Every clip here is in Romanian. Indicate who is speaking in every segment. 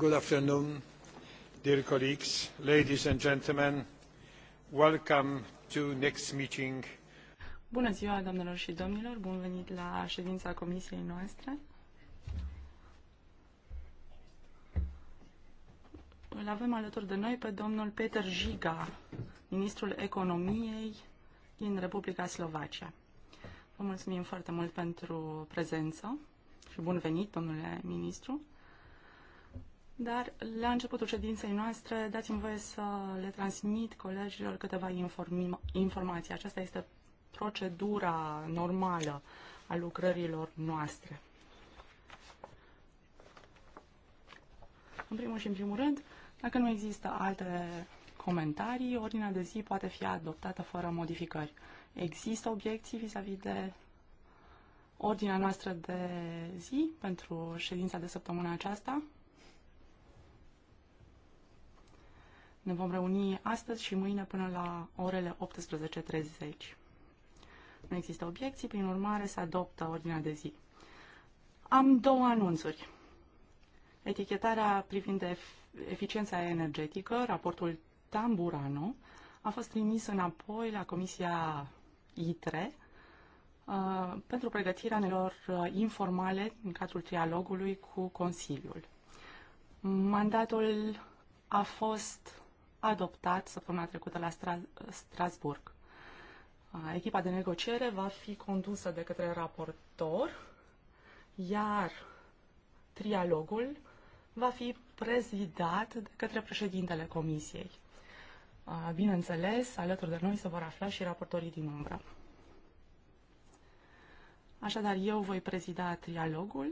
Speaker 1: Good afternoon, dear colleagues, ladies and gentlemen. Welcome
Speaker 2: to next meeting. Bună ziua, doamnelor și domnilor. Bun venit la ședința comisiei noastre. Îl avem alături de noi pe domnul Peter Jiga, ministrul economiei din Republica Slovacia. Vă mulțumim foarte mult pentru prezență și bun venit, domnule ministru. Dar la începutul ședinței noastre dați-mi voie să le transmit colegilor câteva informații. Aceasta este procedura normală a lucrărilor noastre. În primul și în primul rând, dacă nu există alte comentarii, ordinea de zi poate fi adoptată fără modificări. Există obiecții vis-a-vis -vis de ordinea noastră de zi pentru ședința de săptămâna aceasta? Ne vom reuni astăzi și mâine până la orele 18.30. Nu există obiecții, prin urmare se adoptă ordinea de zi. Am două anunțuri. Etichetarea privind eficiența energetică, raportul Tamburano, a fost trimis înapoi la Comisia ITRE uh, pentru pregătirea anelor uh, informale în cadrul trialogului cu Consiliul. Mandatul a fost adoptat săptămâna trecută la Stra- Strasburg. Echipa de negociere va fi condusă de către raportor, iar trialogul va fi prezidat de către președintele comisiei. Bineînțeles, alături de noi se vor afla și raportorii din umbră. Așadar, eu voi prezida trialogul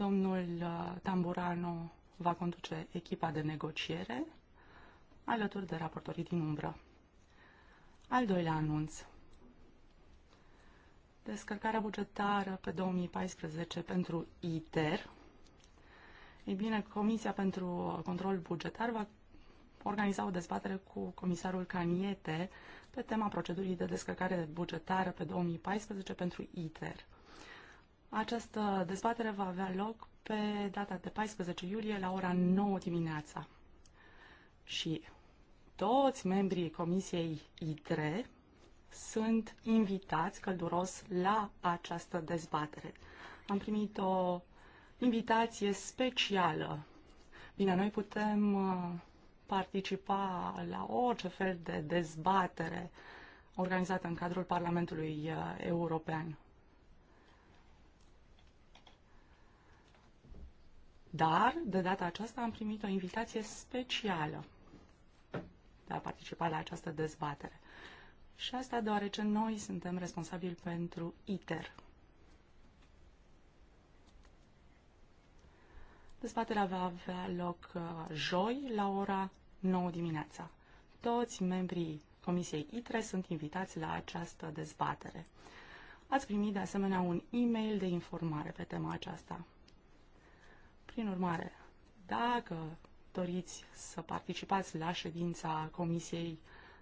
Speaker 2: Domnul uh, Tamburano va conduce echipa de negociere alături de raportorii din umbră. Al doilea anunț. Descărcarea bugetară pe 2014 pentru ITER. Ei bine, Comisia pentru Control Bugetar va organiza o dezbatere cu comisarul Caniete pe tema procedurii de descărcare bugetară pe 2014 pentru ITER. Această dezbatere va avea loc pe data de 14 iulie la ora 9 dimineața. Și toți membrii Comisiei ITRE sunt invitați călduros la această dezbatere. Am primit o invitație specială. Bine, noi putem uh, participa la orice fel de dezbatere organizată în cadrul Parlamentului uh, European. Dar, de data aceasta, am primit o invitație specială de a participa la această dezbatere. Și asta deoarece noi suntem responsabili pentru ITER. Dezbaterea va avea loc uh, joi la ora 9 dimineața. Toți membrii Comisiei ITRE sunt invitați la această dezbatere. Ați primit de asemenea un e-mail de informare pe tema aceasta. Prin urmare, dacă doriți să participați la ședința Comisiei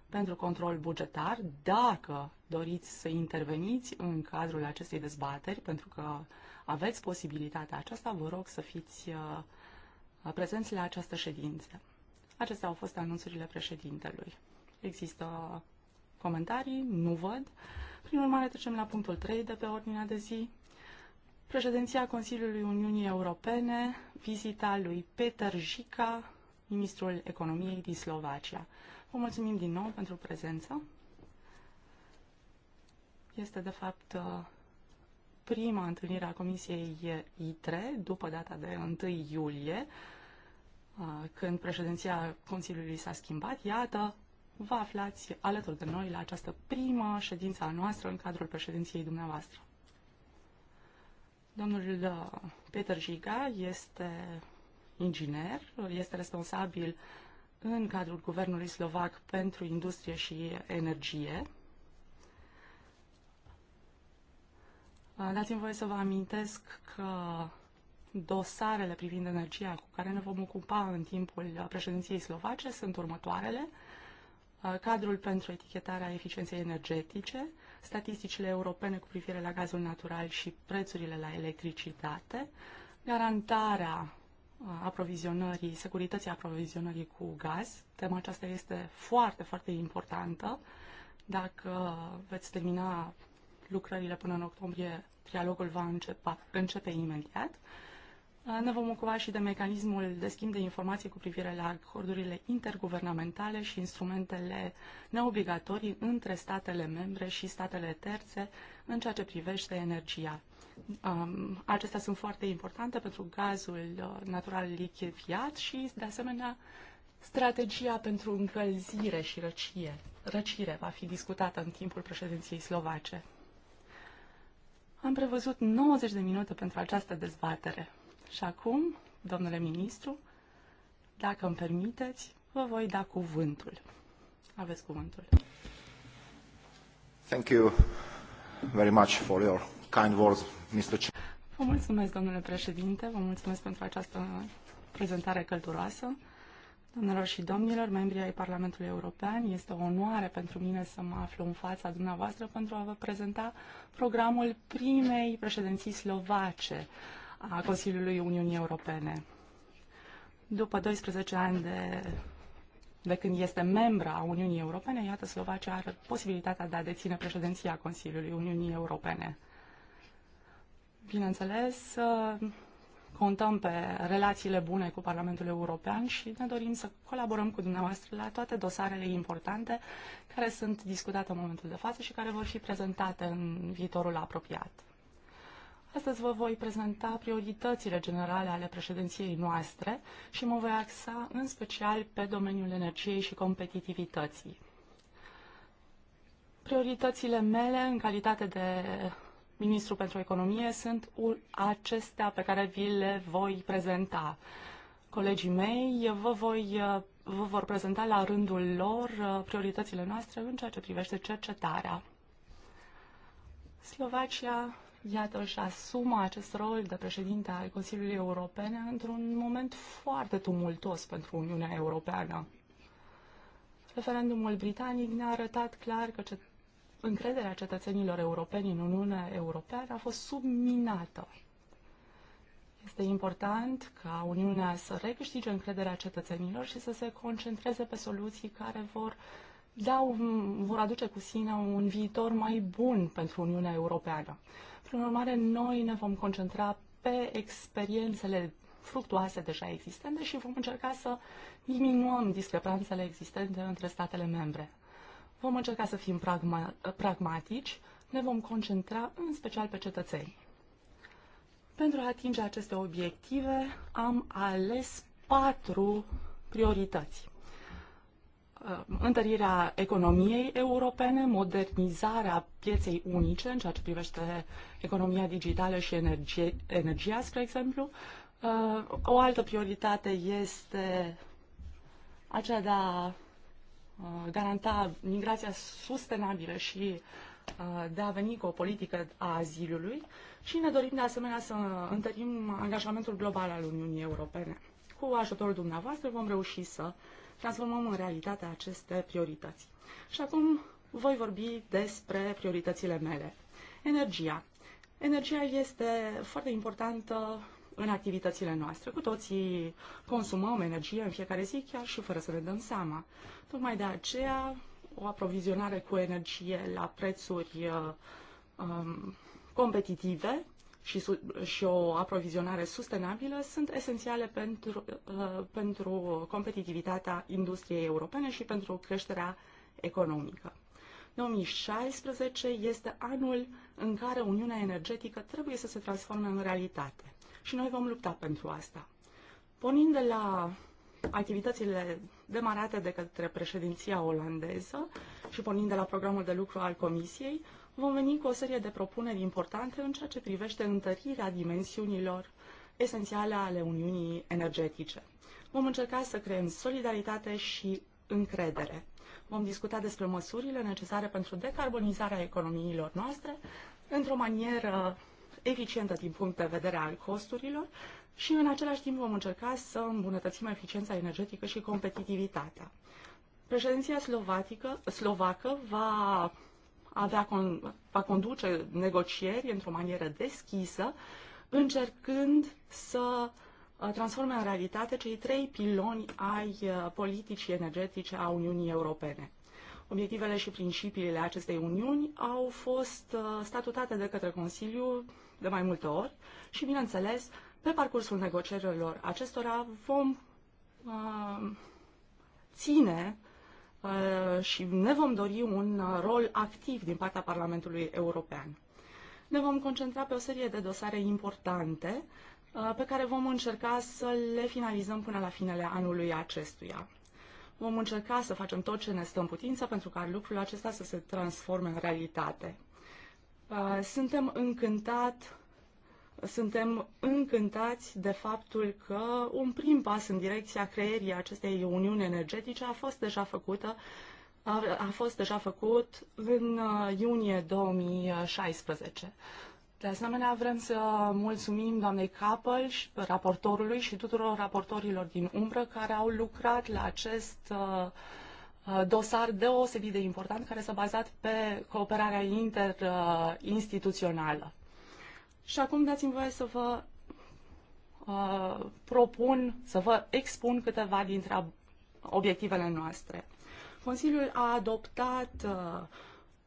Speaker 2: pentru Control Bugetar, dacă doriți să interveniți în cadrul acestei dezbateri, pentru că aveți posibilitatea aceasta, vă rog să fiți uh, prezenți la această ședință. Acestea au fost anunțurile președintelui. Există comentarii? Nu văd. Prin urmare, trecem la punctul 3 de pe ordinea de zi președinția Consiliului Uniunii Europene, vizita lui Peter Jica, ministrul economiei din Slovacia. Vă mulțumim din nou pentru prezență. Este, de fapt, uh, prima întâlnire a Comisiei ITRE după data de 1 iulie, uh, când președinția Consiliului s-a schimbat. Iată, vă aflați alături de noi la această primă ședință a noastră în cadrul președinției dumneavoastră. Domnul Peter Jiga este inginer, este responsabil în cadrul guvernului slovac pentru industrie și energie. Dați-mi voie să vă amintesc că dosarele privind energia cu care ne vom ocupa în timpul președinției slovace sunt următoarele – Uh, cadrul pentru etichetarea eficienței energetice, statisticile europene cu privire la gazul natural și prețurile la electricitate, garantarea uh, aprovizionării, securității aprovizionării cu gaz. Tema aceasta este foarte, foarte importantă. Dacă veți termina lucrările până în octombrie, trialogul va începe, începe imediat. Uh, ne vom ocupa și de mecanismul de schimb de informații cu privire la acordurile interguvernamentale și instrumentele neobligatorii între statele membre și statele terțe în ceea ce privește energia. Um, acestea sunt foarte importante pentru gazul uh, natural lichefiat și, de asemenea, strategia pentru încălzire și răcie. Răcire va fi discutată în timpul președinției slovace. Am prevăzut 90 de minute pentru această dezbatere. Și acum, domnule ministru, dacă îmi permiteți, vă voi da cuvântul. Aveți cuvântul.
Speaker 3: Thank you very much for your kind words, Mr.
Speaker 2: Vă mulțumesc, domnule președinte, vă mulțumesc pentru această prezentare călduroasă. domnilor și domnilor, membrii ai Parlamentului European, este o onoare pentru mine să mă aflu în fața dumneavoastră pentru a vă prezenta programul primei președinții slovace a Consiliului Uniunii Europene. După 12 ani de, de când este membra a Uniunii Europene, iată, Slovacia are posibilitatea de a deține președinția Consiliului Uniunii Europene. Bineînțeles, contăm pe relațiile bune cu Parlamentul European și ne dorim să colaborăm cu dumneavoastră la toate dosarele importante care sunt discutate în momentul de față și care vor fi prezentate în viitorul apropiat. Astăzi vă voi prezenta prioritățile generale ale președinției noastre și mă voi axa în special pe domeniul energiei și competitivității. Prioritățile mele în calitate de ministru pentru economie sunt acestea pe care vi le voi prezenta. Colegii mei vă, voi, vă vor prezenta la rândul lor prioritățile noastre în ceea ce privește cercetarea. Slovacia iată, își asumă acest rol de președinte al Consiliului European într-un moment foarte tumultos pentru Uniunea Europeană. Referendumul britanic ne-a arătat clar că cet- încrederea cetățenilor europeni în Uniunea Europeană a fost subminată. Este important ca Uniunea să recâștige încrederea cetățenilor și să se concentreze pe soluții care vor da, vor aduce cu sine un viitor mai bun pentru Uniunea Europeană. Prin urmare, noi ne vom concentra pe experiențele fructuoase deja existente și vom încerca să diminuăm discrepanțele existente între statele membre. Vom încerca să fim pragma- pragmatici, ne vom concentra în special pe cetățeni. Pentru a atinge aceste obiective, am ales patru priorități. Uh, întărirea economiei europene, modernizarea pieței unice în ceea ce privește economia digitală și energie, energia, spre exemplu. Uh, o altă prioritate este aceea de a uh, garanta migrația sustenabilă și de a veni cu o politică a azilului și ne dorim de asemenea să întărim angajamentul global al Uniunii Europene. Cu ajutorul dumneavoastră vom reuși să uh, transformăm în realitate aceste priorități. Și acum voi vorbi despre prioritățile mele. Energia. Energia este foarte importantă în activitățile noastre. Cu toții consumăm energie în fiecare zi, chiar și fără să ne dăm seama. Tocmai de aceea, o aprovizionare cu energie la prețuri uh, um, competitive și, și o aprovizionare sustenabilă sunt esențiale pentru, uh, pentru competitivitatea industriei europene și pentru creșterea economică. 2016 este anul în care Uniunea Energetică trebuie să se transforme în realitate și noi vom lupta pentru asta. Pornind de la activitățile demarate de către președinția olandeză și pornind de la programul de lucru al Comisiei, vom veni cu o serie de propuneri importante în ceea ce privește întărirea dimensiunilor esențiale ale Uniunii Energetice. Vom încerca să creăm solidaritate și încredere. Vom discuta despre măsurile necesare pentru decarbonizarea economiilor noastre într-o manieră eficientă din punct de vedere al costurilor și în același timp vom încerca să îmbunătățim eficiența energetică și competitivitatea. Președinția slovatică, slovacă va avea va conduce negocieri într-o manieră deschisă, încercând să uh, transforme în realitate cei trei piloni ai uh, politicii energetice a Uniunii Europene. Obiectivele și principiile acestei uniuni au fost uh, statutate de către Consiliu de mai multe ori și, bineînțeles, pe parcursul negocierilor acestora vom uh, ține Uh, și ne vom dori un uh, rol activ din partea Parlamentului European. Ne vom concentra pe o serie de dosare importante uh, pe care vom încerca să le finalizăm până la finele anului acestuia. Vom încerca să facem tot ce ne stă în putință pentru ca lucrul acesta să se transforme în realitate. Suntem încântat suntem încântați de faptul că un prim pas în direcția creierii acestei uniuni energetice a fost deja făcută a, fost deja făcut în uh, iunie 2016. De asemenea, vrem să mulțumim doamnei Capăl, raportorului și tuturor raportorilor din umbră care au lucrat la acest uh, uh, dosar deosebit de important care s-a bazat pe cooperarea interinstituțională. Și acum dați-mi voie să vă uh, propun, să vă expun câteva dintre obiectivele noastre. Consiliul a adoptat uh,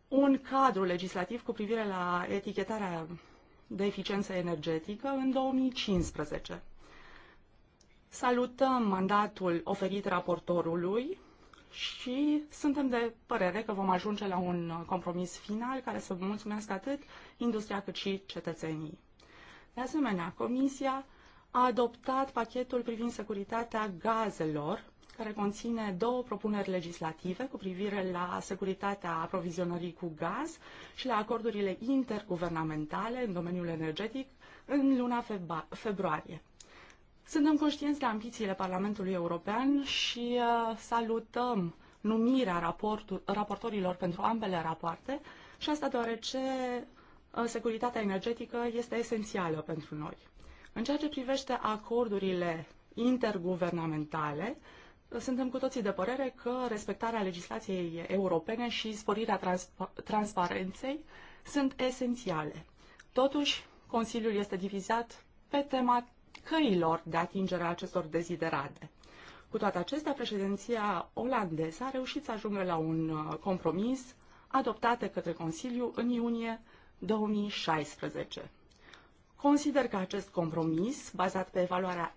Speaker 2: un cadru legislativ cu privire la etichetarea de eficiență energetică în 2015. Salutăm mandatul oferit raportorului și suntem de părere că vom ajunge la un uh, compromis final care să vă mulțumesc atât industria cât și cetățenii. De asemenea, Comisia a adoptat pachetul privind securitatea gazelor, care conține două propuneri legislative cu privire la securitatea aprovizionării cu gaz și la acordurile interguvernamentale în domeniul energetic în luna februarie. Suntem conștienți de ambițiile Parlamentului European și uh, salutăm numirea raportorilor pentru ambele rapoarte și asta deoarece Uh, securitatea energetică este esențială pentru noi. În ceea ce privește acordurile interguvernamentale, uh, suntem cu toții de părere că respectarea legislației europene și sporirea transpa- transparenței sunt esențiale. Totuși, Consiliul este divizat pe tema căilor de atingere a acestor deziderate. Cu toate acestea, președinția olandeză a reușit să ajungă la un uh, compromis adoptat de către Consiliu în iunie 2016. Consider că acest compromis, bazat pe evaluarea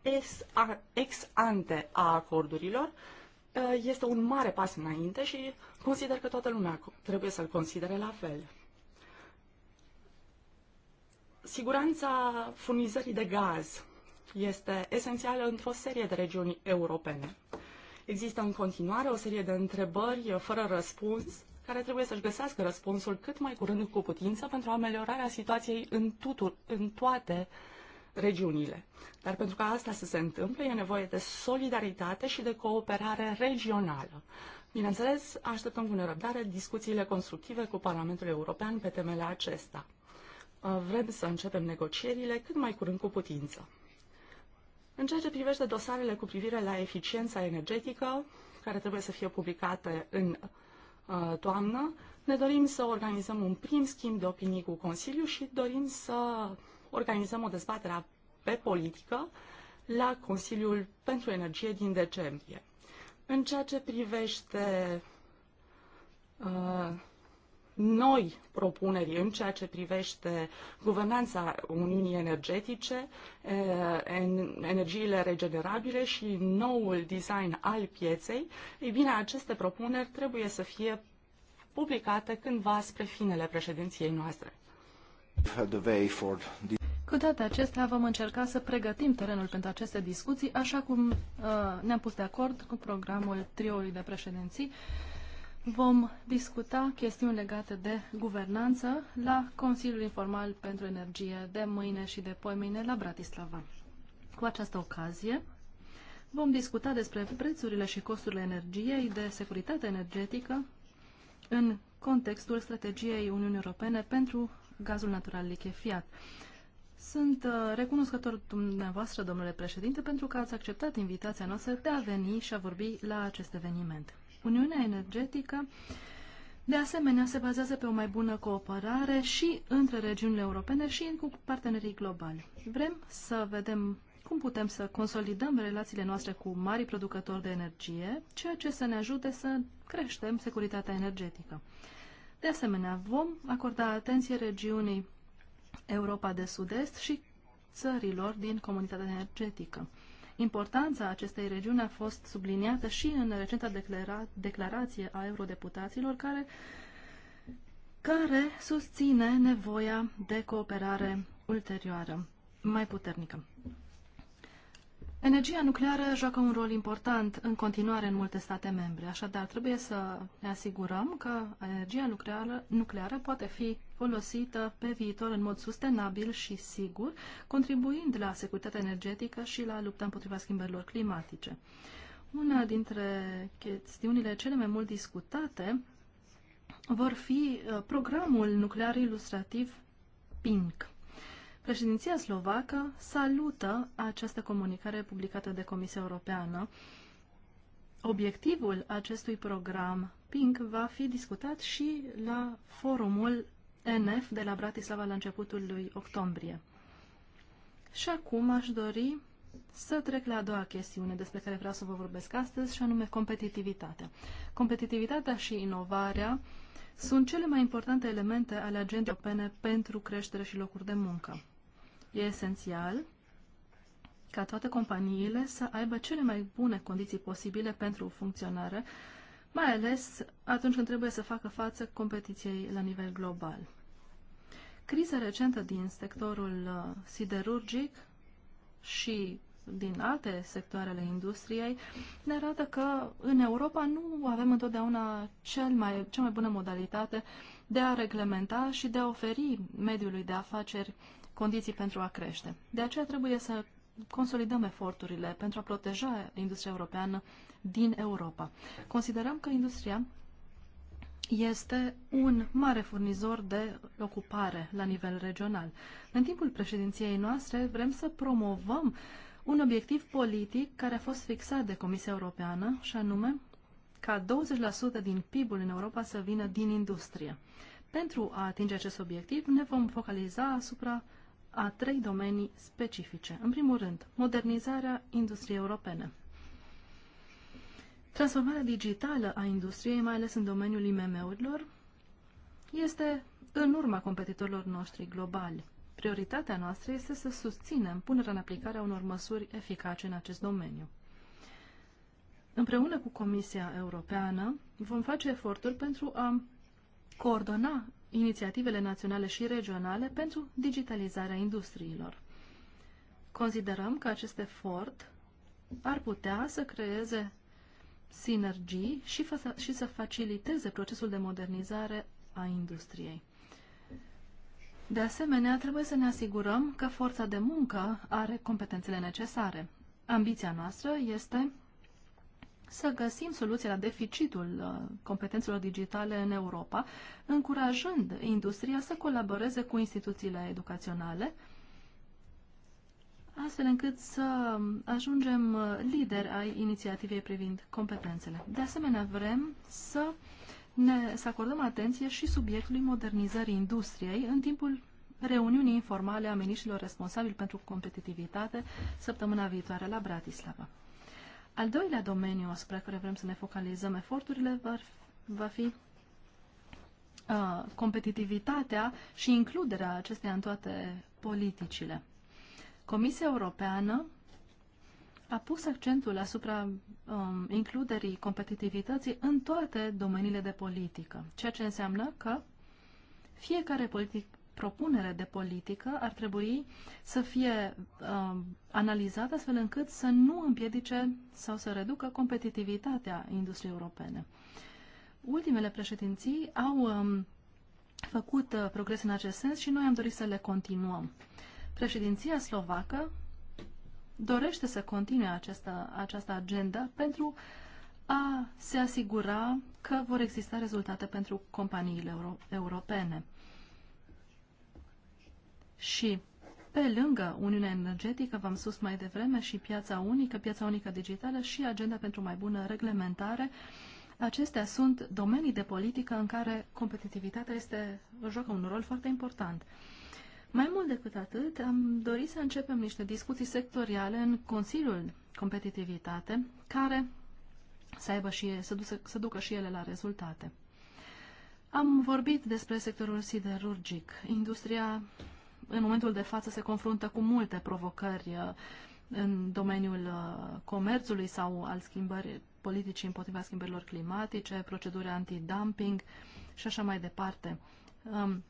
Speaker 2: ex ante a acordurilor, uh, este un mare pas înainte și consider că toată lumea trebuie să-l considere la fel. Siguranța furnizării de gaz este esențială într-o serie de regiuni europene. Există în continuare o serie de întrebări fără răspuns care trebuie să-și găsească răspunsul cât mai curând cu putință pentru ameliorarea situației în, tutur, în toate regiunile. Dar pentru ca asta să se întâmple, e nevoie de solidaritate și de cooperare regională. Bineînțeles, așteptăm cu nerăbdare discuțiile constructive cu Parlamentul European pe temele acesta. Vrem să începem negocierile cât mai curând cu putință. În ceea ce privește dosarele cu privire la eficiența energetică, care trebuie să fie publicate în Uh, toamnă, ne dorim să organizăm un prim schimb de opinii cu Consiliul și dorim să organizăm o dezbatere pe politică la Consiliul pentru Energie din decembrie. În ceea ce privește uh, noi propuneri în ceea ce privește guvernanța Uniunii Energetice, eh, energiile regenerabile și noul design al pieței, ei bine, aceste propuneri trebuie să fie publicate cândva spre finele președinției noastre. Cu toate acestea, vom încerca să pregătim
Speaker 3: terenul pentru aceste discuții, așa cum uh, ne-am pus de acord cu programul trioului de președinții, uh, vom discuta chestiuni legate de guvernanță la Consiliul Informal pentru Energie de mâine și de poimâine la Bratislava. Cu această ocazie vom discuta despre prețurile și costurile energiei de securitate energetică în contextul strategiei Uniunii Europene pentru gazul natural lichefiat. Sunt uh, recunoscător dumneavoastră, domnule președinte, pentru că ați acceptat invitația noastră de a veni și a vorbi la acest eveniment. Uniunea energetică de asemenea, se bazează pe o mai bună cooperare și între regiunile europene și cu partenerii globali. Vrem să vedem cum putem să consolidăm relațiile noastre cu mari producători de energie, ceea ce să ne ajute să creștem securitatea energetică. De asemenea, vom acorda atenție regiunii Europa de Sud-Est și țărilor din comunitatea energetică. Importanța acestei regiuni a fost subliniată și în recenta declara- declarație a eurodeputaților care, care susține nevoia de cooperare ulterioară mai puternică. Energia nucleară joacă un rol important în continuare în multe state membre, așadar trebuie să ne asigurăm că energia nucleară, nucleară poate fi folosită pe viitor în mod sustenabil și sigur, contribuind la securitatea energetică și la lupta împotriva schimbărilor climatice. Una dintre chestiunile cele mai mult discutate vor fi uh, programul nuclear ilustrativ PINC. Președinția slovacă salută această comunicare publicată de Comisia Europeană. Obiectivul acestui program PINC va fi discutat și la forumul NF de la Bratislava la începutul lui octombrie. Și acum aș dori să trec la a doua chestiune despre care vreau să vă vorbesc astăzi, și anume competitivitatea. Competitivitatea și inovarea sunt cele mai importante elemente ale agendei europene pentru creștere și locuri de muncă. E esențial ca toate companiile să aibă cele mai bune condiții posibile pentru funcționare, mai ales atunci când trebuie să facă față competiției la nivel global. Criza recentă din sectorul uh, siderurgic și din alte sectoare ale industriei ne arată că în Europa nu avem întotdeauna cel mai, cea mai bună modalitate de a reglementa și de a oferi mediului de afaceri condiții pentru a crește. De aceea trebuie să consolidăm eforturile pentru a proteja industria europeană din Europa. Considerăm că industria este un mare furnizor de ocupare la nivel regional. În timpul președinției noastre vrem să promovăm un obiectiv politic care a fost fixat de Comisia Europeană, și anume ca 20% din PIB-ul în Europa să vină din industrie. Pentru a atinge acest obiectiv, ne vom focaliza asupra a trei domenii specifice. În primul rând, modernizarea industriei europene. Transformarea digitală a industriei, mai ales în domeniul IMM-urilor, este în urma competitorilor noștri globali. Prioritatea noastră este să susținem punerea în aplicare a unor măsuri eficace în acest domeniu. Împreună cu Comisia Europeană vom face eforturi pentru a coordona inițiativele naționale și regionale pentru digitalizarea industriilor. Considerăm că acest efort ar putea să creeze sinergii și, și să faciliteze procesul de modernizare a industriei. De asemenea, trebuie să ne asigurăm că forța de muncă are competențele necesare. Ambiția noastră este să găsim soluția la deficitul uh, competențelor digitale în Europa, încurajând industria să colaboreze cu instituțiile educaționale, astfel încât să ajungem uh, lideri ai inițiativei privind competențele. De asemenea, vrem să ne, să acordăm atenție și subiectului modernizării industriei în timpul reuniunii informale a miniștrilor responsabili pentru competitivitate săptămâna viitoare la Bratislava. Al doilea domeniu asupra care vrem să ne focalizăm eforturile va, va fi uh, competitivitatea și includerea acesteia în toate politicile. Comisia Europeană a pus accentul asupra um, includerii competitivității în toate domeniile de politică, ceea ce înseamnă că fiecare politic, propunere de politică ar trebui să fie um, analizată astfel încât să nu împiedice sau să reducă competitivitatea industriei europene. Ultimele președinții au um, făcut uh, progres în acest sens și noi am dorit să le continuăm. Președinția slovacă dorește să continue această, această agendă pentru a se asigura că vor exista rezultate pentru companiile euro europene. Și pe lângă Uniunea Energetică, v-am spus mai devreme, și piața unică, piața unică digitală și agenda pentru mai bună reglementare, acestea sunt domenii de politică în care competitivitatea este, joacă un rol foarte important. Mai mult decât atât, am dorit să începem niște discuții sectoriale în Consiliul Competitivitate, care să, aibă și, să, ducă, să ducă și ele la rezultate. Am vorbit despre sectorul siderurgic. Industria, în momentul de față, se confruntă cu multe provocări uh, în domeniul uh, comerțului sau al schimbării politicii împotriva schimbărilor climatice, proceduri antidumping și așa mai departe. Um,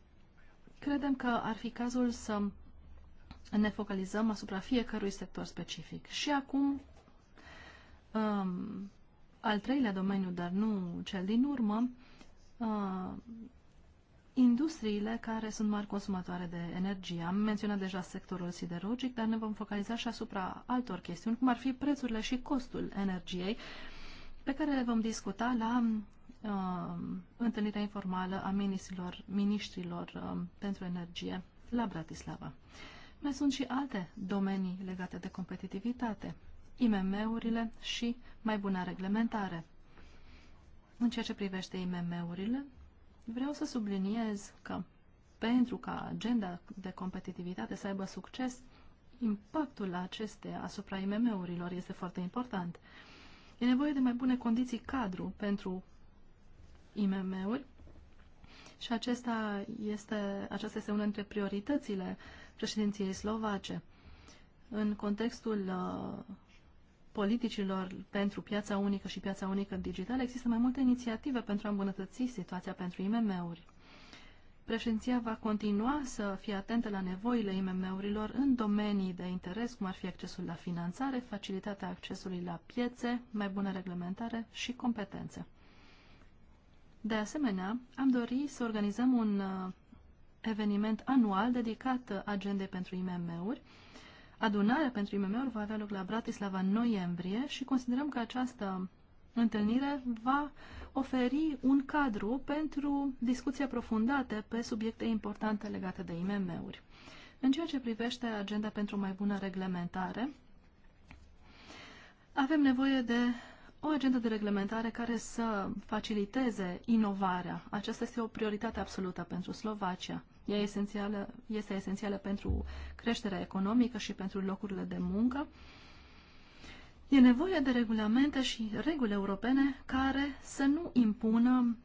Speaker 3: Credem că ar fi cazul să ne focalizăm asupra fiecărui sector specific. Și acum, um, al treilea domeniu, dar nu cel din urmă, uh, industriile care sunt mari consumatoare de energie. Am menționat deja sectorul siderurgic, dar ne vom focaliza și asupra altor chestiuni, cum ar fi prețurile și costul energiei, pe care le vom discuta la uh, întâlnirea informală a ministrilor, ministrilor uh, pentru energie la Bratislava. Mai sunt și alte domenii legate de competitivitate, IMM-urile și mai bună reglementare. În ceea ce privește IMM-urile, vreau să subliniez că pentru ca agenda de competitivitate să aibă succes, impactul acesteia asupra IMM-urilor este foarte important. E nevoie de mai bune condiții cadru pentru IMM-uri și acesta este, aceasta este una dintre prioritățile președinției slovace. În contextul uh, politicilor pentru piața unică și piața unică digitală există mai multe inițiative pentru a îmbunătăți situația pentru IMM-uri. Președinția va continua să fie atentă la nevoile IMM-urilor în domenii de interes, cum ar fi accesul la finanțare, facilitatea accesului la piețe, mai bună reglementare și competențe. De asemenea, am dori să organizăm un uh, eveniment anual dedicat uh, agendei pentru IMM-uri. Adunarea pentru IMM-uri va avea loc la Bratislava în noiembrie și considerăm că această întâlnire va oferi un cadru pentru discuții aprofundate pe subiecte importante legate de IMM-uri. În ceea ce privește agenda pentru mai bună reglementare, avem nevoie de o agendă de reglementare care să faciliteze inovarea. Aceasta este o prioritate absolută pentru Slovacia. Ea esențială, este esențială pentru creșterea economică și pentru locurile de muncă. E nevoie de regulamente și reguli europene care să nu impună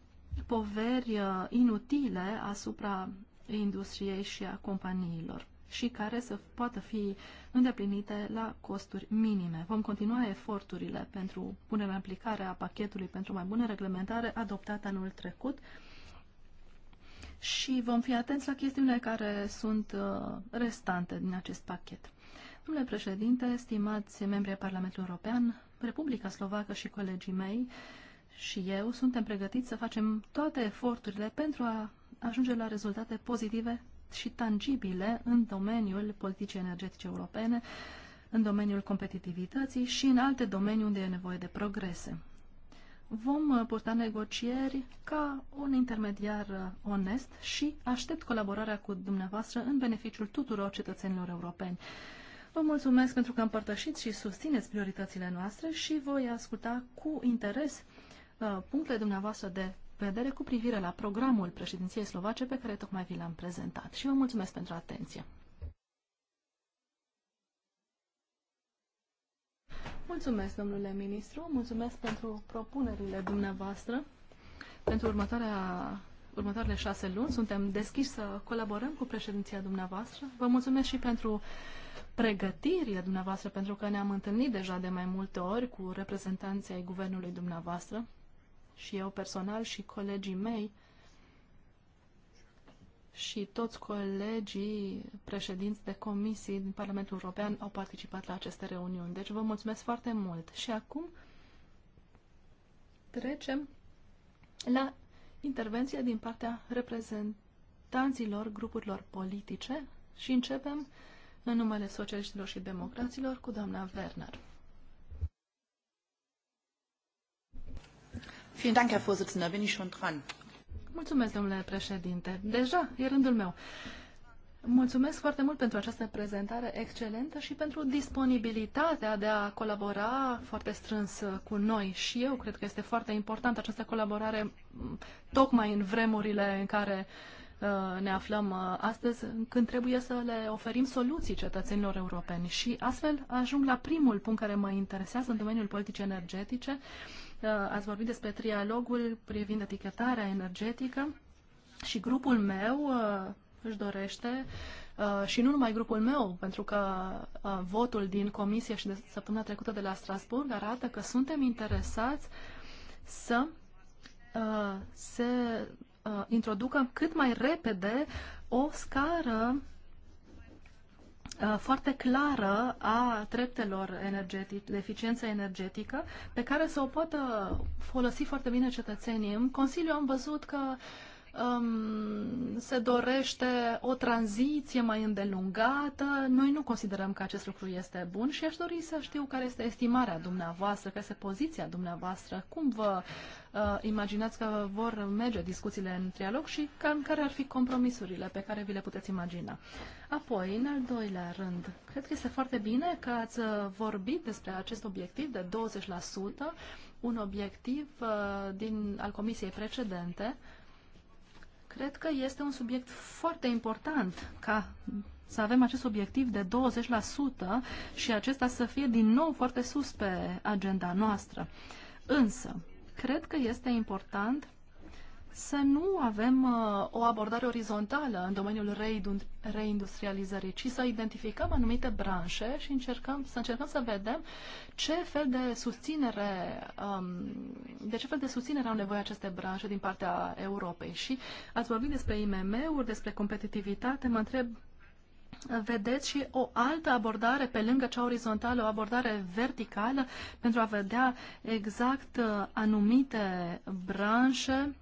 Speaker 3: poveri uh, inutile asupra industriei și a companiilor și care să poată fi îndeplinite la costuri minime. Vom continua eforturile pentru punerea în aplicare a pachetului pentru mai bună reglementare adoptată anul trecut și vom fi atenți la chestiunile care sunt uh, restante din acest pachet. Domnule președinte, stimați membri ai Parlamentului European, Republica Slovacă și colegii mei și eu suntem pregătiți să facem toate eforturile pentru a ajunge la rezultate pozitive și tangibile în domeniul politicii energetice europene, în domeniul competitivității și în alte domenii unde e nevoie de progrese. Vom uh, purta negocieri ca un intermediar uh, onest și aștept colaborarea cu dumneavoastră în beneficiul tuturor cetățenilor europeni. Vă mulțumesc pentru că împărtășiți și susțineți prioritățile noastre și voi asculta cu interes uh, punctele dumneavoastră de vedere cu privire la programul președinției slovace pe care tocmai vi l-am prezentat. Și vă mulțumesc pentru atenție. Mulțumesc, domnule ministru, mulțumesc pentru propunerile dumneavoastră pentru următoarea, următoarele șase luni. Suntem deschiși să colaborăm cu președinția dumneavoastră. Vă mulțumesc și pentru pregătirile dumneavoastră, pentru că ne-am întâlnit deja de mai multe ori cu reprezentanții ai guvernului dumneavoastră și eu personal și colegii mei și toți colegii președinți de comisii din Parlamentul European au participat la aceste reuniuni. Deci vă mulțumesc foarte mult. Și acum trecem la intervenția din partea reprezentanților grupurilor politice și începem în numele socialiștilor și democraților cu doamna Werner. Da Mulțumesc, domnule președinte. Deja, e rândul meu. Mulțumesc foarte mult pentru această prezentare excelentă și pentru disponibilitatea de a colabora foarte strâns uh, cu noi. Și eu cred că este foarte importantă această colaborare mm, tocmai în vremurile în care uh, ne aflăm uh, astăzi, când trebuie să le oferim soluții cetățenilor europeni. Și astfel ajung la primul punct care mă interesează în domeniul politicii energetice. Uh, ați vorbit despre trialogul privind etichetarea energetică și grupul meu uh, își dorește uh, și nu numai grupul meu, pentru că votul din comisie și de săptămâna trecută de la Strasburg arată că suntem interesați să se introducă cât mai repede o scară Uh, foarte clară a treptelor energetice, de eficiență energetică, pe care să o poată folosi foarte bine cetățenii. În Consiliu am văzut că uh, um, se dorește o tranziție mai îndelungată. Noi nu considerăm că acest lucru este bun și aș dori să știu care este estimarea dumneavoastră, care este poziția dumneavoastră, cum vă uh, imaginați că vor merge discuțiile în trialog și în care ar fi compromisurile pe care vi le puteți imagina. Apoi, în al doilea rând, cred că este foarte bine că ați vorbit despre acest obiectiv de 20%, un obiectiv uh, din, al comisiei precedente, uh, Cred că este un subiect foarte important ca să avem acest obiectiv de 20% și acesta să fie din nou foarte sus pe agenda noastră. Însă, cred că este important să nu avem uh, o abordare orizontală în domeniul reindustrializării, ci să identificăm anumite branșe și încercăm, să încercăm să vedem ce fel de susținere, um, de ce fel de susținere au nevoie aceste branșe din partea Europei. Și ați vorbit despre IMM-uri, despre competitivitate, mă întreb vedeți și o altă abordare pe lângă cea orizontală, o abordare verticală pentru a vedea exact uh, anumite branșe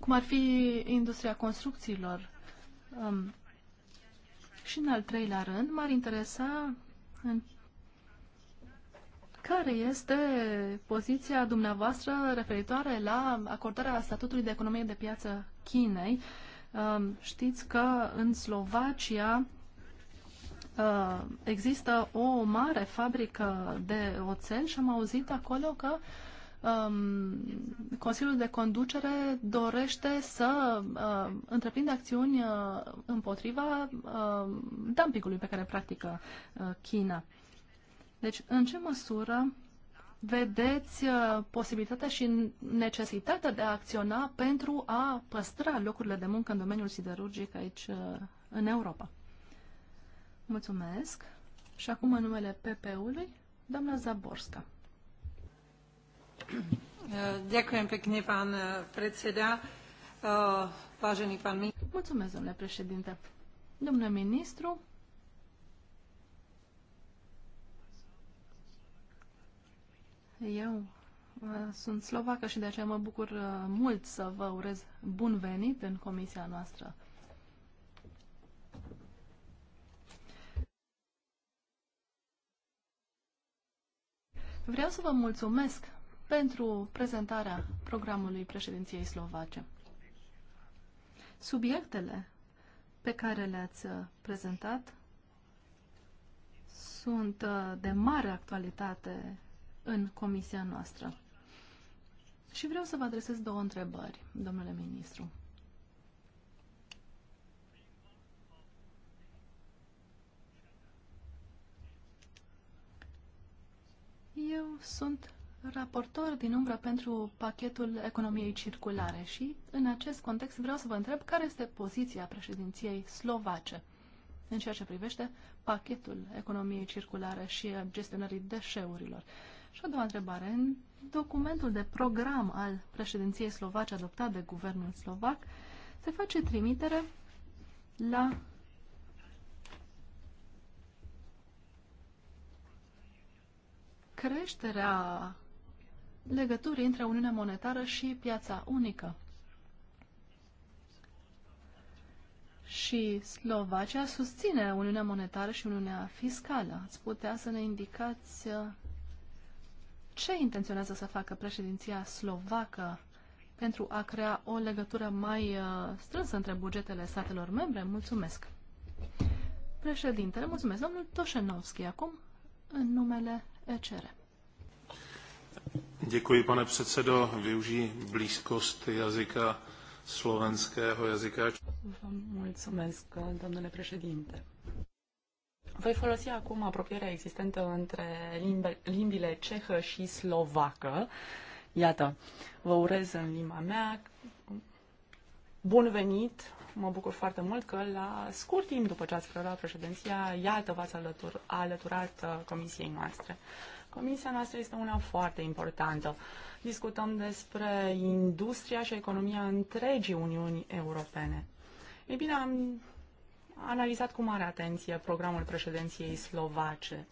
Speaker 3: cum ar fi industria construcțiilor. Um, și în al treilea rând, m-ar interesa în care este poziția dumneavoastră referitoare la acordarea statutului de economie de piață Chinei? Um, știți că în Slovacia uh, există o mare fabrică de oțel și am auzit acolo că um, Consiliul de Conducere dorește să uh, întreprindă acțiuni uh, împotriva uh, dumpingului pe care practică uh, China. Deci, în ce măsură vedeți uh, posibilitatea și necesitatea de a acționa pentru a păstra locurile de muncă în domeniul siderurgic aici uh, în Europa? Mulțumesc. Și acum în numele PP-ului, doamna Zaborska.
Speaker 2: Ďakujem pekne, pán eh,
Speaker 3: predseda.
Speaker 2: Eh, vážený pán ministru.
Speaker 3: Mulțumesc, domnule președinte. Domnule ministru, eu eh, sunt slovacă și de aceea mă bucur mult să vă urez bun venit în comisia noastră. Vreau să vă mulțumesc pentru prezentarea programului președinției slovace. Subiectele pe care le-ați uh, prezentat sunt uh, de mare actualitate în comisia noastră. Și vreau să vă adresez două întrebări, domnule ministru. Eu sunt raportor din umbră pentru pachetul economiei circulare și în acest context vreau să vă întreb care este poziția președinției slovace în ceea ce privește pachetul economiei circulare și gestionării deșeurilor. Și o doua întrebare. În documentul de program al președinției slovace adoptat de guvernul slovac se face trimitere la creșterea legături între Uniunea Monetară și piața unică. Și Slovacia susține Uniunea Monetară și Uniunea Fiscală. Ați putea să ne indicați uh, ce intenționează să facă președinția slovacă pentru a crea o legătură mai uh, strânsă între bugetele statelor membre? Mulțumesc! Președintele, mulțumesc, domnul Toșenovski, acum în numele ECR.
Speaker 2: Děkuji, pane předsedo. Využij blízkost jazyka slovenského jazyka. mulțumesc, domnule președinte. Voi folosi acum apropierea existentă între limbe, limbile cehă și slovacă. Iată, vă urez în limba mea. Bun venit! Mă bucur foarte mult că la scurt timp după ce ați preluat președinția, iată, v-ați alătur, alăturat uh, comisiei noastre. Comisia noastră este una foarte importantă. Discutăm despre industria și economia întregii Uniunii Europene. Ei bine, am analizat cu mare atenție programul președinției slovace.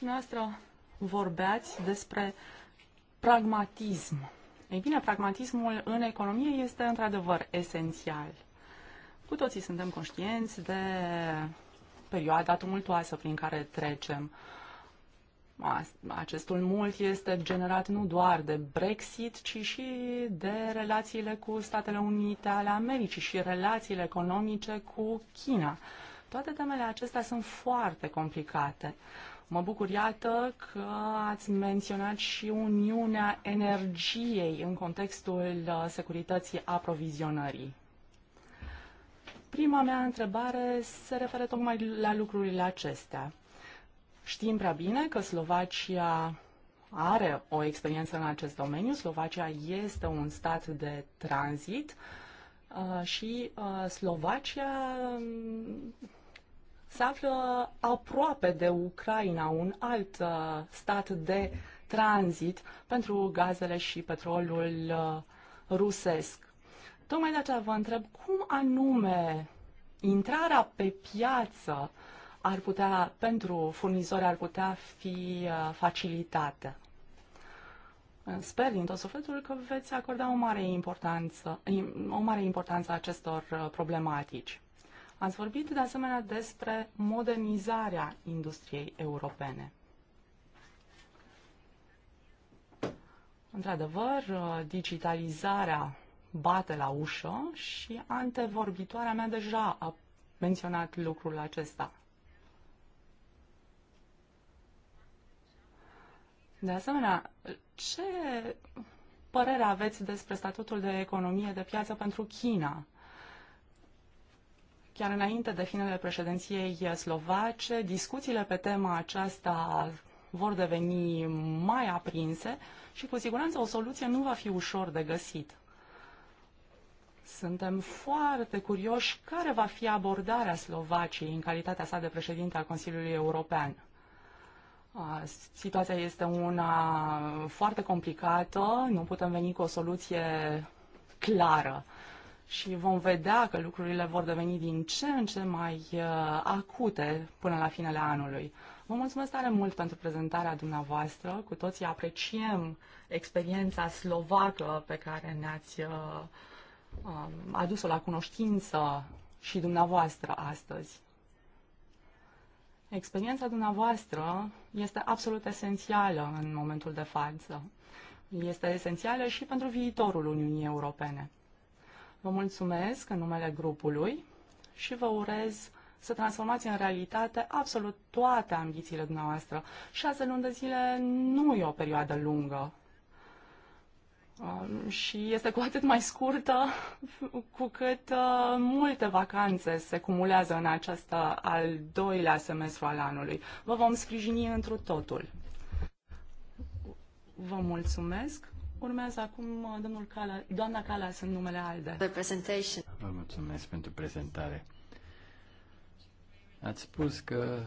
Speaker 2: Noastră vorbeați despre pragmatism. Ei bine, pragmatismul în economie este într-adevăr esențial. Cu toții suntem conștienți de perioada tumultoasă prin care trecem. Uh, Acestul mult este generat nu doar de Brexit, ci și de relațiile cu Statele Unite ale Americii și relațiile economice cu China. Toate temele acestea sunt foarte complicate. Mă bucur, iată, că ați menționat și Uniunea Energiei în contextul uh, securității aprovizionării. Prima mea întrebare se referă tocmai la lucrurile acestea. Știm prea bine că Slovacia are o experiență în acest domeniu. Slovacia este un stat de tranzit uh, și uh, Slovacia mm, se află aproape de Ucraina, un alt uh, stat de tranzit pentru gazele și petrolul rusesc. Tocmai de aceea vă întreb cum anume intrarea pe piață uh, ar putea, pentru furnizori ar putea fi uh, facilitată. Uh, sper din tot sufletul că veți acorda o mare importanță, o mare importanță acestor uh, problematici. Ați vorbit de asemenea despre modernizarea industriei europene. Într-adevăr, digitalizarea bate la ușă și antevorbitoarea mea deja a menționat lucrul acesta. De asemenea, ce părere aveți despre statutul de economie de piață pentru China? Chiar înainte de finele președinției slovace, discuțiile pe tema aceasta vor deveni mai aprinse și cu siguranță o soluție nu va fi ușor de găsit. Suntem foarte curioși care va fi abordarea Slovaciei în calitatea sa de președinte al Consiliului European. Situația este una foarte complicată, nu putem veni cu o soluție clară și vom vedea că lucrurile vor deveni din ce în ce mai uh, acute până la finele anului. Vă mulțumesc tare mult pentru prezentarea dumneavoastră. Cu toții apreciem experiența slovacă pe care ne-ați uh, um, adus-o la cunoștință și dumneavoastră astăzi. Experiența dumneavoastră este absolut esențială în momentul de față. Este esențială și pentru viitorul Uniunii Europene. Vă mulțumesc în numele grupului și vă urez să transformați în realitate absolut toate ambițiile dumneavoastră. Șase luni de zile nu e o perioadă lungă. Um, și este cu atât mai scurtă cu cât uh, multe vacanțe se cumulează în acest uh, al doilea semestru al anului. Vă vom sprijini întru totul. Vă mulțumesc. Urmează acum uh, domnul Cala, doamna Cala, sunt numele ALDE.
Speaker 1: Vă mulțumesc pentru prezentare. Ați spus că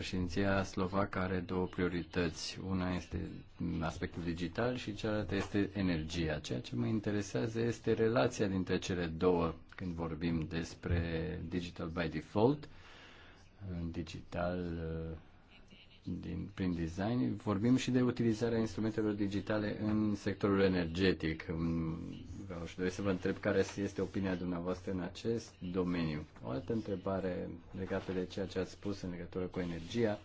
Speaker 1: Președinția slovacă are două priorități. Una este aspectul digital și cealaltă este energia. Ceea ce mă interesează este relația dintre cele două când vorbim despre digital by default, digital uh, din, prin design, vorbim și de utilizarea instrumentelor digitale în sectorul energetic și dori să vă întreb care este opinia dumneavoastră în acest domeniu. O altă întrebare legată de ceea ce ați spus în legătură cu energia,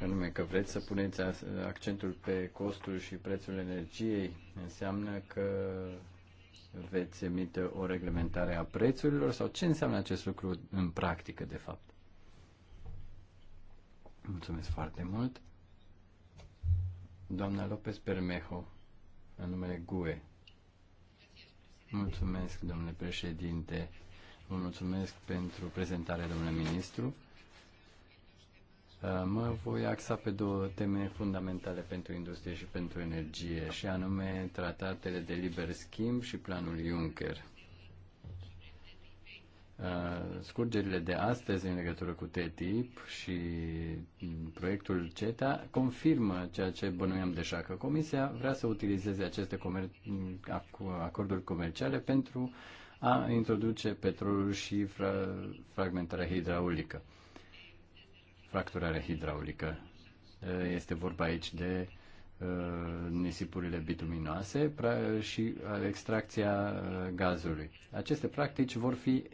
Speaker 1: anume că vreți să puneți accentul pe costul și prețul energiei, înseamnă că veți emite o reglementare a prețurilor sau ce înseamnă acest lucru în practică, de fapt? Mulțumesc foarte mult. Doamna López Permejo, în numele GUE. Mulțumesc, domnule președinte. Vă mulțumesc pentru prezentare, domnule ministru. Uh, mă voi axa pe două teme fundamentale pentru industrie și pentru energie, și anume tratatele de liber schimb și planul Juncker. Uh, scurgerile de astăzi în legătură cu TTIP și mm, proiectul CETA confirmă ceea ce bănuiam deja, că Comisia vrea să utilizeze aceste comer- acorduri comerciale pentru a introduce petrolul și fra- fragmentarea hidraulică, fracturarea hidraulică. Uh, este vorba aici de Uh, nisipurile bituminoase și uh, extracția uh, gazului. Aceste practici vor fi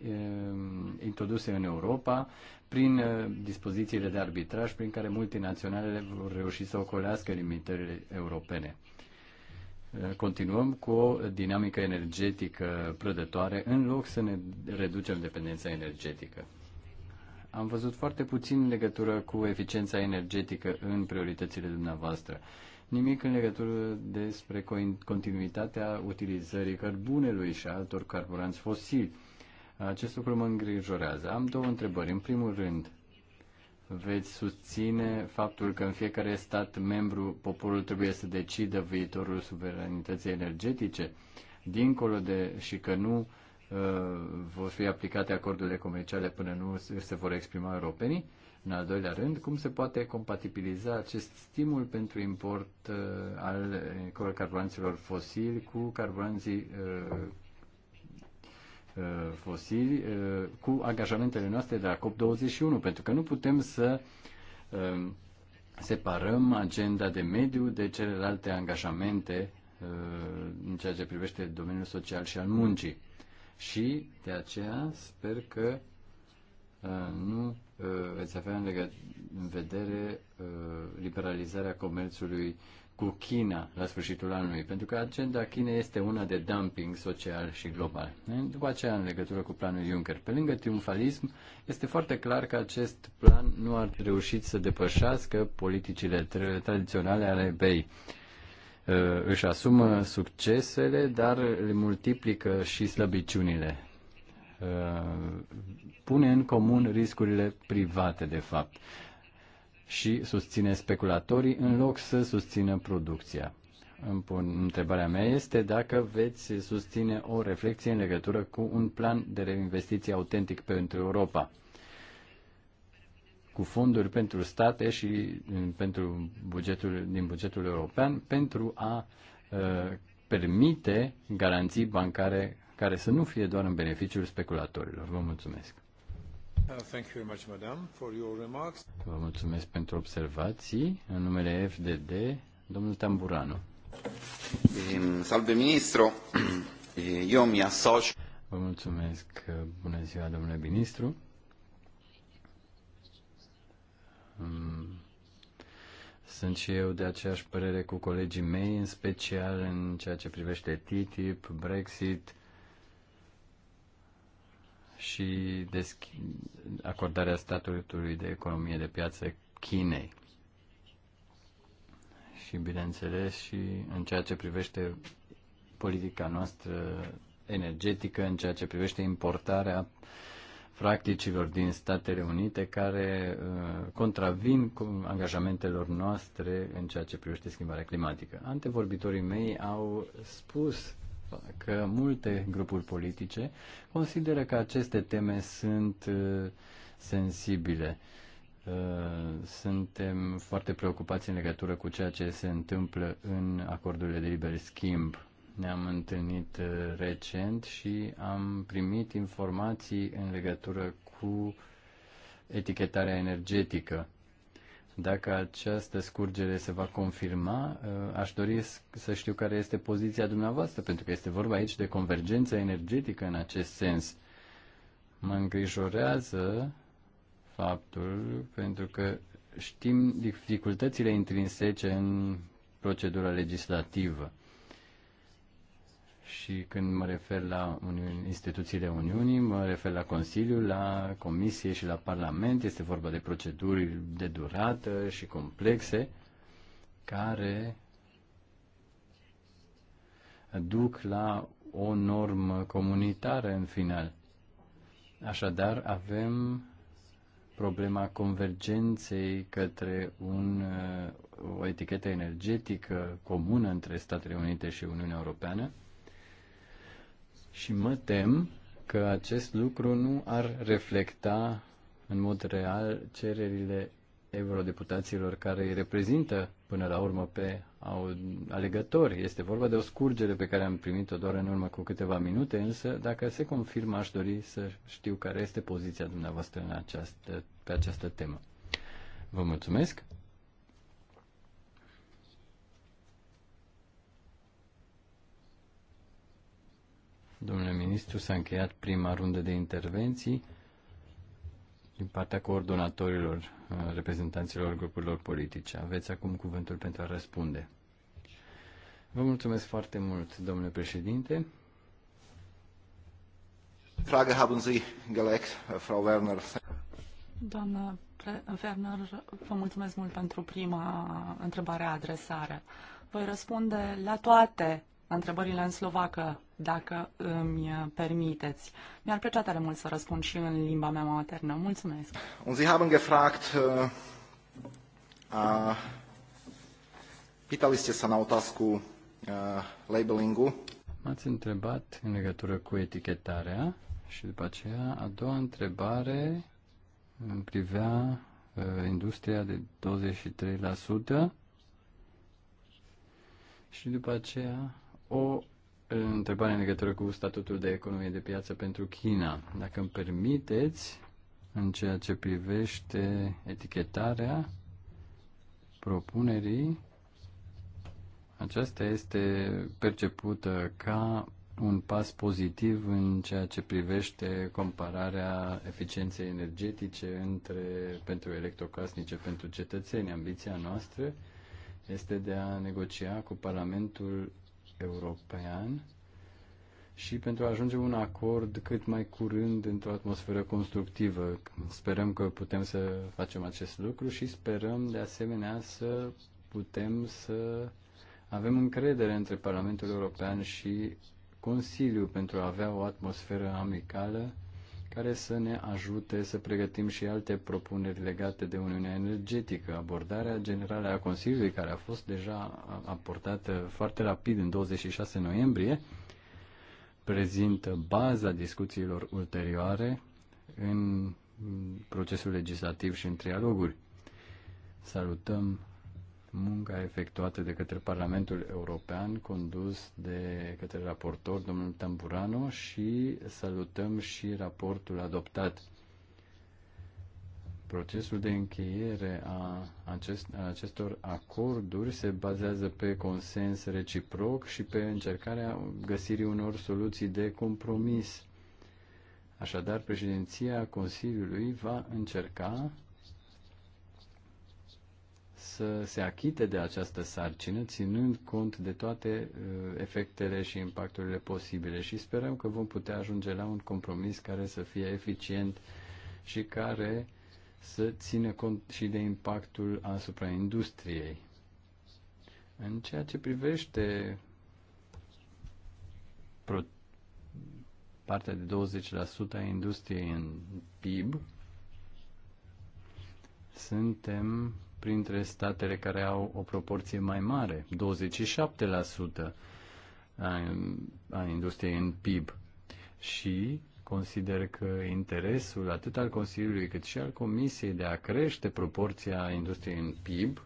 Speaker 1: um, introduse în Europa prin dispozițiile de arbitraj prin care multinaționalele vor reuși să ocolească limitările europene. Continuăm cu o dinamică energetică prădătoare în loc să ne reducem dependența energetică. Am văzut foarte puțin legătură cu eficiența energetică în prioritățile dumneavoastră nimic în legătură despre continuitatea utilizării cărbunelui și altor carburanți fosili. Acest lucru mă îngrijorează. Am două întrebări. În primul rând, veți susține faptul că în fiecare stat membru poporul trebuie să decidă viitorul suveranității energetice, dincolo de și că nu uh, vor fi aplicate acordurile comerciale până nu se vor exprima europenii? Uh, în al doilea rând, cum se poate compatibiliza acest stimul pentru import uh, al uh, carburanților fosili cu carburanții uh, uh fosili, uh, cu angajamentele noastre de la COP21, pentru că nu putem să separăm agenda de mediu de celelalte angajamente în ceea ce privește domeniul social și al muncii. Și de aceea sper că nu Uh, veți avea în, legat, în vedere uh, liberalizarea comerțului cu China la sfârșitul anului, pentru că agenda Chinei este una de dumping social și global. După aceea, în legătură cu planul Juncker, pe lângă triumfalism, este foarte clar că acest plan nu ar reușit să depășească politicile tradiționale ale BEI. Uh, își asumă succesele, dar le multiplică și slăbiciunile. Uh, pune în comun riscurile private, de fapt, și susține speculatorii în loc să susțină producția. Întrebarea mea este dacă veți susține o reflexie în legătură cu un plan de reinvestiție autentic pentru Europa, cu fonduri pentru state și uh, pentru bugetul, din bugetul european pentru a uh, permite garanții bancare care să nu fie doar în beneficiul speculatorilor. Vă mulțumesc. Uh, Vă mulțumesc pentru observații. În numele FDD, domnul Tamburano. Ehm, Salve, ministru. Ehm, eu mi asoci. Vă mulțumesc. Bună ziua, domnule ministru. Ehm, sunt și eu de aceeași părere cu colegii mei, în special în ceea ce privește TTIP, Brexit, și acordarea statutului de economie de piață Chinei. Și, bineînțeles, și în ceea ce privește politica noastră energetică, în ceea ce privește importarea practicilor din Statele Unite care uh, contravin cu angajamentelor noastre în ceea ce privește schimbarea climatică. Antevorbitorii mei au spus că multe grupuri politice consideră că aceste teme sunt uh, sensibile. Uh, suntem foarte preocupați în legătură cu ceea ce se întâmplă în acordurile de liber schimb. Ne-am întâlnit uh, recent și am primit informații în legătură cu etichetarea energetică dacă această scurgere se va confirma, uh, aș dori să știu care este poziția dumneavoastră, pentru că este vorba aici de convergență energetică în acest sens. Mă îngrijorează faptul, pentru că știm dificultățile intrinsece în procedura legislativă. Și când mă refer la Uniuni, instituțiile Uniunii, mă refer la Consiliu, la Comisie și la Parlament. Este vorba de proceduri de durată și complexe care duc la o normă comunitară în final. Așadar, avem problema convergenței către un, o etichetă energetică comună între Statele Unite și Uniunea Europeană și mă tem că acest lucru nu ar reflecta în mod real cererile eurodeputaților care îi reprezintă până la urmă pe alegători. Este vorba de o scurgere pe care am primit-o doar în urmă cu câteva minute, însă dacă se confirmă aș dori să știu care este poziția dumneavoastră în această, pe această temă. Vă mulțumesc. Domnule ministru, s-a încheiat prima rundă de intervenții din partea coordonatorilor, uh, reprezentanților grupurilor politice. Aveți acum cuvântul pentru a răspunde. Vă mulțumesc foarte mult, domnule președinte.
Speaker 3: Frage haben Sie gelegt, Frau Werner.
Speaker 2: Doamnă Werner, vă mulțumesc mult pentru prima întrebare adresare. Voi răspunde la toate întrebările în slovacă, dacă îmi permiteți. Mi-ar plăcea tare mult să răspund și în limba mea maternă. Mulțumesc.
Speaker 3: Und Sie haben gefragt, uh, uh, pitali ste sa na otázku uh, labelingu.
Speaker 1: M-ați întrebat în legătură cu etichetarea și după aceea a doua întrebare în privea uh, industria de 23% și după aceea o întrebare în legătură cu statutul de economie de piață pentru China. Dacă îmi permiteți, în ceea ce privește etichetarea propunerii, aceasta este percepută ca un pas pozitiv în ceea ce privește compararea eficienței energetice între, pentru electrocasnice, pentru cetățeni. Ambiția noastră este de a negocia cu Parlamentul european și pentru a ajunge un acord cât mai curând într-o atmosferă constructivă. Sperăm că putem să facem acest lucru și sperăm de asemenea să putem să avem încredere între Parlamentul European și Consiliu pentru a avea o atmosferă amicală care să ne ajute să pregătim și alte propuneri legate de Uniunea Energetică. Abordarea generală a Consiliului, care a fost deja aportată foarte rapid în 26 noiembrie, prezintă baza discuțiilor ulterioare în procesul legislativ și în trialoguri. Salutăm munca efectuată de către Parlamentul European, condus de către raportor, domnul Tamburano, și salutăm și raportul adoptat. Procesul de încheiere a, acest, a acestor acorduri se bazează pe consens reciproc și pe încercarea găsirii unor soluții de compromis. Așadar, președinția Consiliului va încerca să se achite de această sarcină, ținând cont de toate uh, efectele și impacturile posibile și sperăm că vom putea ajunge la un compromis care să fie eficient și care să țină cont și de impactul asupra industriei. În ceea ce privește partea de 20% a industriei în PIB, suntem printre statele care au o proporție mai mare, 27% a, a industriei în PIB. Și consider că interesul atât al Consiliului cât și al Comisiei de a crește proporția industriei în PIB,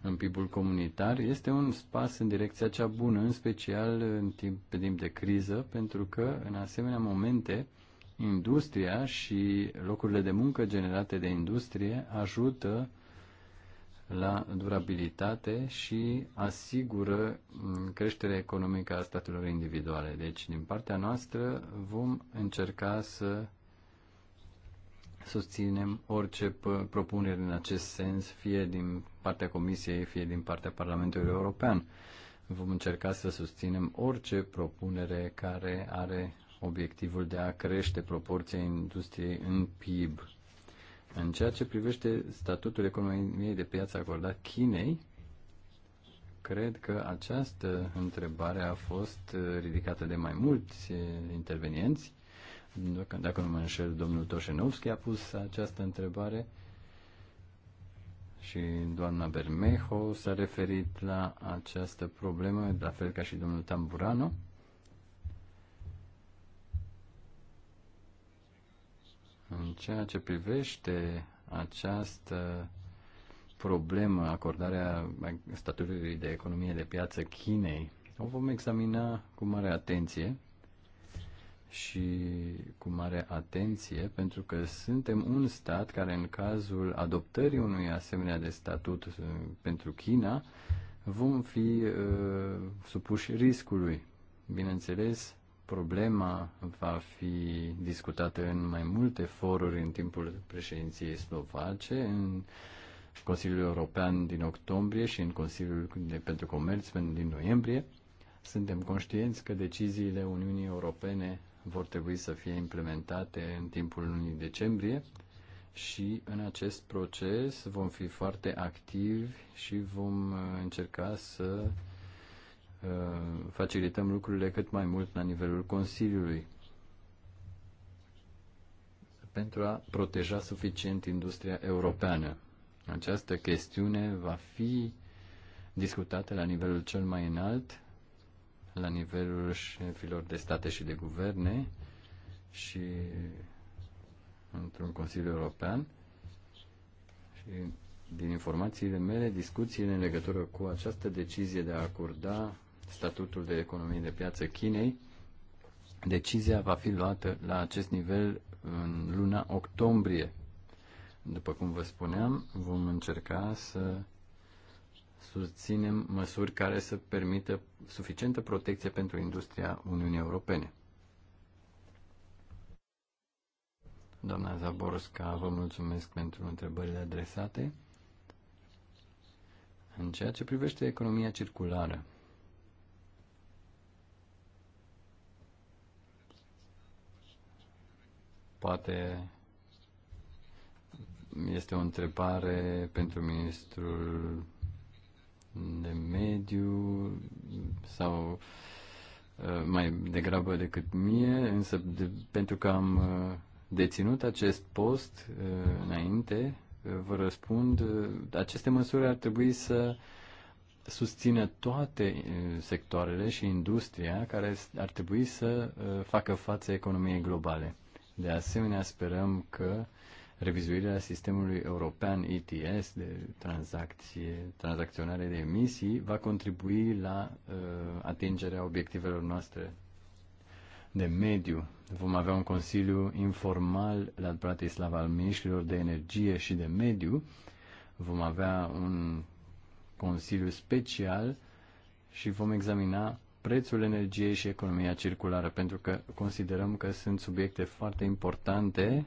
Speaker 1: în PIB-ul comunitar, este un pas în direcția cea bună, în special în timp, pe timp de criză, pentru că în asemenea momente industria și locurile de muncă generate de industrie ajută uh, la durabilitate și asigură creșterea economică a statelor individuale. Deci, din partea noastră, vom încerca să susținem orice propunere în acest sens, fie din partea Comisiei, fie din partea Parlamentului European. Vom încerca să susținem orice propunere care are obiectivul de a crește proporția industriei în PIB în ceea ce privește statutul economiei de piață acordat Chinei, cred că această întrebare a fost uh, ridicată de mai mulți uh, intervenienți. Dacă nu mă înșel, domnul Toșenovski a pus această întrebare și doamna Bermejo s-a referit la această problemă, la fel ca și domnul Tamburano. În ceea ce privește această problemă, acordarea statutului de economie de piață Chinei, o vom examina cu mare atenție și cu mare atenție, pentru că suntem un stat care în cazul adoptării unui asemenea de statut uh, pentru China vom fi uh, supuși riscului. Bineînțeles, Problema va fi discutată în mai multe foruri în timpul președinției slovace, în Consiliul European din octombrie și în Consiliul de, pentru Comerț din noiembrie. Suntem conștienți că deciziile Uniunii Europene vor trebui să fie implementate în timpul lunii decembrie și în acest proces vom fi foarte activi și vom uh, încerca să Uh, facilităm lucrurile cât mai mult la nivelul Consiliului pentru a proteja suficient industria europeană. Această chestiune va fi discutată la nivelul cel mai înalt, la nivelul șefilor de state și de guverne și într-un Consiliu European. Și din informațiile mele, discuțiile în legătură cu această decizie de a acorda statutul de economie de piață Chinei, decizia va fi luată la acest nivel în luna octombrie. După cum vă spuneam, vom încerca să susținem măsuri care să permită suficientă protecție pentru industria Uniunii Europene. Doamna Zaborska, vă mulțumesc pentru întrebările adresate. În ceea ce privește economia circulară, poate este o întrebare pentru ministrul de mediu sau uh, mai degrabă decât mie, însă de, pentru că am uh, deținut acest post uh, înainte, vă răspund, aceste măsuri ar trebui să susțină toate sectoarele și industria care ar trebui să facă față economiei globale. De asemenea, sperăm că revizuirea sistemului european ETS de tranzacție, tranzacționare de emisii va contribui la uh, atingerea obiectivelor noastre de mediu. Vom avea un consiliu informal la Bratislava al ministrilor de energie și de mediu. Vom avea un consiliu special și vom examina prețul energiei și economia circulară, pentru că considerăm că sunt subiecte foarte importante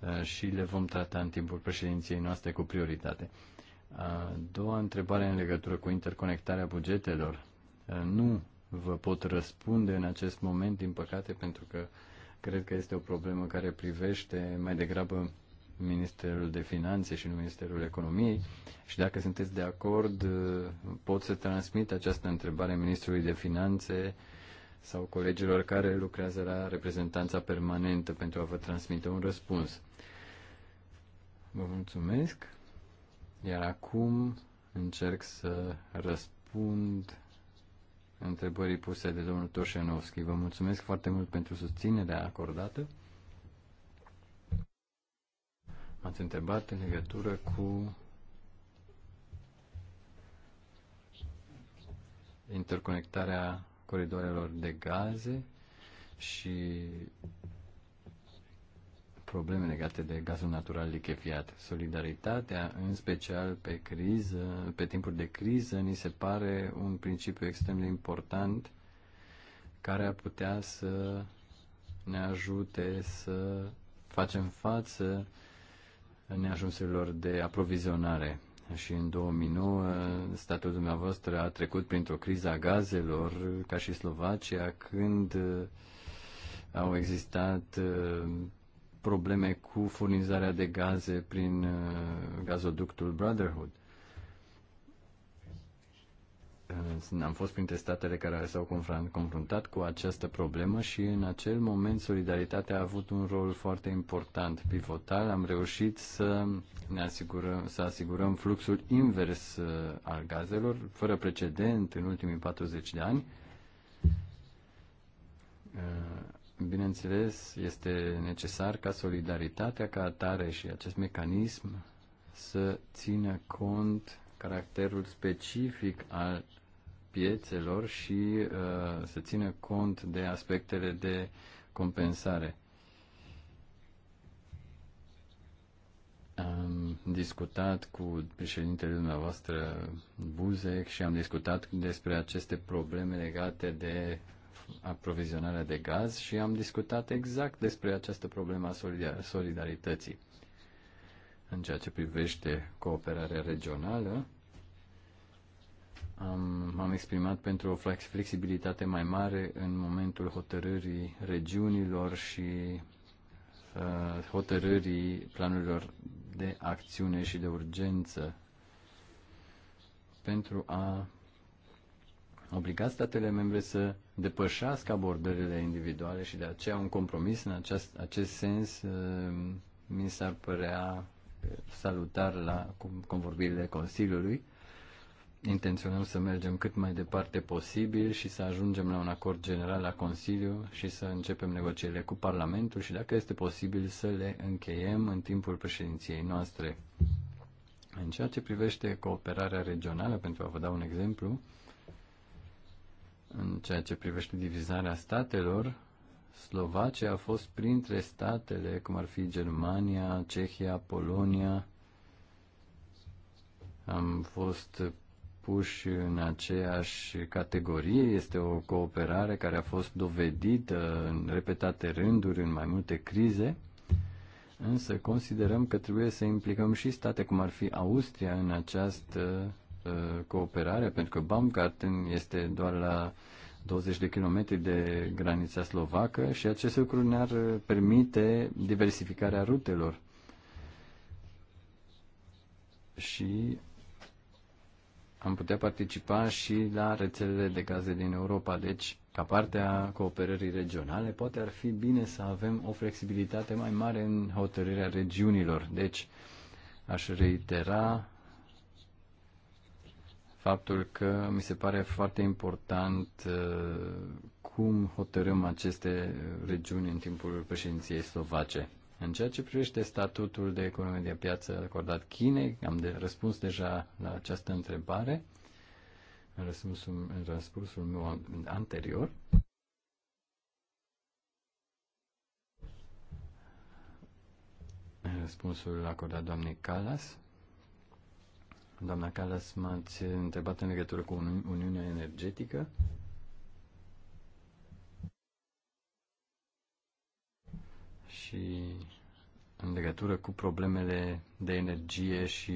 Speaker 1: uh, și le vom trata în timpul președinției noastre cu prioritate. A doua întrebare în legătură cu interconectarea bugetelor. Uh, nu vă pot răspunde în acest moment, din păcate, pentru că cred că este o problemă care privește mai degrabă Ministerul de Finanțe și Ministerul Economiei și dacă sunteți de acord, pot să transmit această întrebare Ministrului de Finanțe sau colegilor care lucrează la reprezentanța permanentă pentru a vă transmite un răspuns. Vă mulțumesc, iar acum încerc să răspund întrebării puse de domnul Toșenovski. Vă mulțumesc foarte mult pentru susținerea acordată. M-ați întrebat în legătură cu interconectarea coridoarelor de gaze și probleme legate de gazul natural lichefiat. Solidaritatea, în special pe criză, pe timpuri de criză, ni se pare un principiu extrem de important care ar putea să ne ajute să facem față neajunsurilor de aprovizionare. Și în 2009 statul dumneavoastră a trecut printr-o criză a gazelor, ca și Slovacia, când uh, au existat uh, probleme cu furnizarea de gaze prin uh, gazoductul Brotherhood. Uh, am fost printre statele care s-au confruntat cu această problemă și în acel moment solidaritatea a avut un rol foarte important, pivotal. Am reușit să ne asigurăm, să asigurăm fluxul invers uh, al gazelor, fără precedent în ultimii 40 de ani. Uh, bineînțeles, este necesar ca solidaritatea ca atare și acest mecanism să țină cont caracterul specific al piețelor și uh, să țină cont de aspectele de compensare. Am discutat cu președintele dumneavoastră Buzek și am discutat despre aceste probleme legate de aprovizionarea de gaz și am discutat exact despre această problemă a solidarității. În ceea ce privește cooperarea regională, am, m-am exprimat pentru o flexibilitate mai mare în momentul hotărârii regiunilor și uh, hotărârii planurilor de acțiune și de urgență pentru a obliga statele membre să depășească abordările individuale și de aceea un compromis în aceast, acest sens uh, mi s-ar părea salutar la convorbirile Consiliului intenționăm să mergem cât mai departe posibil și să ajungem la un acord general la Consiliu și să începem negocierile cu Parlamentul și, dacă este posibil, să le încheiem în timpul președinției noastre. În ceea ce privește cooperarea regională, pentru a vă da un exemplu, în ceea ce privește divizarea statelor, Slovacia a fost printre statele, cum ar fi Germania, Cehia, Polonia. Am fost puși în aceeași categorie. Este o cooperare care a fost dovedită în repetate rânduri în mai multe crize, însă considerăm că trebuie să implicăm și state cum ar fi Austria în această uh, cooperare, pentru că Baumgarten este doar la 20 de kilometri de granița slovacă și acest lucru ne-ar permite diversificarea rutelor. Și am putea participa și la rețelele de gaze din Europa. Deci, ca parte a cooperării regionale, poate ar fi bine să avem o flexibilitate mai mare în hotărârea regiunilor. Deci, aș reitera faptul că mi se pare foarte important uh, cum hotărâm aceste regiuni în timpul președinției slovace. În ceea ce privește statutul de economie de piață acordat Chinei, am de răspuns deja la această întrebare în răspunsul, în răspunsul meu anterior. În răspunsul acordat doamnei Calas. Doamna Calas, m-ați întrebat în legătură cu Uni Uniunea Energetică. și în legătură cu problemele de energie și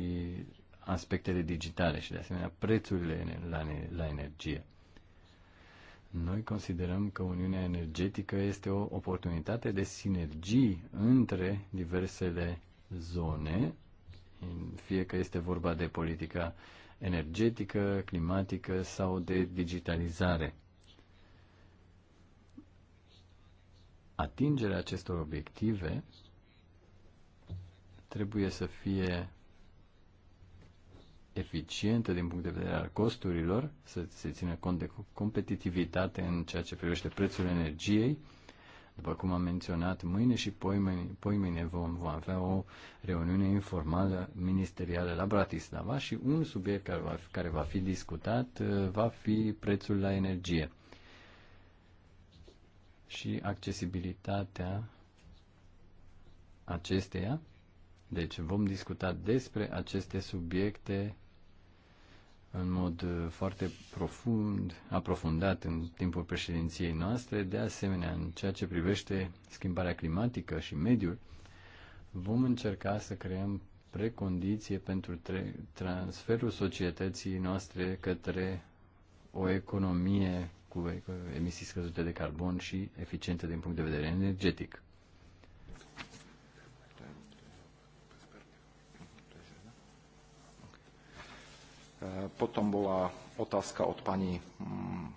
Speaker 1: aspectele digitale și de asemenea prețurile la, la energie. Noi considerăm că Uniunea Energetică este o oportunitate de sinergii între diversele zone, fie că este vorba de politica energetică, climatică sau de digitalizare. Atingerea acestor obiective trebuie să fie eficientă din punct de vedere al costurilor, să se țină cont de competitivitate în ceea ce privește prețul energiei. După cum am menționat, mâine și poimâine, vom, vom avea o reuniune informală ministerială la Bratislava și un subiect care va, care va fi discutat uh, va fi prețul la energie și accesibilitatea acesteia. Deci vom discuta despre aceste subiecte în mod uh, foarte profund, aprofundat în timpul președinției noastre. De asemenea, în ceea ce privește schimbarea climatică și mediul, vom încerca să creăm precondiție pentru transferul societății noastre către o economie cu emisii scăzute de carbon și eficiente din punct de vedere energetic.
Speaker 3: Potom mm,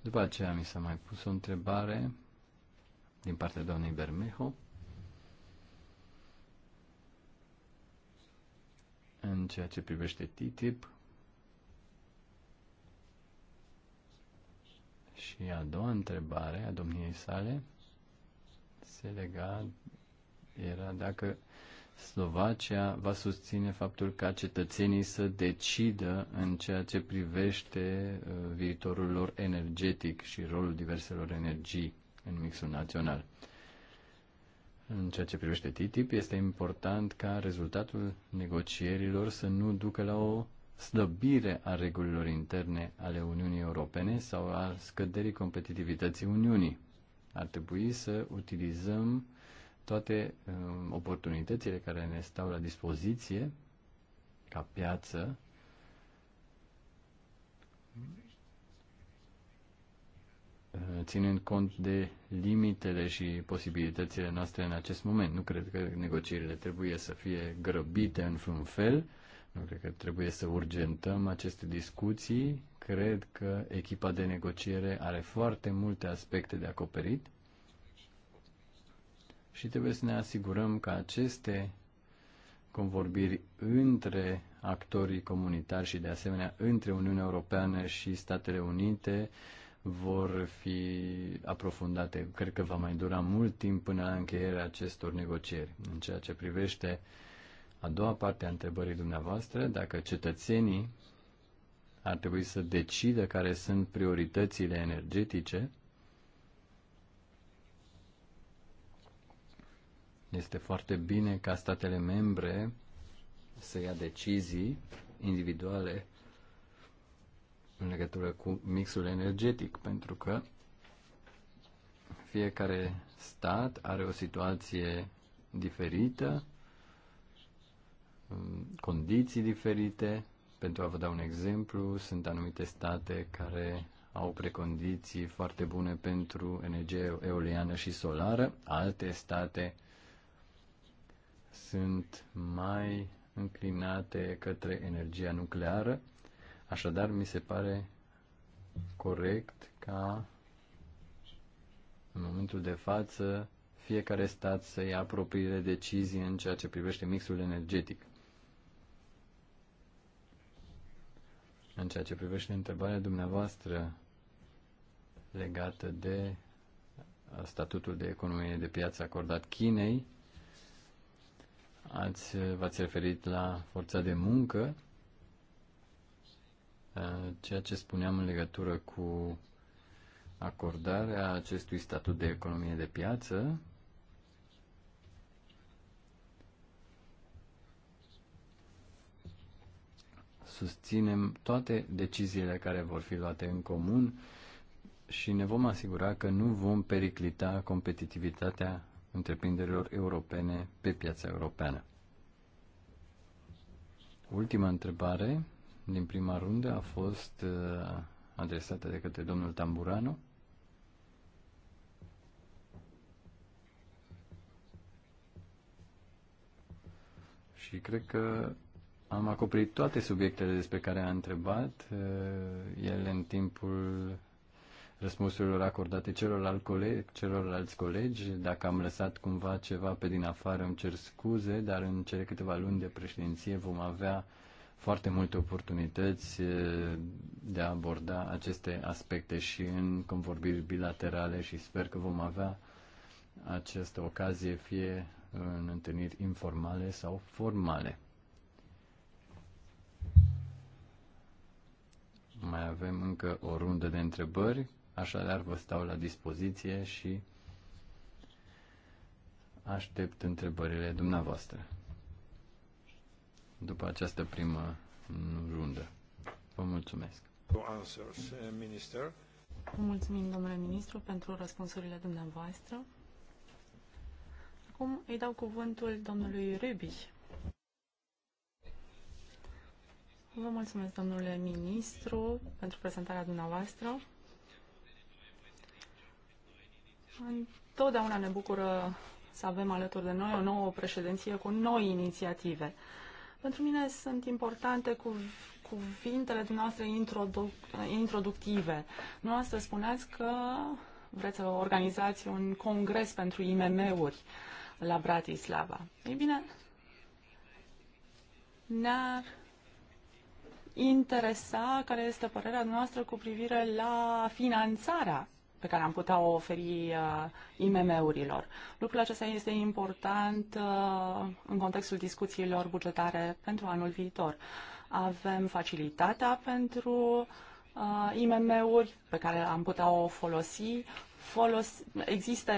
Speaker 1: După aceea mi s-a mai pus o întrebare din partea doamnei Bermejo. În ceea ce privește TTIP, Și a doua întrebare a domniei sale se lega, era dacă Slovacia va susține faptul ca cetățenii să decidă în ceea ce privește uh, viitorul lor energetic și rolul diverselor energii în mixul național. În ceea ce privește TTIP, este important ca rezultatul negocierilor să nu ducă la o slăbire a regulilor interne ale Uniunii Europene sau a scăderii competitivității Uniunii. Ar trebui să utilizăm toate uh, oportunitățile care ne stau la dispoziție ca piață uh, ținând cont de limitele și posibilitățile noastre în acest moment. Nu cred că negocierile trebuie să fie grăbite în vreun fel, nu cred că trebuie să urgentăm aceste discuții. Cred că echipa de negociere are foarte multe aspecte de acoperit și trebuie să ne asigurăm că aceste convorbiri între actorii comunitari și de asemenea între Uniunea Europeană și Statele Unite vor fi aprofundate. Cred că va mai dura mult timp până la încheierea acestor negocieri. În ceea ce privește uh, a doua parte a întrebării dumneavoastră, dacă cetățenii ar trebui să decidă care sunt prioritățile energetice, este foarte bine ca statele membre să ia decizii individuale în legătură cu mixul energetic, pentru că fiecare stat are o situație diferită condiții diferite. Pentru a vă da un exemplu, sunt anumite state care au precondiții foarte bune pentru energie eoliană și solară, alte state sunt mai înclinate către energia nucleară. Așadar, mi se pare corect ca în momentul de față fiecare stat să ia propriile decizii în ceea ce privește mixul energetic. În ceea ce privește întrebarea dumneavoastră legată de statutul de economie de piață acordat Chinei, ați, v-ați referit la forța de muncă, ceea ce spuneam în legătură cu acordarea acestui statut de economie de piață susținem toate deciziile care vor fi luate în comun și ne vom asigura că nu vom periclita competitivitatea întreprinderilor europene pe piața europeană. Ultima întrebare din prima rundă a fost uh, adresată de către domnul Tamburano. Și cred că am acoperit toate subiectele despre care a întrebat, eh, ele în timpul răspunsurilor acordate celorlalți colegi, celorlalți colegi. Dacă am lăsat cumva ceva pe din afară, îmi cer scuze, dar în cele câteva luni de președinție vom avea foarte multe oportunități eh, de a aborda aceste aspecte și în convorbiri bilaterale și sper că vom avea această ocazie fie în întâlniri informale sau formale. Mai avem încă o rundă de întrebări, așadar vă stau la dispoziție și aștept întrebările dumneavoastră după această primă rundă. Vă mulțumesc.
Speaker 2: Vă mulțumim, domnule ministru, pentru răspunsurile dumneavoastră. Acum îi dau cuvântul domnului Rubiș Vă mulțumesc, domnule ministru, pentru prezentarea dumneavoastră. Întotdeauna ne bucură să avem alături de noi o nouă președinție cu noi inițiative. Pentru mine sunt importante cu cuvintele dumneavoastră introdu- introductive. Dumneavoastră spuneați că vreți să organizați un congres pentru IMM-uri la Bratislava. Ei bine, ne-ar interesa care este părerea noastră cu privire la finanțarea pe care am putea o oferi uh, IMM-urilor. Lucrul acesta este important uh, în contextul discuțiilor bugetare pentru anul viitor. Avem facilitatea pentru uh, IMM-uri pe care am putea o folosi. Folos- există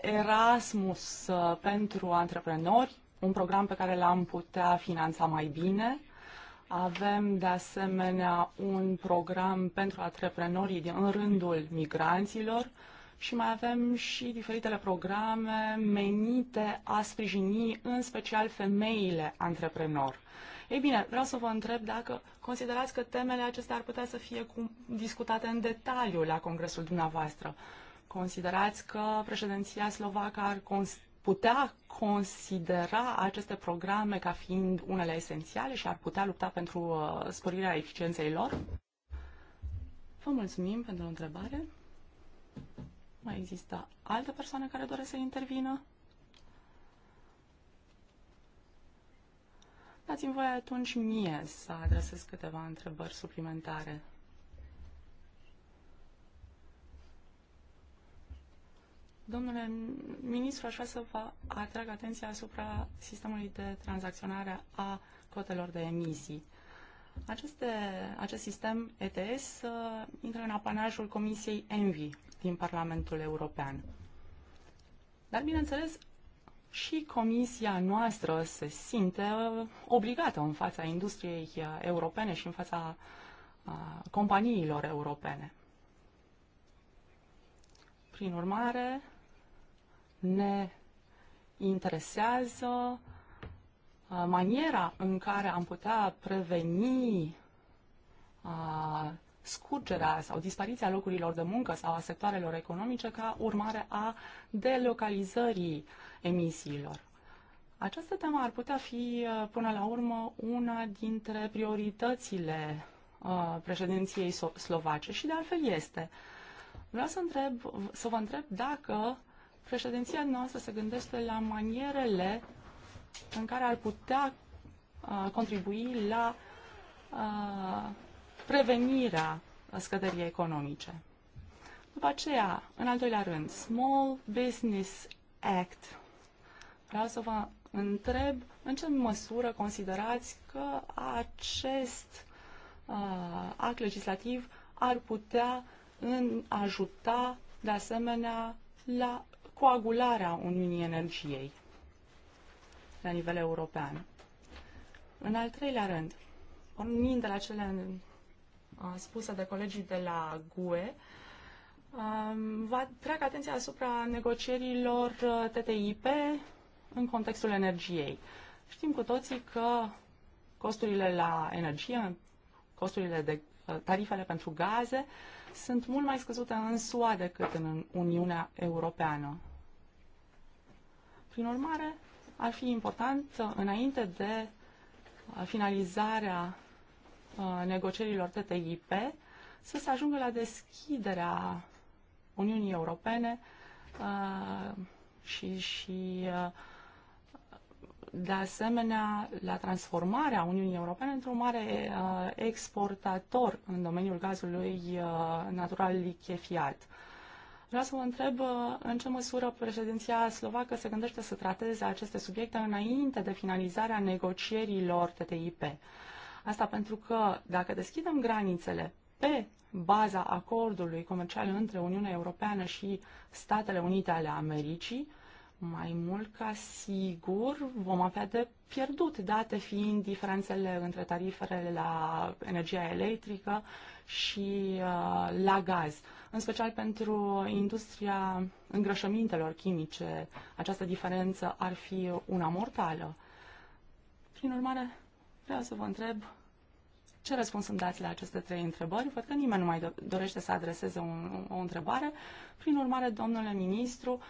Speaker 2: Erasmus uh, pentru antreprenori, un program pe care l-am putea finanța mai bine. Uh, avem, de asemenea, un program pentru antreprenorii din, în rândul migranților și mai avem și diferitele programe menite a sprijini în special femeile antreprenor. Ei bine, vreau să vă întreb dacă considerați că temele acestea ar putea să fie discutate în detaliu la congresul dumneavoastră. Considerați că președinția slovacă ar, cons- putea considera aceste programe ca fiind unele esențiale și ar putea lupta pentru uh, sporirea eficienței lor? Vă mulțumim pentru întrebare. Mai există alte persoane care doresc să intervină? Dați-mi voie atunci mie să adresez câteva întrebări suplimentare. Domnule ministru, aș vrea să vă atrag atenția asupra sistemului de tranzacționare a cotelor de emisii. Aceste, acest sistem ETS uh, intră în apanajul Comisiei ENVI din Parlamentul European. Dar, bineînțeles, și comisia noastră se simte uh, obligată în fața industriei uh, europene și în fața uh, companiilor europene. Prin urmare, ne interesează uh, maniera în care am putea preveni uh, scurgerea sau dispariția locurilor de muncă sau a sectoarelor economice ca urmare a delocalizării emisiilor. Această temă ar putea fi, uh, până la urmă, una dintre prioritățile președinției slovace și de altfel este. Vreau să, întreb, să vă întreb dacă Președinția noastră se gândește la manierele în care ar putea uh, contribui la uh, prevenirea scăderii economice. După aceea, în al doilea rând, Small Business Act. Vreau să vă întreb în ce măsură considerați că acest uh, act legislativ ar putea în ajuta de asemenea la coagularea Uniunii Energiei la nivel european. În al treilea rând, pornind de la cele uh, spuse de colegii de la GUE, um, vă trag atenția asupra negocierilor uh, TTIP în contextul energiei. Știm cu toții că costurile la energie, costurile de uh, tarifele pentru gaze sunt mult mai scăzute în SUA decât în Uniunea Europeană. Prin urmare, ar fi important, uh, înainte de uh, finalizarea uh, negocierilor TTIP, să se ajungă la deschiderea Uniunii Europene și, și uh, de asemenea la transformarea Uniunii Europene într-un mare uh, exportator în domeniul gazului uh, natural lichefiat. Vreau să vă întreb uh, în ce măsură președinția slovacă se gândește să trateze aceste subiecte înainte de finalizarea negocierilor TTIP. Asta pentru că dacă deschidem granițele pe baza acordului comercial între Uniunea Europeană și Statele Unite ale Americii, uh, mai mult ca sigur vom avea de pierdut, date fiind diferențele între tarifele la energia electrică și uh, la gaz. În special pentru industria îngrășămintelor chimice, această diferență ar fi una mortală. Prin urmare, vreau să vă întreb ce răspuns îmi dați la aceste trei întrebări? Văd că nimeni nu mai dorește să adreseze un, o întrebare. Prin urmare, domnule ministru, uh,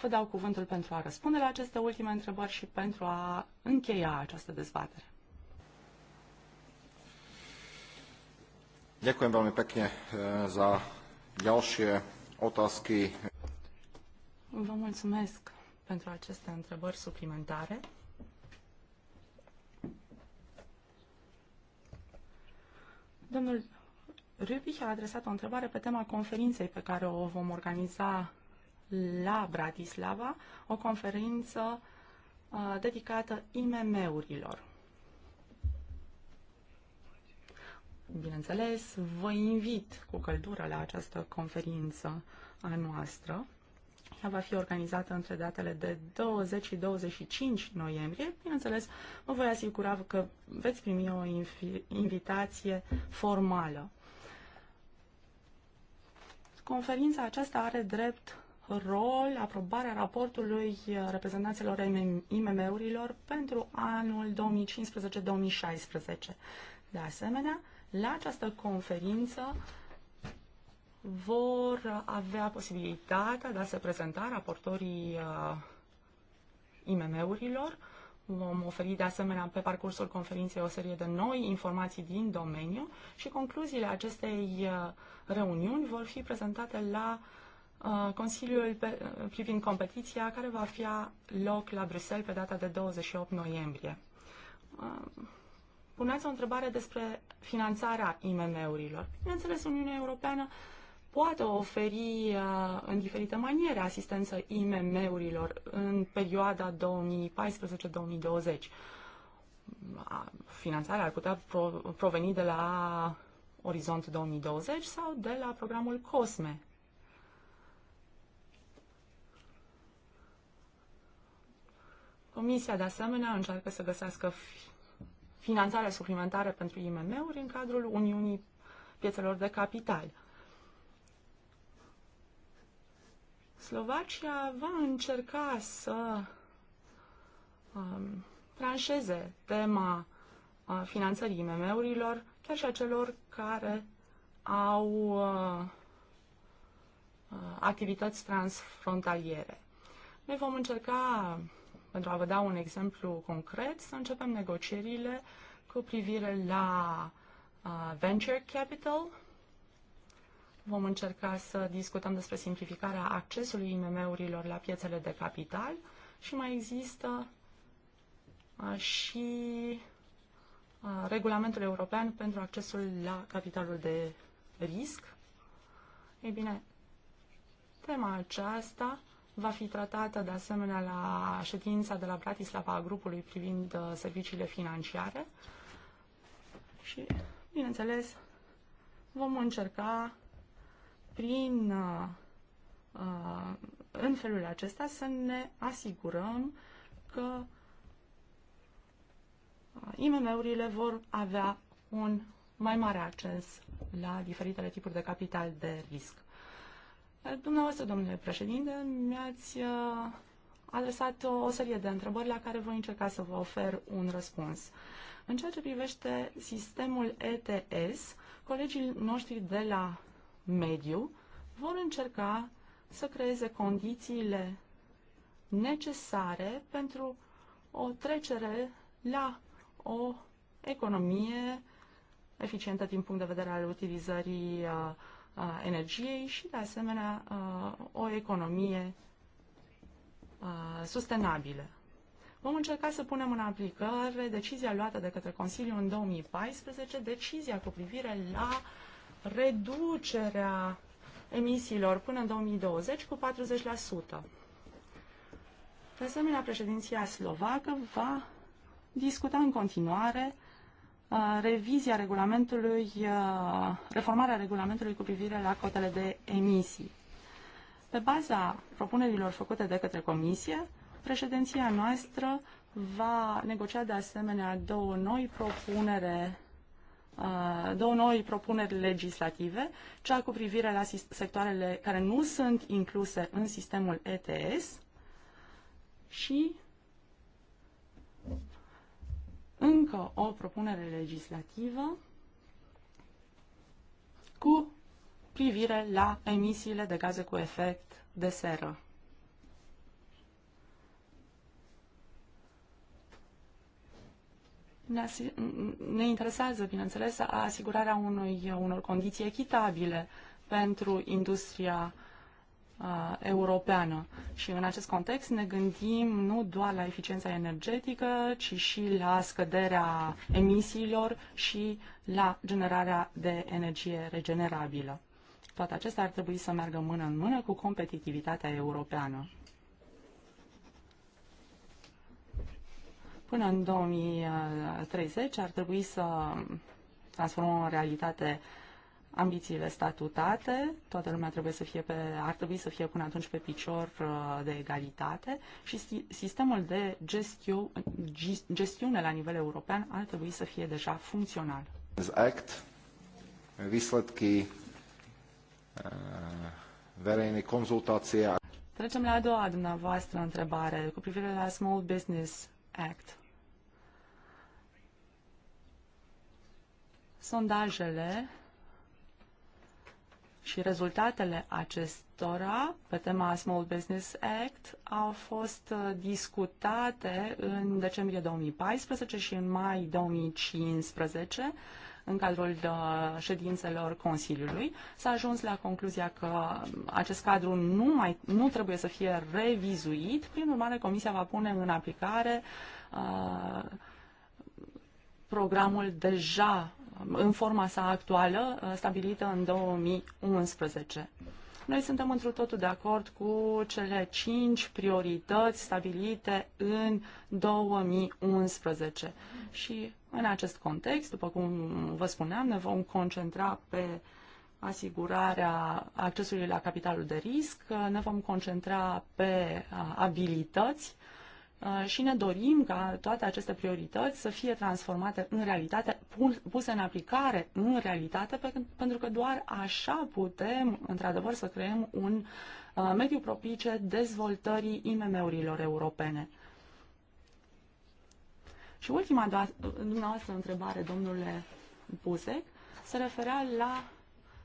Speaker 2: Vă dau cuvântul pentru a răspunde la aceste ultime întrebări și pentru a încheia această dezbatere.
Speaker 1: Ďakujem veľmi pekne eh, za ďalšie
Speaker 3: otázky.
Speaker 2: Vă mulțumesc pentru aceste întrebări suplimentare. Domnul Rübich a adresat o întrebare pe tema conferinței pe care o vom organiza la Bratislava o conferință uh, dedicată IMM-urilor. Bineînțeles, vă invit cu căldură la această conferință a noastră. Ea va fi organizată între datele de 20 și 25 noiembrie. Bineînțeles, vă voi asigura că veți primi o invitație formală. Conferința aceasta are drept rol aprobarea raportului uh, reprezentanților IMM-urilor pentru anul 2015-2016. De asemenea, la această conferință vor avea posibilitatea de a se prezenta raportorii uh, IMM-urilor. Vom oferi de asemenea pe parcursul conferinței o serie de noi informații din domeniu și concluziile acestei uh, reuniuni vor fi prezentate la uh, Uh, Consiliul uh, privind competiția, care va fi loc la Bruxelles pe data de 28 noiembrie. Uh, puneți o întrebare despre finanțarea IMM-urilor. Bineînțeles, Uniunea Europeană poate oferi în diferite maniere asistență IMM-urilor în perioada 2014-2020. Finanțarea ar putea proveni de la Orizont 2020 sau de la programul COSME Comisia, de asemenea, încearcă să găsească finanțare suplimentară pentru IMM-uri în cadrul Uniunii Piețelor de Capital. Slovacia va încerca să um, tranșeze tema uh, finanțării IMM-urilor, chiar și a celor care au uh, uh activități transfrontaliere. Noi vom încerca pentru a vă da un exemplu concret, să începem negocierile cu privire la uh, venture capital. Vom încerca să discutăm despre simplificarea accesului IMM-urilor la piețele de capital și mai există uh, și uh, regulamentul european pentru accesul la capitalul de risc. Ei bine, tema aceasta va fi tratată de asemenea la ședința de la Bratislava a grupului privind uh, serviciile financiare și, bineînțeles, vom încerca prin uh, uh, în felul acesta să ne asigurăm că IMM-urile vor avea un mai mare acces la diferitele tipuri de capital de risc. Dumneavoastră, domnule președinte, mi-ați uh, adresat o serie de întrebări la care voi încerca să vă ofer un răspuns. În ceea ce privește sistemul ETS, colegii noștri de la mediu vor încerca să creeze condițiile necesare pentru o trecere la o economie eficientă din punct de vedere al utilizării uh, energiei și, de asemenea, o economie sustenabilă. Vom încerca să punem în aplicare decizia luată de către Consiliu în 2014, decizia cu privire la reducerea emisiilor până în 2020 cu 40%. De asemenea, președinția slovacă va discuta în continuare revizia regulamentului, reformarea regulamentului cu privire la cotele de emisii. Pe baza propunerilor făcute de către Comisie, președinția noastră va negocia de asemenea două noi propunere două noi propuneri legislative, cea cu privire la sectoarele care nu sunt incluse în sistemul ETS și încă o propunere legislativă cu privire la emisiile de gaze cu efect de seră. Ne, ne interesează, bineînțeles, asigurarea unui, unor condiții echitabile pentru industria uh, europeană. Și în acest context ne gândim nu doar la eficiența energetică, ci și la scăderea emisiilor și la generarea de energie regenerabilă. Toate acestea ar trebui să meargă mână în mână cu competitivitatea europeană. Până în 2030 ar trebui să transformăm în realitate uh, ambițiile statutate, toată lumea trebuie să fie pe, ar trebui să fie până atunci pe picior uh, de egalitate și sistemul de gestiune, gestiune la nivel european ar trebui să fie deja funcțional.
Speaker 1: Act, výsledky uh,
Speaker 2: verejnej konzultácie. Trecem la a doua dumneavoastră întrebare cu privire la Small Business Act. Sondajele și rezultatele acestora pe tema Small Business Act au fost uh, discutate în decembrie 2014 și în mai 2015 în cadrul uh, ședințelor Consiliului. S-a ajuns la concluzia că um, acest cadru nu, mai, nu trebuie să fie revizuit, prin urmare Comisia va pune în aplicare uh, programul deja în forma sa actuală, uh, stabilită în 2011. Noi suntem într totul de acord cu cele cinci priorități stabilite în 2011. Și în acest context, după cum vă spuneam, ne vom concentra pe asigurarea accesului la capitalul de risc, uh, ne vom concentra pe uh, abilități, Uh, și ne dorim ca toate aceste priorități să fie transformate în realitate, puse în aplicare în realitate, pentru că doar așa putem, într-adevăr, să creăm un uh, mediu propice dezvoltării IMM-urilor europene. Și ultima dumneavoastră întrebare, domnule Busec, se referea la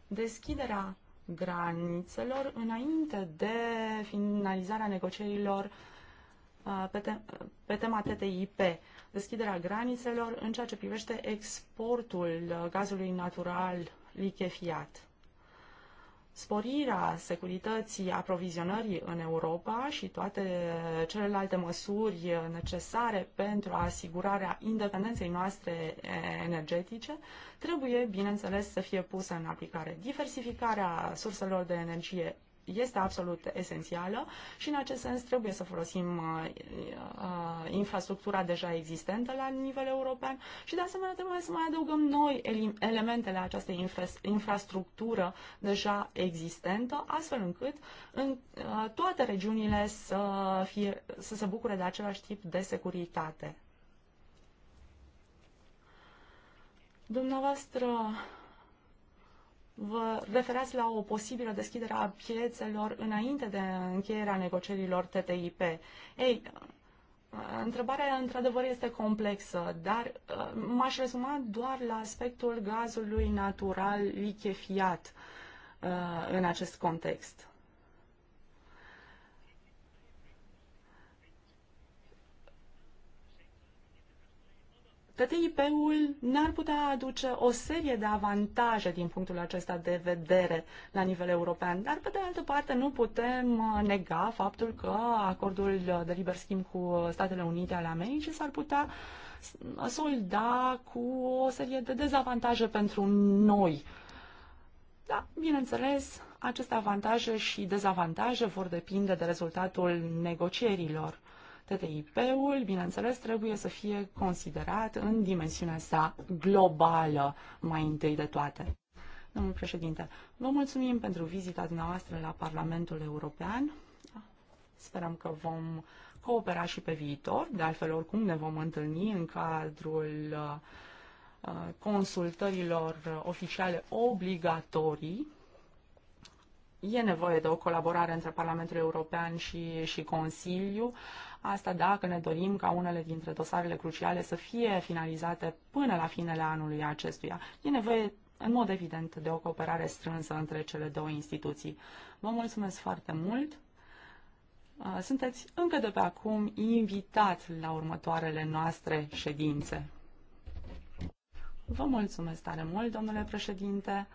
Speaker 2: deschiderea granițelor înainte de finalizarea negocierilor pe, te- pe tema TTIP, deschiderea granițelor în ceea ce privește exportul uh, gazului natural lichefiat sporirea securității aprovizionării în Europa și toate celelalte măsuri necesare pentru asigurarea independenței noastre energetice trebuie, bineînțeles, să fie pusă în aplicare. Diversificarea surselor de energie este absolut esențială și în acest sens trebuie să folosim uh, uh, infrastructura deja existentă la nivel european și de asemenea trebuie să mai adăugăm noi elementele acestei infra infrastructură deja existentă, astfel încât în uh, toate regiunile să, fie, să se bucure de același tip de securitate. Dumneavoastră vă referați la o posibilă deschidere a piețelor înainte de încheierea negocierilor TTIP. Ei, Întrebarea, într-adevăr, este complexă, dar uh, m-aș rezuma doar la aspectul gazului natural lichefiat uh, în acest context. TTIP-ul ne-ar putea aduce o serie de avantaje din punctul acesta de vedere la nivel european, dar pe de altă parte nu putem uh, nega faptul că acordul de liber schimb cu Statele Unite ale Americii s-ar putea uh, solda cu o serie de dezavantaje pentru noi. Da, bineînțeles, aceste avantaje și dezavantaje vor depinde de rezultatul negocierilor. TTIP-ul, bineînțeles, trebuie să fie considerat în dimensiunea sa globală mai întâi de toate. Domnul președinte, vă mulțumim pentru vizita dumneavoastră la Parlamentul European. Sperăm că vom coopera și pe viitor, de altfel oricum ne vom întâlni în cadrul uh, consultărilor oficiale obligatorii. E nevoie de o colaborare între Parlamentul European și, și Consiliu. Asta dacă ne dorim ca unele dintre dosarele cruciale să fie finalizate până la finele anului acestuia. E nevoie în mod evident de o cooperare strânsă între cele două instituții. Vă mulțumesc foarte mult! Uh, sunteți încă de pe acum invitați la următoarele noastre ședințe. Vă mulțumesc tare mult, domnule președinte.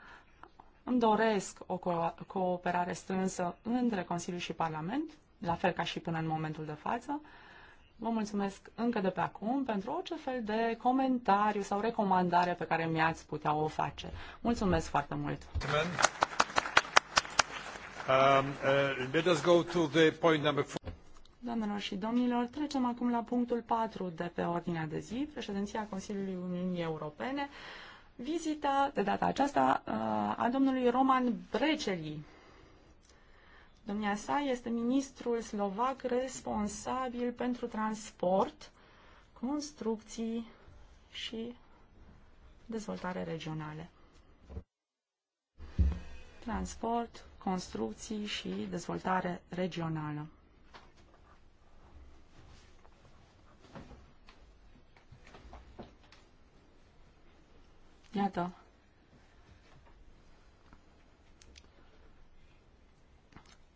Speaker 2: Îmi doresc o co- cooperare strânsă între Consiliu și Parlament la fel ca și până în momentul de față. Vă mulțumesc încă de pe acum pentru orice fel de comentariu sau recomandare pe care mi-ați putea o face. Mulțumesc foarte mult!
Speaker 3: Um, uh,
Speaker 2: Doamnelor și domnilor, trecem acum la punctul 4 de pe ordinea de zi, președinția Consiliului Uniunii Europene, vizita de data aceasta uh, a domnului Roman Breceli, Domnia sa este ministrul slovac responsabil pentru transport, construcții și dezvoltare regională. Transport, construcții și dezvoltare regională. Iată,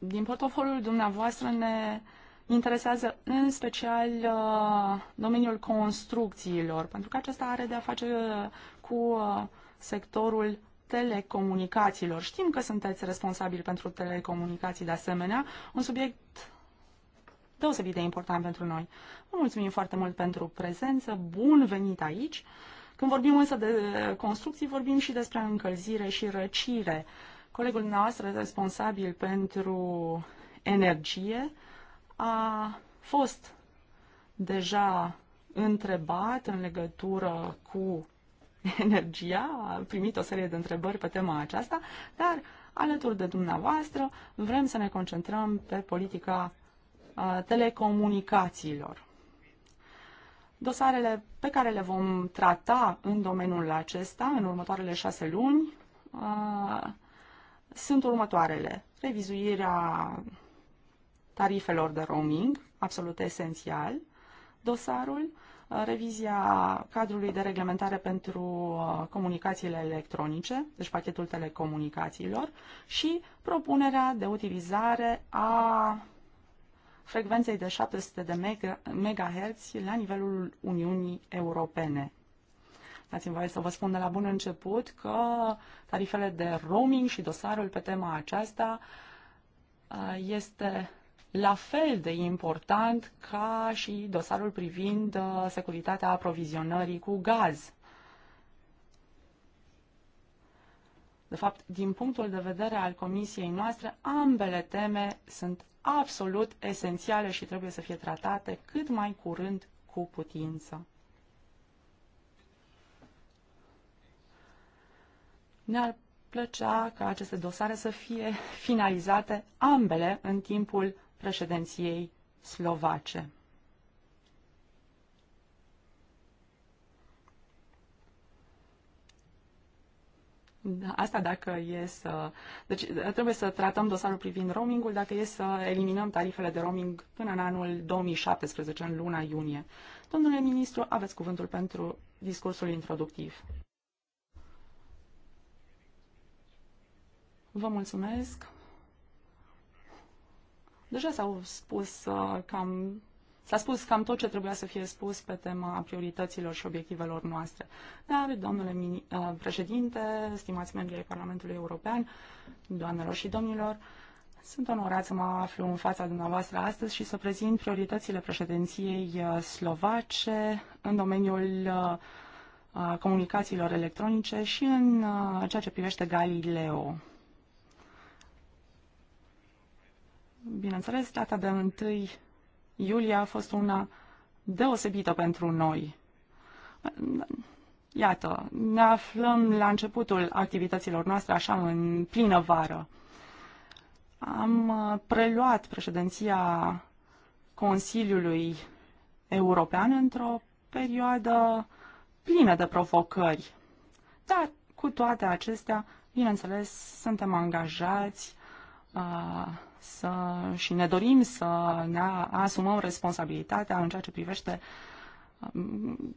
Speaker 2: Din portofoliul dumneavoastră ne interesează în special uh, domeniul construcțiilor, pentru că acesta are de a face uh, cu uh, sectorul telecomunicațiilor. Știm că sunteți responsabil pentru telecomunicații de asemenea, un subiect deosebit de important pentru noi. Vă mulțumim foarte mult pentru prezență, bun venit aici. Când vorbim însă de construcții, vorbim și despre încălzire și răcire. Colegul nostru responsabil pentru energie a fost deja întrebat în legătură cu energia, a primit o serie de întrebări pe tema aceasta, dar alături de dumneavoastră vrem să ne concentrăm pe politica telecomunicațiilor. Dosarele pe care le vom trata în domeniul acesta în următoarele șase luni sunt următoarele. Revizuirea tarifelor de roaming, absolut esențial, dosarul, uh, revizia cadrului de reglementare pentru uh, comunicațiile electronice, deci pachetul telecomunicațiilor, și propunerea de utilizare a frecvenței de 700 de MHz la nivelul Uniunii Europene. Dați-mi voie să vă spun de la bun început că tarifele de roaming și dosarul pe tema aceasta uh, este la fel de important ca și dosarul privind uh, securitatea aprovizionării cu gaz. De fapt, din punctul de vedere al comisiei noastre, ambele teme sunt absolut esențiale și trebuie să fie tratate cât mai curând cu putință. Ne-ar plăcea ca aceste dosare să fie finalizate ambele în timpul președinției slovace. Asta dacă e să... Deci trebuie să tratăm dosarul privind roamingul dacă e să eliminăm tarifele de roaming până în anul 2017, în luna iunie. Domnule ministru, aveți cuvântul pentru discursul introductiv. Vă mulțumesc. Deja s-au spus uh, cam S-a spus cam tot ce trebuia să fie spus pe tema priorităților și obiectivelor noastre. Dar, domnule uh, președinte, stimați membri ai Parlamentului European, doamnelor și domnilor, sunt onorat să mă aflu în fața dumneavoastră astăzi și să prezint prioritățile președinției uh, slovace în domeniul uh, comunicațiilor electronice și în ceea ce privește Galileo. Bineînțeles, data de 1 iulie a fost una deosebită pentru noi. Iată, ne aflăm la începutul activităților noastre, așa, în plină vară. Am uh, preluat președinția Consiliului European într-o perioadă plină de provocări. Dar, cu toate acestea, bineînțeles, suntem angajați uh, să, și ne dorim să ne asumăm responsabilitatea în ceea ce privește um,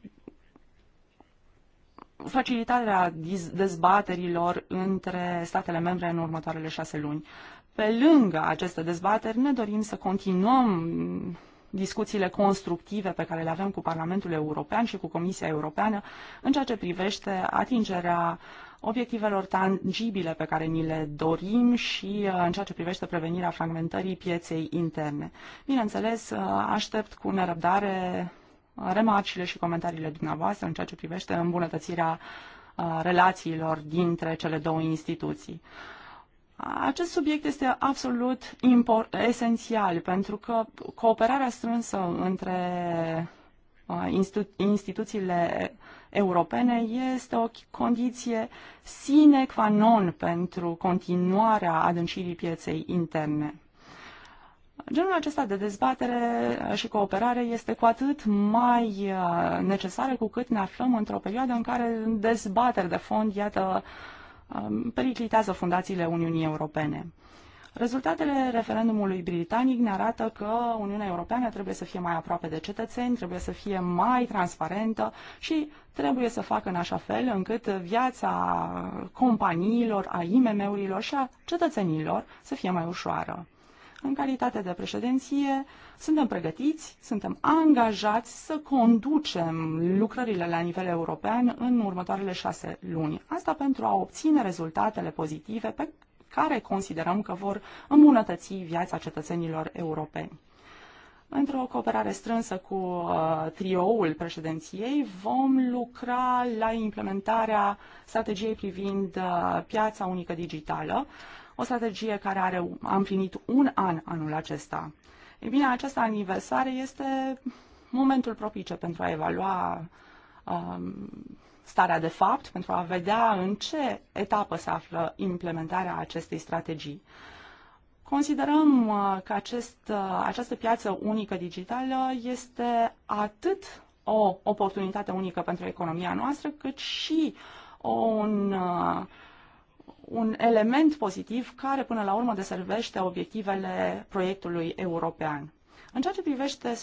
Speaker 2: facilitarea dezbaterilor între statele membre în următoarele șase luni. Pe lângă aceste dezbateri, ne dorim să continuăm discuțiile constructive pe care le avem cu Parlamentul European și cu Comisia Europeană în ceea ce privește atingerea uh, obiectivelor tangibile pe care ni le dorim și uh, în ceea ce privește prevenirea fragmentării pieței interne. Bineînțeles, uh, aștept cu nerăbdare uh, remarcile și comentariile dumneavoastră în ceea ce privește îmbunătățirea relațiilor dintre cele două instituții. Acest subiect este absolut esențial pentru că cooperarea strânsă între instituțiile europene este o condiție sine qua non pentru continuarea adâncirii pieței interne. Genul acesta de dezbatere și cooperare este cu atât mai necesară cu cât ne aflăm într-o perioadă în care dezbateri de fond, iată, periclitează fundațiile Uniunii Europene. Rezultatele referendumului britanic ne arată că Uniunea Europeană trebuie să fie mai aproape de cetățeni, trebuie să fie mai transparentă și trebuie să facă în așa fel încât viața companiilor, a IMM-urilor și a cetățenilor să fie mai ușoară. În calitate de președinție, suntem pregătiți, suntem angajați să conducem lucrările la nivel european în următoarele șase luni. Asta pentru a obține rezultatele pozitive pe care considerăm că vor îmbunătăți viața cetățenilor europeni. Într-o cooperare strânsă cu uh, trioul președinției, vom lucra la implementarea strategiei privind uh, piața unică digitală, o strategie care are, a împlinit un an anul acesta. Ei bine, acest aniversare este momentul propice pentru a evalua um, starea de fapt pentru a vedea în ce etapă se află implementarea acestei strategii. Considerăm uh, că acest, uh, această piață unică digitală este atât o oportunitate unică pentru economia noastră, cât și un, uh, un element pozitiv care până la urmă deservește obiectivele proiectului european. În ceea ce privește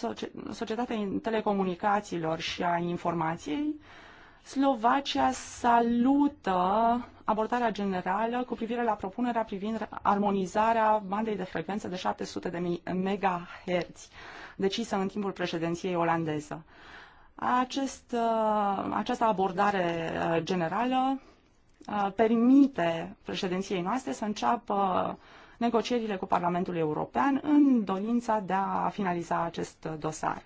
Speaker 2: societatea telecomunicațiilor și a informației, Slovacia salută abordarea generală cu privire la propunerea privind armonizarea bandei de frecvență de 700 de MHz, decisă în timpul președinției olandeză. Acest, uh, această abordare uh, generală uh, permite președinției noastre să înceapă uh, negocierile cu Parlamentul European în dorința de a finaliza acest dosar.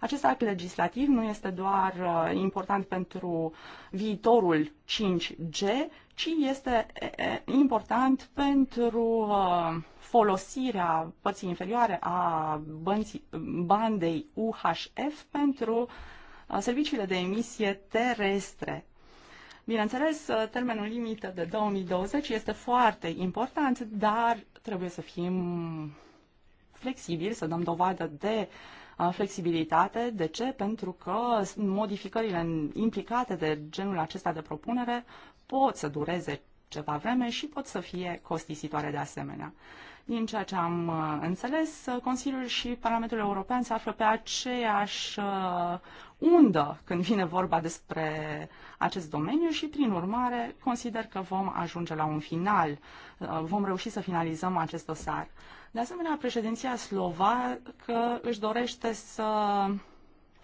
Speaker 2: Acest act legislativ nu este doar uh, important pentru viitorul 5G, ci este important pentru uh, folosirea părții inferioare a bandei UHF pentru uh, serviciile de emisie terestre. Bineînțeles, uh, termenul limită de 2020 este foarte important, dar trebuie să fim flexibili, să dăm dovadă de uh, flexibilitate. De ce? Pentru că modificările implicate de genul acesta de propunere pot să dureze ceva vreme și pot să fie costisitoare de asemenea. Din ceea ce am uh, înțeles, uh, Consiliul și Parlamentul European se află pe aceeași uh, undă când vine vorba despre acest domeniu și, prin urmare, consider că vom ajunge la un final, vom reuși să finalizăm acest dosar. De asemenea, președinția slovacă își dorește să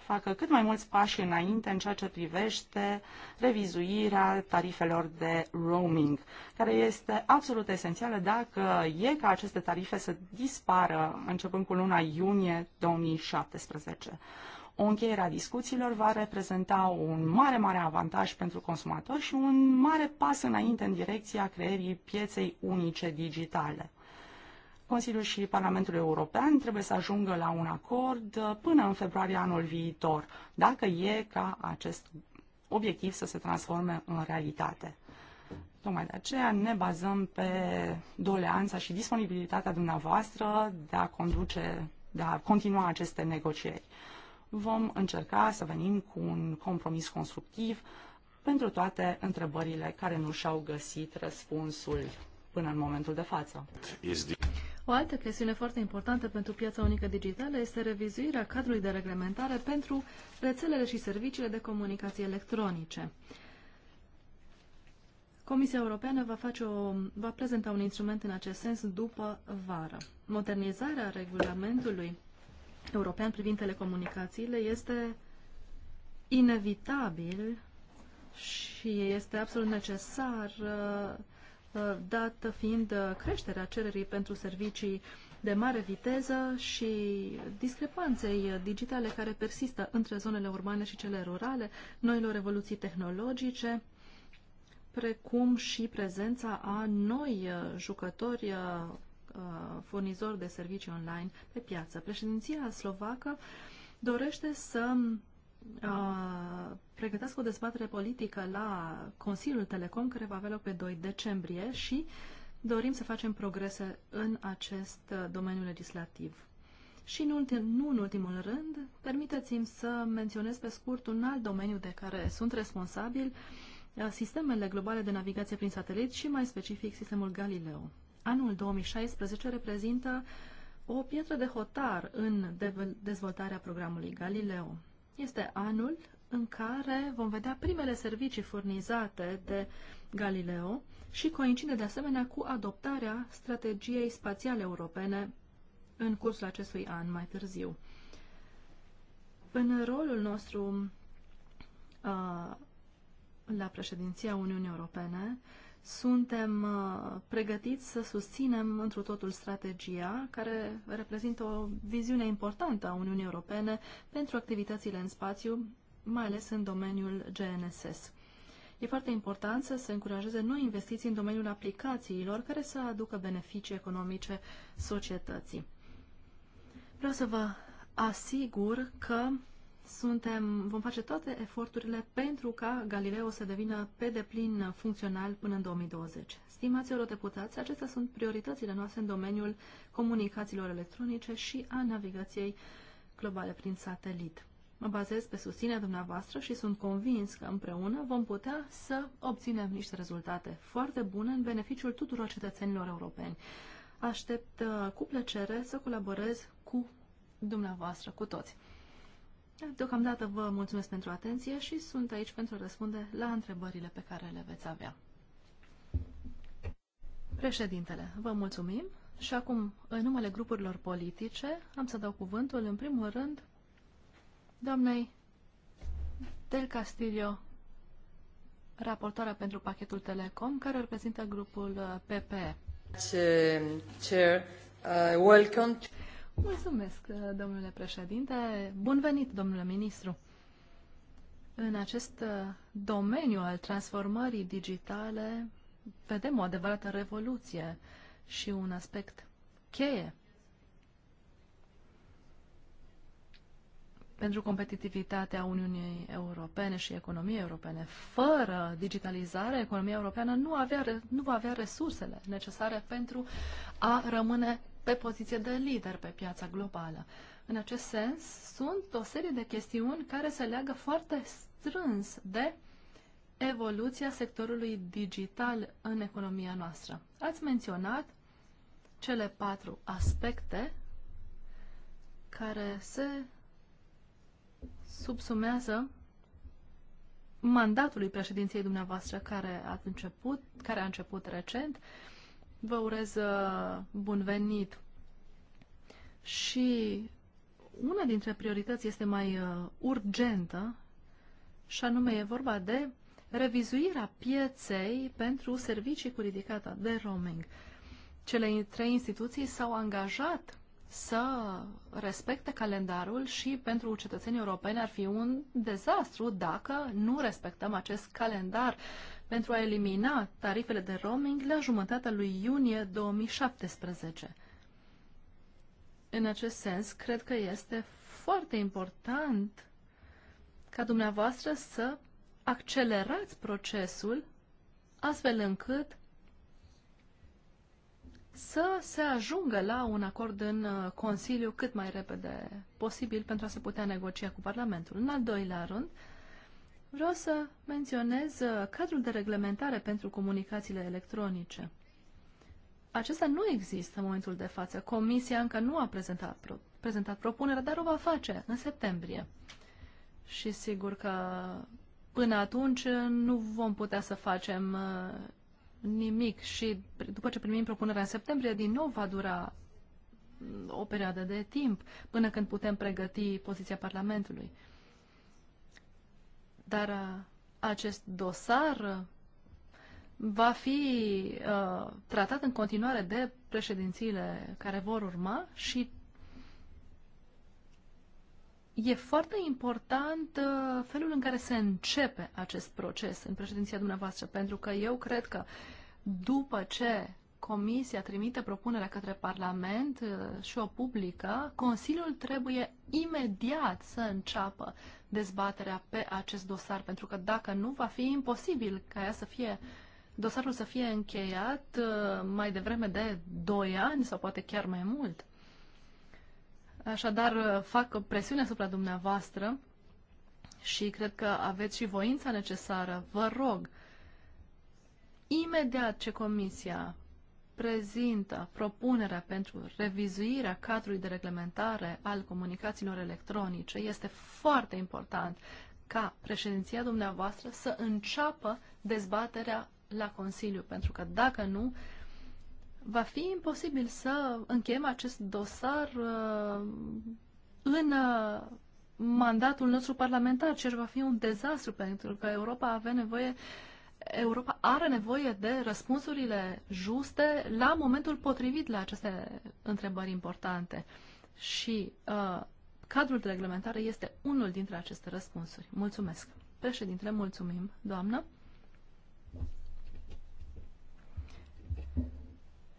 Speaker 2: facă cât mai mulți pași înainte în ceea ce privește revizuirea tarifelor de roaming, care este absolut esențială dacă e ca aceste tarife să dispară începând cu luna iunie 2017. O încheiere a discuțiilor va reprezenta un mare, mare avantaj pentru consumatori și un mare pas înainte în direcția creierii pieței unice digitale. Consiliul și Parlamentul European trebuie să ajungă la un acord uh, până în februarie anul viitor, dacă e ca acest obiectiv să se transforme în realitate. Tocmai de aceea ne bazăm pe doleanța și disponibilitatea dumneavoastră de a conduce, de a continua aceste negocieri. Vom încerca să venim cu un compromis constructiv pentru toate întrebările care nu și-au găsit răspunsul până în momentul de față. O
Speaker 3: altă chestiune foarte importantă pentru piața unică digitală este revizuirea cadrului de reglementare pentru rețelele și serviciile de comunicații electronice. Comisia Europeană va, face o, va prezenta un instrument în acest sens după vară. Modernizarea regulamentului european privind telecomunicațiile este inevitabil și este absolut necesar uh, Uh, dată fiind uh, creșterea cererii pentru servicii de mare viteză și discrepanței digitale care persistă între zonele urbane și cele rurale, noilor evoluții tehnologice, precum și prezența a noi uh, jucători furnizori de servicii online pe piață. Președinția slovacă dorește să pregătesc o dezbatere politică la Consiliul Telecom, care va avea loc pe 2 decembrie și dorim să facem progrese în acest uh, domeniu legislativ. Și în ultim, nu în ultimul rând, permiteți-mi să menționez pe scurt un alt domeniu de care sunt responsabil, uh, sistemele globale de navigație prin satelit și mai specific sistemul Galileo. Anul 2016 reprezintă o pietră de hotar în dezvoltarea programului Galileo este anul în care vom vedea primele servicii furnizate de Galileo și coincide de asemenea cu adoptarea strategiei spațiale europene în cursul acestui an mai târziu. În rolul nostru uh, la președinția Uniunii Europene, uh, suntem uh, pregătiți să susținem întru totul strategia care reprezintă o viziune importantă a Uniunii Europene pentru activitățile în spațiu, mai ales în domeniul GNSS. E foarte important să se încurajeze noi investiții în domeniul aplicațiilor care să aducă beneficii economice societății. Vreau să vă asigur că suntem, vom face toate eforturile pentru ca Galileo să devină pe deplin funcțional până în 2020. Stimați eurodeputați, acestea sunt prioritățile noastre în domeniul comunicațiilor electronice și a navigației globale prin satelit. Mă bazez pe susținerea dumneavoastră și sunt convins că împreună vom putea să obținem niște rezultate foarte bune în beneficiul tuturor cetățenilor europeni. Aștept uh, cu plăcere să colaborez cu dumneavoastră, cu toți. Deocamdată vă mulțumesc pentru atenție și sunt aici pentru a răspunde la întrebările pe care le veți avea. Președintele, vă mulțumim și acum, în numele grupurilor politice, am să dau cuvântul, în primul rând, doamnei Del Castillo, raportoarea pentru pachetul Telecom, care reprezintă grupul PP.
Speaker 2: Chair, uh, welcome.
Speaker 3: Mulțumesc, domnule președinte. Bun venit, domnule ministru. În acest uh, domeniu al transformării digitale vedem o adevărată revoluție și un aspect cheie pentru competitivitatea Uniunii Europene și economiei europene. Fără digitalizare, economia europeană nu, avea, nu va avea resursele necesare pentru a rămâne pe poziție de lider pe piața globală. În acest sens, sunt o serie de chestiuni care se leagă foarte strâns de evoluția sectorului digital în economia noastră. Ați menționat cele patru aspecte care se subsumează mandatului președinției dumneavoastră care a început, care a început recent. Uh, Vă urez uh, bun venit. Și una dintre priorități este mai uh, urgentă și anume e vorba de revizuirea pieței pentru servicii cu ridicata de roaming. Cele trei instituții s-au angajat să respecte calendarul și pentru cetățenii europeni ar fi un dezastru dacă nu respectăm acest calendar uh, pentru a elimina tarifele de roaming la jumătatea lui iunie 2017. În acest sens, cred că este foarte important ca dumneavoastră să accelerați procesul astfel încât să se ajungă la un acord în uh, Consiliu cât mai repede posibil pentru a se putea negocia cu Parlamentul. În al doilea rând, uh, Vreau să menționez uh, cadrul de reglementare pentru comunicațiile electronice. Acesta nu există în momentul de față. Comisia încă nu a prezentat, pro, prezentat propunerea, dar o va face în septembrie. Și sigur că până atunci nu vom putea să facem uh, nimic și după ce primim propunerea în septembrie, din nou va dura mm, o perioadă de timp până când putem pregăti poziția Parlamentului. Dar uh, acest dosar uh, va fi uh, tratat în continuare de președințiile care vor urma și e foarte important uh, felul în care se începe acest proces în președinția dumneavoastră, pentru că eu cred că după ce Comisia trimite propunerea către Parlament uh, și o publică, Consiliul trebuie imediat să înceapă dezbaterea pe acest dosar, pentru că dacă nu, va fi imposibil ca ea să fie, dosarul să fie încheiat uh, mai devreme de 2 ani sau poate chiar mai mult. Așadar, uh, fac presiune asupra dumneavoastră și cred că aveți și voința necesară. Vă rog, imediat ce Comisia prezintă propunerea pentru revizuirea cadrului de reglementare al comunicațiilor electronice, este foarte important ca președinția dumneavoastră să înceapă dezbaterea la Consiliu, pentru că dacă nu, va fi imposibil să încheiem acest dosar uh, în uh, mandatul nostru parlamentar, ceea ce va fi un dezastru, pentru că Europa avea nevoie uh, Europa are nevoie de răspunsurile juste la momentul potrivit la aceste întrebări importante. Și uh, cadrul de reglementare este unul dintre aceste răspunsuri. Mulțumesc. Președintele, mulțumim, doamnă.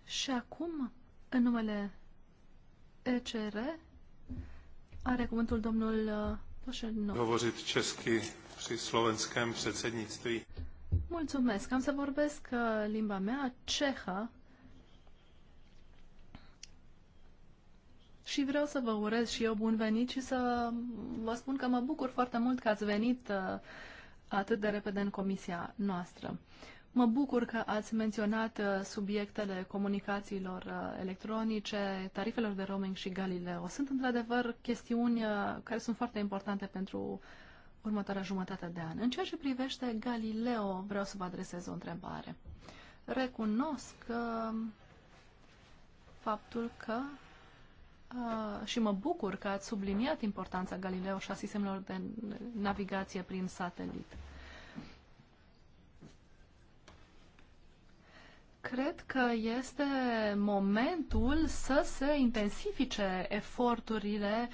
Speaker 3: Și acum, în numele ECR, are cuvântul domnul Poșenov. Uh,
Speaker 2: Hovoriți ceschi și slovenském předsednictví.
Speaker 3: Mulțumesc. Am să vorbesc uh, limba mea, cehă, și vreau să vă urez și eu bun venit și să vă spun că mă bucur foarte mult că ați venit uh, atât de repede în comisia noastră. Mă bucur că ați menționat uh, subiectele comunicațiilor electronice, tarifelor de roaming și Galileo. Sunt într-adevăr chestiuni care sunt foarte importante pentru următoarea jumătate de an. În ceea ce privește Galileo, vreau să vă adresez o întrebare. Recunosc că uh, faptul că Uh, și mă bucur că ați subliniat importanța Galileo și a sistemelor de navigație prin satelit. Cred că este momentul să se intensifice eforturile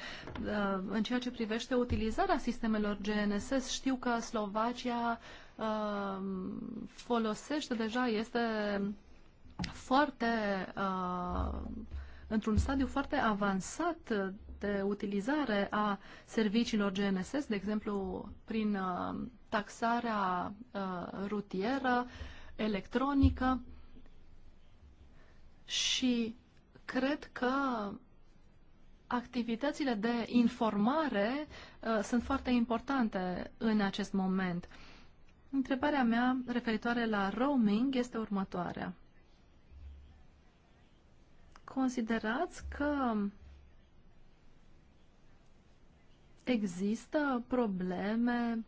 Speaker 3: uh, în ceea ce privește utilizarea sistemelor GNSS. Știu că Slovacia uh, folosește deja, este foarte uh, într-un stadiu foarte avansat de utilizare a serviciilor GNSS, de exemplu prin taxarea rutieră electronică și cred că activitățile de informare uh, sunt foarte importante în acest moment. Întrebarea mea referitoare la roaming este următoarea. Considerați că există probleme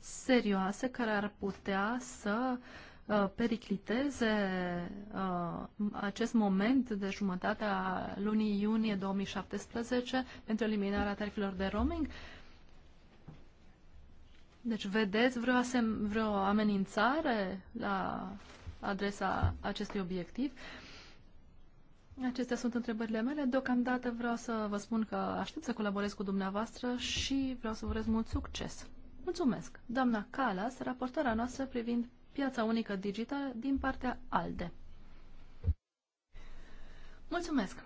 Speaker 3: serioase care ar putea să uh, Uh, pericliteze uh, acest moment de a lunii iunie 2017 pentru eliminarea tarifelor de roaming? Deci vedeți vreo, asem- vreo amenințare la adresa acestui obiectiv? Acestea sunt întrebările mele. Deocamdată vreau să vă spun că aștept să colaborez cu dumneavoastră și vreau să vă urez mult succes. Mulțumesc! Doamna Calas, raportoarea noastră privind piața unică digitală din partea ALDE. Mulțumesc!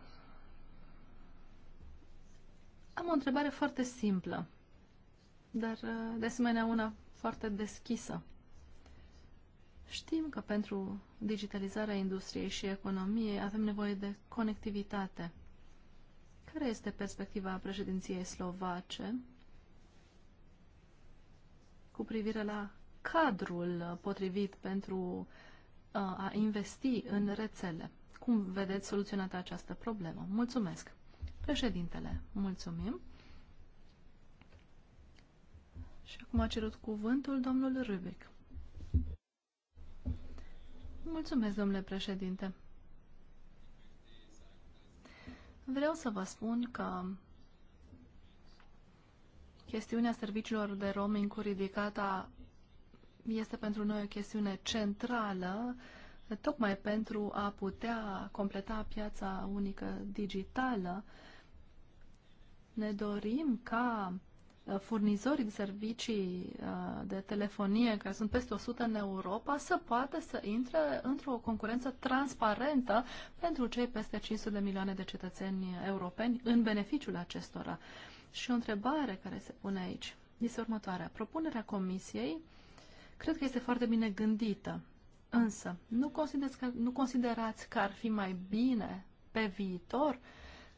Speaker 3: Am o întrebare foarte simplă, dar uh, de asemenea una foarte deschisă. Știm că pentru digitalizarea industriei și economiei avem nevoie de conectivitate. Care este perspectiva președinției slovace cu privire la cadrul potrivit pentru uh, a investi în rețele. Cum vedeți soluționată această problemă? Mulțumesc. Președintele, mulțumim. Și acum a cerut cuvântul domnul Rubic. Mulțumesc, domnule președinte. Vreau să vă spun că chestiunea serviciilor de roaming cu ridicata este pentru noi o chestiune centrală, tocmai pentru a putea completa piața unică digitală. Ne dorim ca uh, furnizorii de servicii uh, de telefonie, care sunt peste 100 în Europa, să poată să intre într-o concurență transparentă pentru cei peste 500 de milioane de cetățeni europeni în beneficiul acestora. Și o întrebare care se pune aici este următoarea. Propunerea Comisiei Cred că este foarte bine gândită. Însă, nu considerați că, nu considerați că ar fi mai bine pe viitor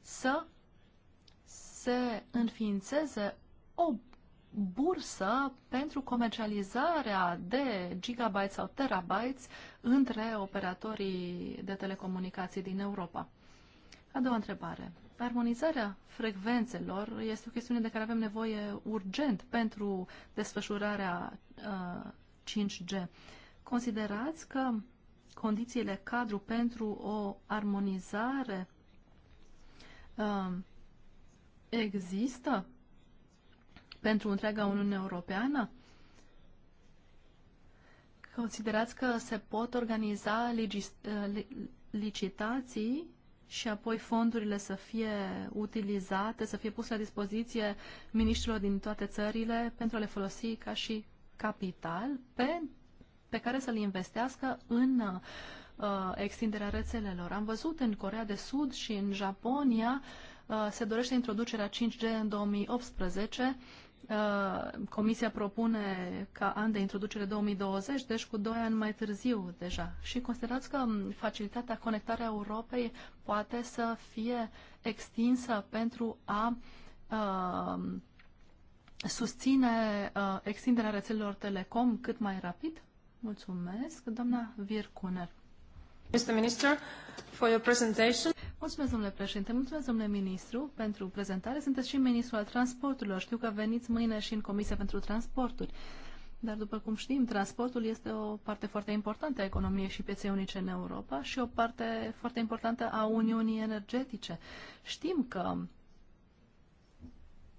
Speaker 3: să se înființeze o bursă pentru comercializarea de gigabytes sau terabytes între operatorii de telecomunicații din Europa. A doua întrebare. Armonizarea frecvențelor este o chestiune de care avem nevoie urgent pentru desfășurarea uh, 5G. Considerați că condițiile cadru pentru o armonizare uh, există pentru întreaga Uniune Europeană? Considerați că se pot organiza licitații și apoi fondurile să fie utilizate, să fie puse la dispoziție miniștrilor din toate țările pentru a le folosi ca și capital pe, pe care să-l investească în uh, extinderea rețelelor. Am văzut în Corea de Sud și în Japonia uh, se dorește introducerea 5G în 2018. Uh, Comisia propune ca an de introducere 2020, deci cu 2 ani mai târziu deja. Și considerați că um, facilitatea conectarea Europei poate să fie extinsă pentru a uh, susține uh, extinderea rețelelor telecom cât mai rapid? Mulțumesc, doamna Virkuner. Mr. Minister, for your presentation. Mulțumesc, domnule președinte, mulțumesc, domnule ministru, pentru prezentare. Sunteți și ministrul al transporturilor. Știu că veniți mâine și în Comisia pentru Transporturi. Dar, după cum știm, transportul este o parte foarte importantă a economiei și pieței unice în Europa și o parte foarte importantă a Uniunii Energetice. Știm că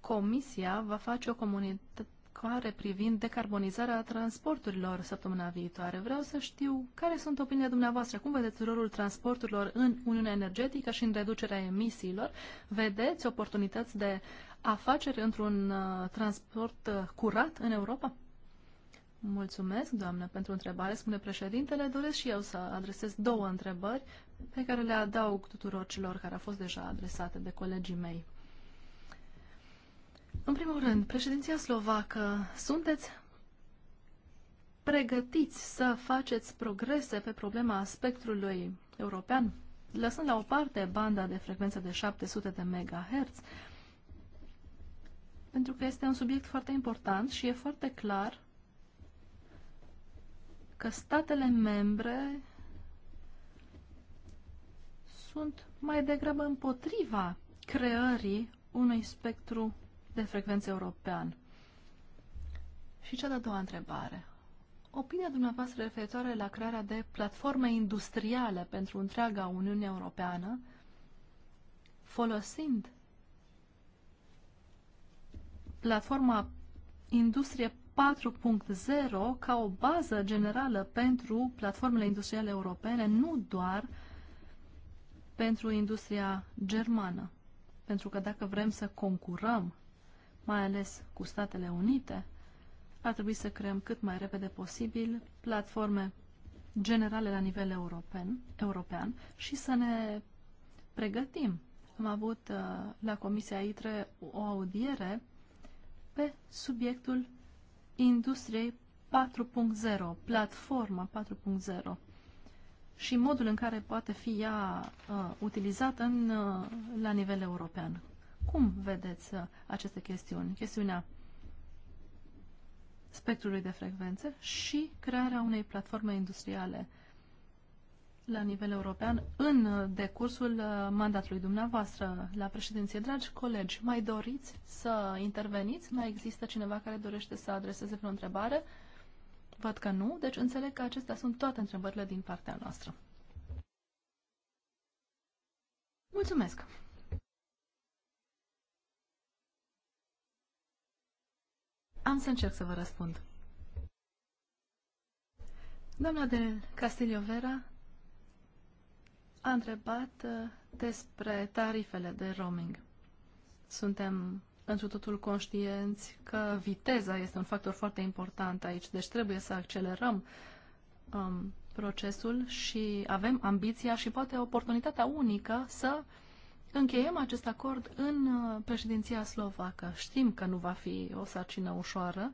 Speaker 3: Comisia va face o comunicare privind decarbonizarea transporturilor săptămâna viitoare. Vreau să știu care sunt opiniile dumneavoastră. Cum vedeți rolul transporturilor în Uniunea Energetică și în reducerea emisiilor? Vedeți oportunități de afaceri într-un uh, transport uh, curat în Europa? Mulțumesc, doamnă, pentru întrebare. Spune președintele, doresc și eu să adresez două întrebări pe care le adaug tuturor celor care au fost deja adresate de colegii mei. În primul rând, președinția slovacă, sunteți pregătiți să faceți progrese pe problema spectrului european, lăsând la o parte banda de frecvență de 700 de MHz, pentru că este un subiect foarte important și e foarte clar că statele membre sunt mai degrabă împotriva creării unui spectru de frecvență european. Și cea de-a doua întrebare. Opinia dumneavoastră referitoare la crearea de platforme industriale pentru întreaga Uniune Europeană, folosind platforma Industrie 4.0 ca o bază generală pentru platformele industriale europene, nu doar pentru industria germană. Pentru că dacă vrem să concurăm mai ales cu Statele Unite, ar trebui să creăm cât mai repede posibil platforme generale la nivel european, european și să ne pregătim. Am avut uh, la Comisia ITRE o audiere pe subiectul industriei 4.0, platforma 4.0 și modul în care poate fi ea uh, utilizată în, uh, la nivel european. Cum vedeți uh, aceste chestiuni? Chestiunea spectrului de frecvențe și crearea unei platforme industriale la nivel european în uh, decursul uh, mandatului dumneavoastră la președinție. Dragi colegi, mai doriți să interveniți? Mai există cineva care dorește să adreseze vreo întrebare? Văd că nu, deci înțeleg că acestea sunt toate întrebările din partea noastră. Mulțumesc! Am să încerc să vă răspund. Doamna de Castilio Vera a întrebat uh, despre tarifele de roaming. Suntem întru totul conștienți că viteza este un factor foarte important aici, deci trebuie să accelerăm um, procesul și avem ambiția și poate oportunitatea unică să uh, încheiem acest acord în uh, președinția slovacă. Știm că nu va fi o sarcină ușoară.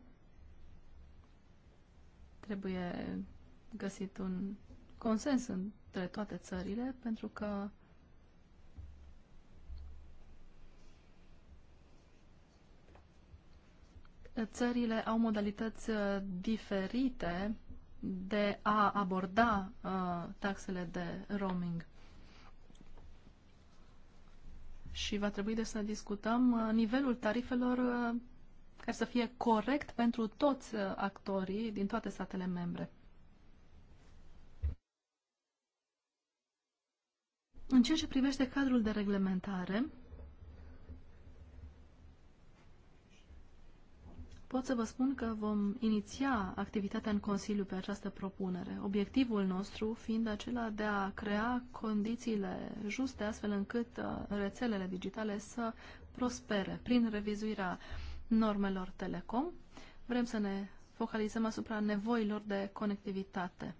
Speaker 3: Trebuie găsit un consens între toate țările, pentru că țările au modalități uh, diferite de a aborda uh, taxele de roaming și va trebui de să discutăm uh, nivelul tarifelor uh, care să fie corect pentru toți uh, actorii din toate statele membre. În ceea ce privește cadrul de reglementare, pot să vă spun că vom iniția activitatea în Consiliu pe această propunere, obiectivul nostru fiind acela de a crea condițiile juste astfel încât uh, rețelele digitale să prospere prin revizuirea normelor telecom. Vrem să ne focalizăm asupra nevoilor de conectivitate.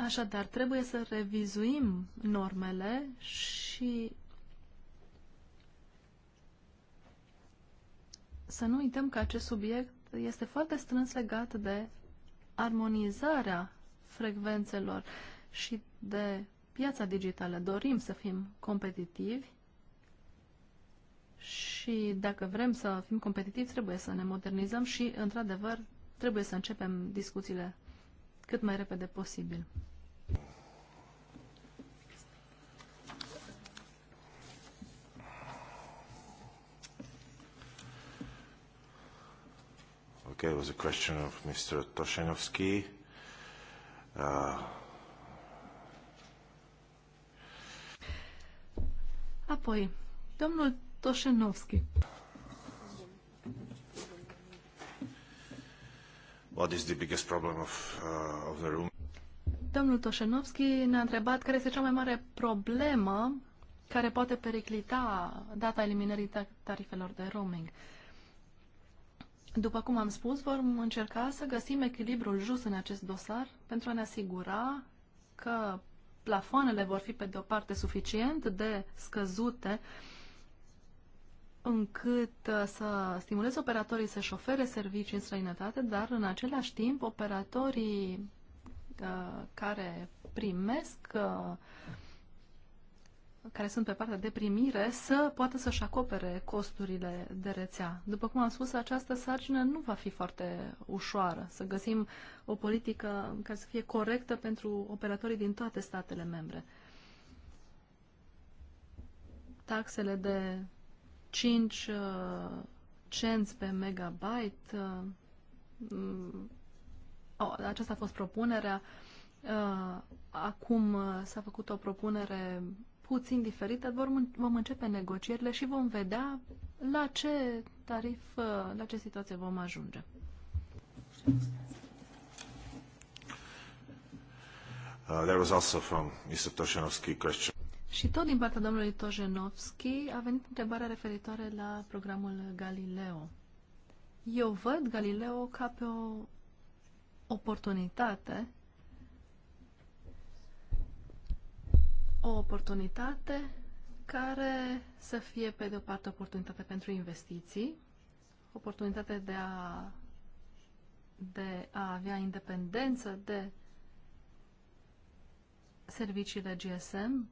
Speaker 3: Așadar, trebuie să revizuim normele și să nu uităm că acest subiect este foarte strâns legat de armonizarea frecvențelor și de piața digitală. Dorim să fim competitivi și dacă vrem să fim competitivi, trebuie să ne modernizăm și, într-adevăr, trebuie să începem discuțiile cât mai repede posibil.
Speaker 1: Okay, it was a question of Mr. Toshenovsky. Uh...
Speaker 3: Apoi, domnul Toshenovsky. what is the biggest problem of, uh, of the room. Domnul Toșenovski ne-a întrebat care este cea mai mare problemă care poate periclita data eliminării tarifelor de roaming. După cum am spus, vom încerca să găsim echilibrul just în acest dosar pentru a ne asigura că plafoanele vor fi pe de o parte suficient de scăzute uh, încât uh, să stimuleze operatorii să-și ofere servicii în străinătate, dar în același timp operatorii uh, care primesc, uh, care sunt pe partea de primire, să poată să-și acopere costurile de rețea. După cum am spus, această sarcină nu va fi foarte ușoară, să găsim o politică care să fie corectă pentru operatorii din toate statele membre. Taxele de 5 uh, cenți pe megabyte. Oh, aceasta a fost propunerea. Uh, acum s-a făcut o propunere puțin diferită. Vom, începe negocierile și vom vedea la ce tarif, la ce situație vom ajunge.
Speaker 2: Uh, there was also from Mr. Toshinovsky question.
Speaker 3: Și tot din partea domnului Tojenovski a venit întrebarea referitoare la programul Galileo. Eu văd Galileo ca pe o oportunitate, o oportunitate care să fie, pe de o parte, oportunitate pentru investiții, oportunitate de a, de a avea independență de serviciile GSM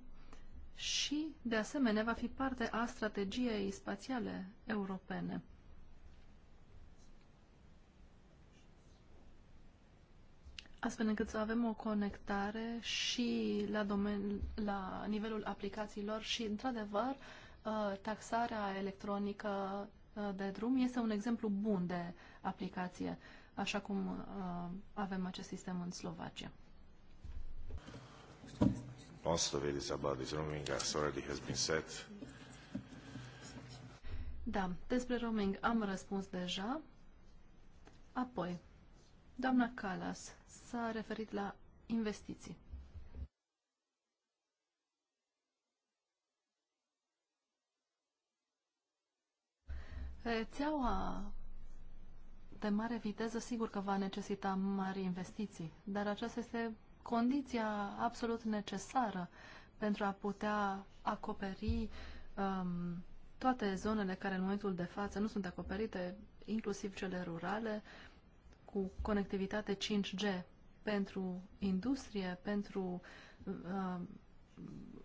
Speaker 3: și, de asemenea, va fi parte a strategiei spațiale europene. astfel încât să avem o conectare și la, domen- la nivelul aplicațiilor și, într-adevăr, uh, taxarea electronică uh, de drum este un exemplu bun de aplicație, așa cum uh, avem acest sistem în Slovacia
Speaker 2: most of it is about this roaming, as already has been said.
Speaker 3: Da, despre roaming am răspuns deja. Apoi, doamna Calas s-a referit la investiții. Rețeaua de mare viteză sigur că va necesita mari investiții, dar aceasta este condiția absolut necesară pentru a putea acoperi um, toate zonele care în momentul de față nu sunt acoperite, inclusiv cele rurale, cu conectivitate 5G pentru industrie, pentru uh,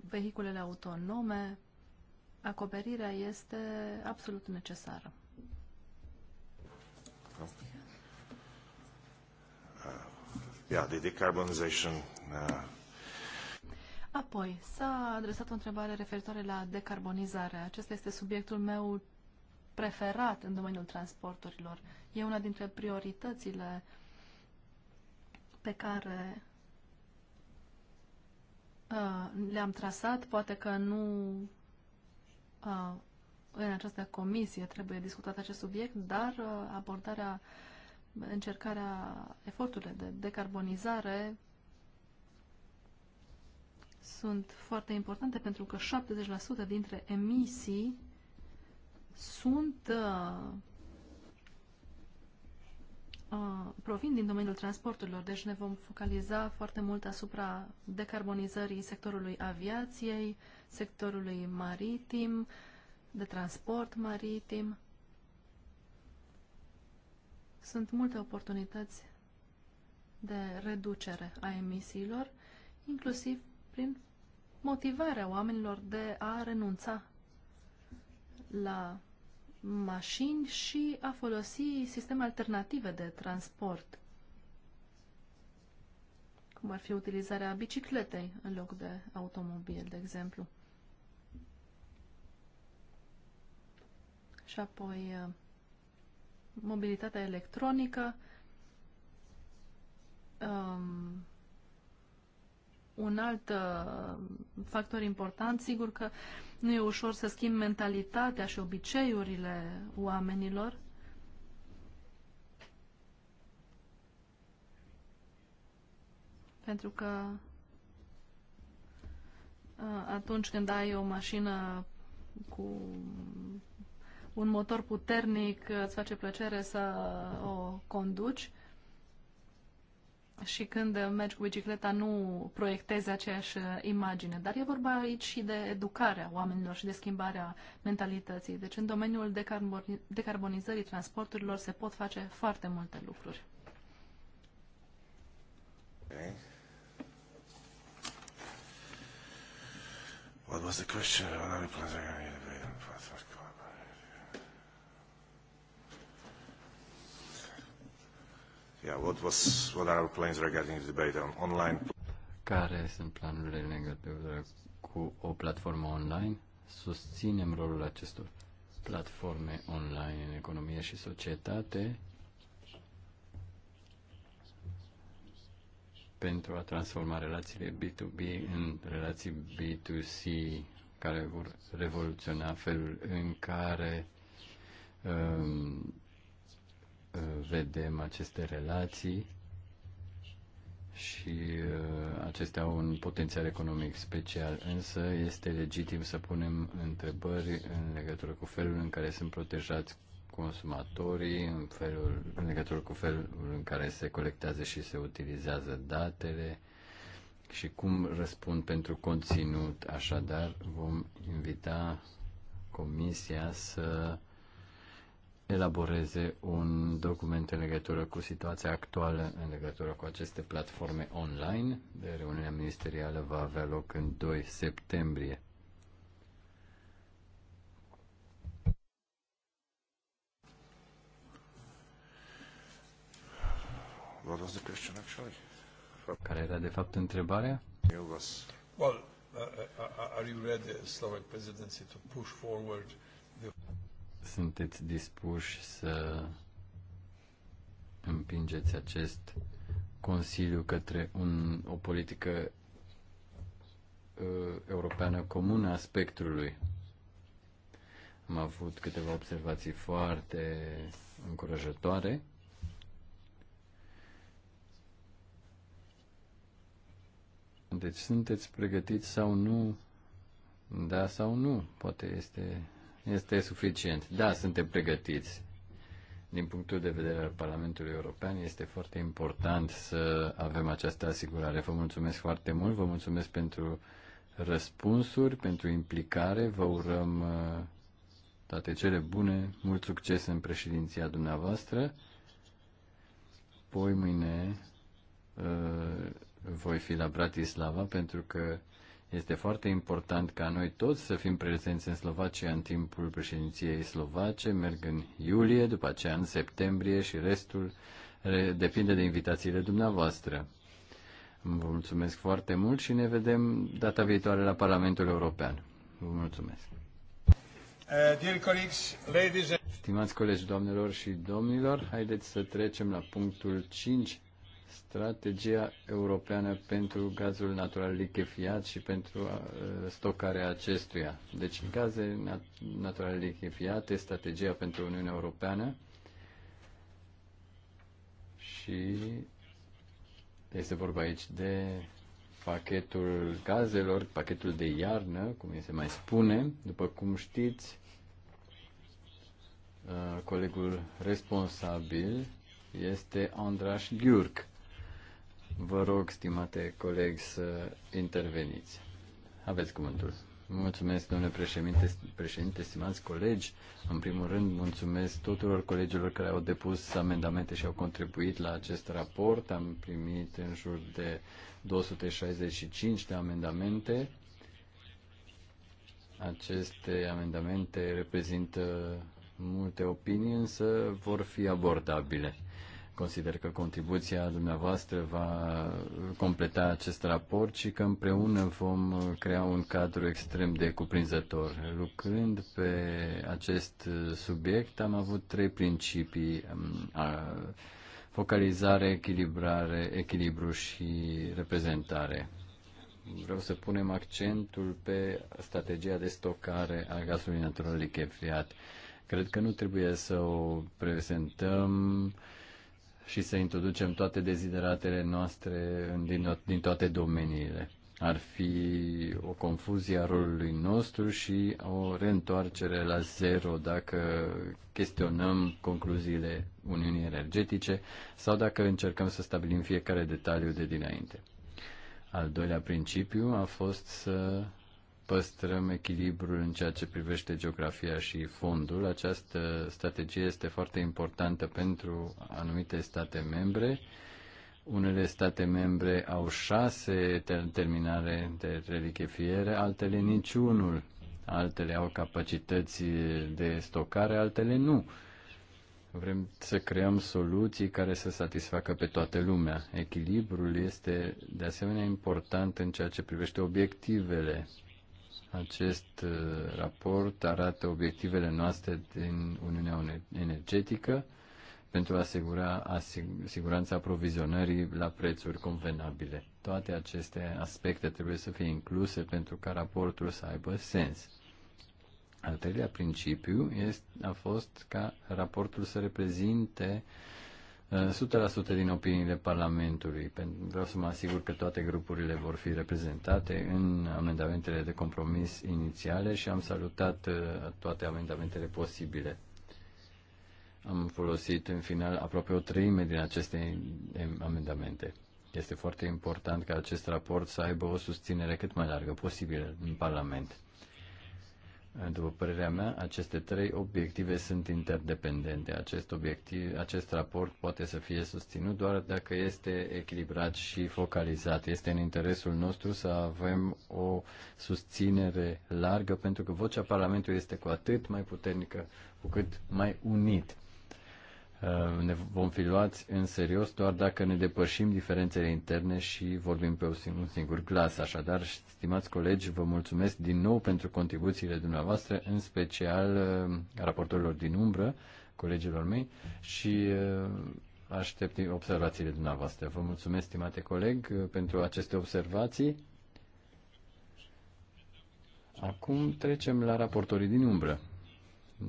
Speaker 3: vehiculele autonome, acoperirea este absolut necesară. Okay.
Speaker 2: Yeah, the decarbonization. Uh...
Speaker 3: Apoi, s-a adresat o întrebare referitoare la decarbonizare. Acesta este subiectul meu preferat în domeniul transporturilor. E una dintre prioritățile pe care uh, le-am trasat. Poate că nu uh, în această comisie trebuie discutat acest subiect, dar uh, abordarea uh, încercarea, eforturile de decarbonizare sunt foarte importante pentru că 70% dintre emisii sunt uh, uh, provin din domeniul transporturilor, deci ne vom focaliza foarte mult asupra decarbonizării sectorului aviației, sectorului maritim, de transport maritim. Sunt multe oportunități de reducere a emisiilor, inclusiv prin motivarea oamenilor de a renunța la mașini și a folosi sisteme alternative de transport, cum ar fi utilizarea bicicletei în loc de automobil, de exemplu. Și apoi uh, mobilitatea electronică, um, un alt uh, factor important, sigur că nu e ușor să schimbi mentalitatea și obiceiurile oamenilor. Pentru că uh, atunci când ai o mașină cu un motor puternic, îți face plăcere să o conduci și când mergi cu bicicleta nu proiectezi aceeași imagine. Dar e vorba aici și de educarea oamenilor și de schimbarea mentalității. Deci în domeniul decarbonizării transporturilor se pot face foarte multe lucruri.
Speaker 2: Okay.
Speaker 1: What was the question?
Speaker 2: Yeah, what was what are our plans regarding the debate on online?
Speaker 1: Care sunt planurile în legătură cu o platformă online? Susținem rolul acestor platforme online în economie și societate pentru a transforma relațiile B2B în relații B2C care vor revoluționa felul în care um, vedem aceste relații și uh, acestea au un potențial economic special, însă este legitim să punem întrebări în legătură cu felul în care sunt protejați consumatorii, în, felul, în legătură cu felul în care se colectează și se utilizează datele și cum răspund pentru conținut. Așadar, vom invita Comisia să elaboreze un document în legătură cu situația actuală în legătură cu aceste platforme online. De reuniunea ministerială va avea loc în 2 septembrie. What was the question actually? Care era de fapt întrebarea? Well, uh, uh, uh, are you ready, Slovak presidency, to push forward uh, sunteți dispuși să împingeți acest Consiliu către un, o politică uh, europeană comună a spectrului. Am avut câteva observații foarte încurajatoare. Deci sunteți pregătiți sau nu? Da sau nu? Poate este este suficient. Da, suntem pregătiți. Din punctul de vedere al Parlamentului European, este foarte important să avem această asigurare. Vă mulțumesc foarte mult, vă mulțumesc pentru răspunsuri, pentru implicare. Vă urăm uh, toate cele bune, mult succes în președinția dumneavoastră. Poi mâine uh, voi fi la Bratislava pentru că este foarte important ca noi toți să fim prezenți în Slovacia în timpul președinției slovace, merg în iulie, după aceea în septembrie și restul depinde de invitațiile dumneavoastră. Vă mulțumesc foarte mult și ne vedem data viitoare la Parlamentul European. Vă mulțumesc.
Speaker 3: Uh,
Speaker 1: Stimați colegi, doamnelor și domnilor, haideți să trecem la punctul 5 strategia europeană pentru gazul natural lichefiat și pentru uh, stocarea acestuia. Deci gaze naturale lichefiate, strategia pentru Uniunea Europeană și este vorba aici de pachetul gazelor, pachetul de iarnă, cum se mai spune, după cum știți, uh, colegul responsabil este Andras Ghiurc Vă rog, stimate colegi să interveniți. Aveți cuvântul. Mulțumesc, domnule președinte, președinte, stimați colegi. În primul rând, mulțumesc tuturor colegilor care au depus amendamente și au contribuit la acest raport. Am primit în jur de 265 de amendamente. Aceste amendamente reprezintă multe opinii, însă vor fi abordabile. Consider că contribuția dumneavoastră va completa acest raport și că împreună vom crea un cadru extrem de cuprinzător. Lucrând pe acest subiect, am avut trei principii. Um, focalizare, echilibrare, echilibru și reprezentare vreau să punem accentul pe strategia de stocare a gazului natural lichefiat. Cred că nu trebuie să o prezentăm și să introducem toate dezideratele noastre din, din toate domeniile. Ar fi o confuzie a rolului nostru și o reîntoarcere la zero dacă chestionăm concluziile Uniunii Energetice sau dacă încercăm să stabilim fiecare detaliu de dinainte. Al doilea principiu a fost să păstrăm echilibrul în ceea ce privește geografia și fondul. Această strategie este foarte importantă pentru anumite state membre. Unele state membre au șase terminare de fiere, altele niciunul. Altele au capacități de stocare, altele nu. Vrem să creăm soluții care să satisfacă pe toată lumea. Echilibrul este de asemenea important în ceea ce privește obiectivele. Acest uh, raport arată obiectivele noastre din Uniunea Energetică pentru a asigura siguranța aprovizionării la prețuri convenabile. Toate aceste aspecte trebuie să fie incluse pentru ca raportul să aibă sens. Al treilea principiu este, a fost ca raportul să reprezinte uh, 100% din opiniile Parlamentului. Vreau să mă asigur că toate grupurile vor fi reprezentate în amendamentele de compromis inițiale și am salutat uh, toate amendamentele posibile. Am folosit în final aproape o treime din aceste amendamente. Este foarte important ca acest raport să aibă o susținere cât mai largă posibilă în Parlament. După părerea mea, aceste trei obiective sunt interdependente. Acest, obiectiv, acest raport poate să fie susținut doar dacă este echilibrat și focalizat. Este în interesul nostru să avem o susținere largă, pentru că vocea Parlamentului este cu atât mai puternică, cu cât mai unit. Uh, ne vom fi luați în serios doar dacă ne depășim diferențele interne și vorbim pe un singur glas. Așadar, stimați colegi, vă mulțumesc din nou pentru contribuțiile dumneavoastră, în special uh, raportorilor din umbră, colegilor mei, și uh, aștept observațiile dumneavoastră. Vă mulțumesc, stimate coleg, pentru aceste observații. Acum trecem la raportorii din umbră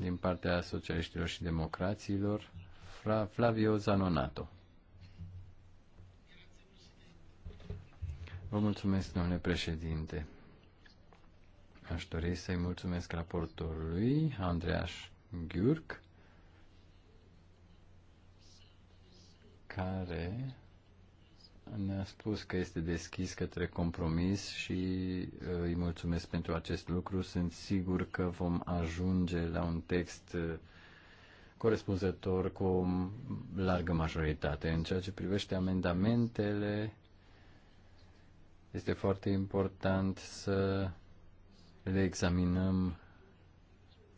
Speaker 1: din partea socialiștilor și democraților fra Flavio Zanonato. Vă mulțumesc, domnule președinte. Aș dori să-i mulțumesc raportorului Andreas Ghiurc, care ne-a spus că este deschis către compromis și uh, îi mulțumesc pentru acest lucru. Sunt sigur că vom ajunge la un text uh, corespunzător cu o largă majoritate. În ceea ce privește amendamentele, este foarte important să le examinăm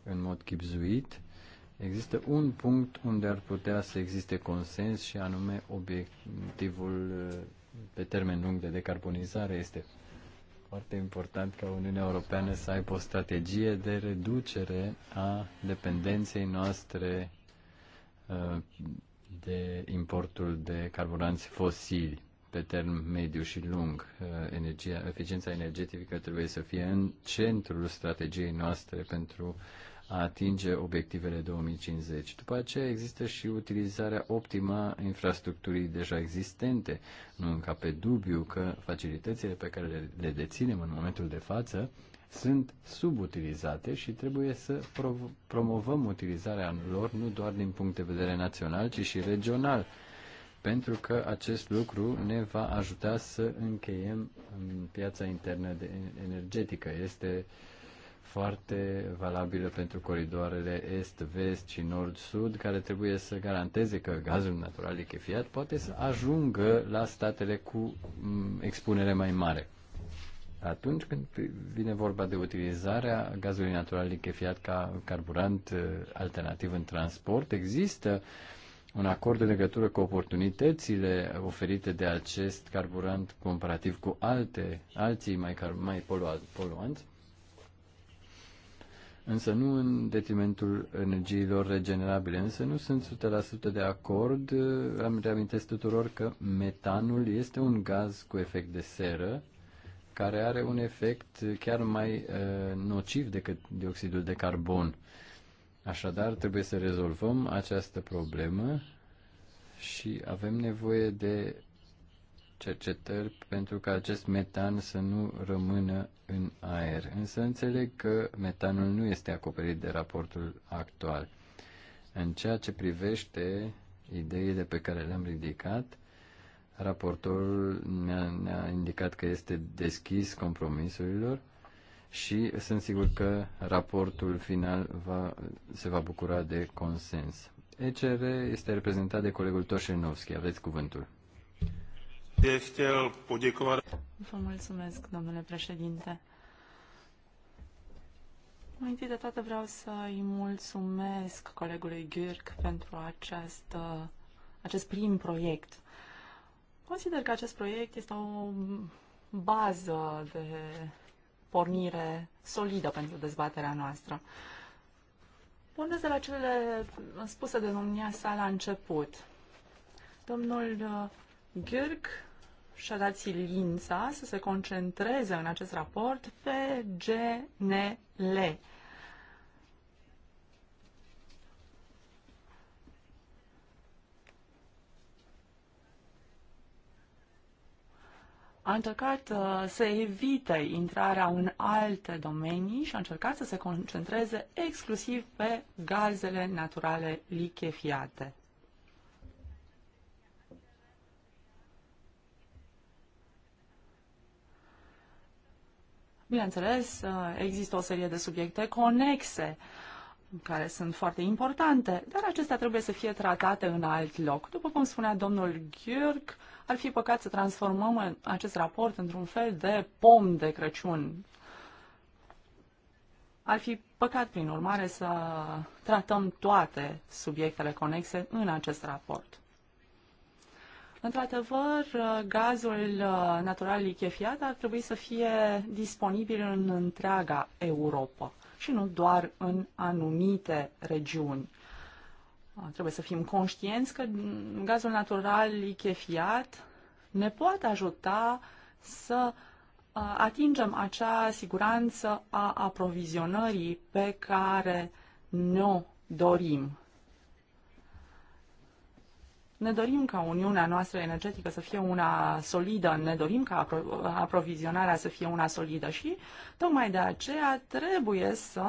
Speaker 1: în mod chipzuit. Există un punct unde ar putea să existe consens și anume obiectivul eh, pe termen lung de decarbonizare este foarte important ca Uniunea Europeană să aibă o strategie de reducere a dependenței noastre uh, de importul de carburanți fosili pe termen mediu și lung. Uh, energia, eficiența energetică trebuie să fie în centrul strategiei noastre pentru a atinge obiectivele 2050. După aceea există și utilizarea optimă a infrastructurii deja existente. Nu încă pe dubiu că facilitățile pe care le deținem în momentul de față sunt subutilizate și trebuie să promovăm utilizarea lor nu doar din punct de vedere național, ci și regional, pentru că acest lucru ne va ajuta să încheiem în piața internă de energetică. Este uh, foarte valabilă pentru coridoarele est-vest și nord-sud, care trebuie să garanteze că gazul natural lichefiat poate să ajungă la statele cu mm, expunere mai mare. Atunci când vine vorba de utilizarea gazului natural lichefiat ca carburant eh, alternativ în transport, există un acord de legătură cu oportunitățile oferite de acest carburant comparativ cu alte, alții mai, mai poluanți însă nu în detrimentul energiilor regenerabile. Însă nu sunt 100% de acord. Am reamintesc tuturor că metanul este un gaz cu efect de seră care are un efect chiar mai uh, nociv decât dioxidul de carbon. Așadar, trebuie să rezolvăm această problemă și avem nevoie de cercetări pentru ca acest metan să nu rămână în aer. Însă înțeleg că metanul nu este acoperit de raportul actual. În ceea ce privește ideile pe care le-am ridicat, raportorul ne-a, ne indicat că este deschis compromisurilor și sunt sigur că raportul final va, se va bucura de consens. ECR este reprezentat de colegul Toșenovski. Aveți cuvântul
Speaker 2: mulțumesc, președinte. Mai întâi de toate vreau să îi mulțumesc colegului Gürk pentru acest, acest prim proiect. Consider că acest proiect este o bază de pornire solidă pentru dezbaterea noastră. Pornesc de la cele spuse de domnia sa la început. Domnul uh, Gürk și-a dat silința să se concentreze în acest raport pe GNL. a încercat uh, să evite intrarea în alte domenii și a încercat să se concentreze exclusiv pe gazele naturale lichefiate. Bineînțeles, uh, există o serie de subiecte conexe care sunt foarte importante, dar acestea trebuie să fie tratate în alt loc. După cum spunea domnul Gheorg, ar fi păcat să transformăm acest raport într-un fel de pom de Crăciun. Ar fi păcat, prin urmare, să tratăm toate subiectele conexe în acest raport. Într-adevăr, gazul uh, natural lichefiat ar trebui să fie disponibil în întreaga Europa și nu doar în anumite regiuni. Uh, trebuie să fim conștienți că gazul natural lichefiat ne poate ajuta să uh, atingem acea siguranță a aprovizionării pe care ne-o dorim. Ne dorim ca Uniunea noastră energetică să fie una solidă, ne dorim ca aprovizionarea să fie una solidă și tocmai de aceea trebuie să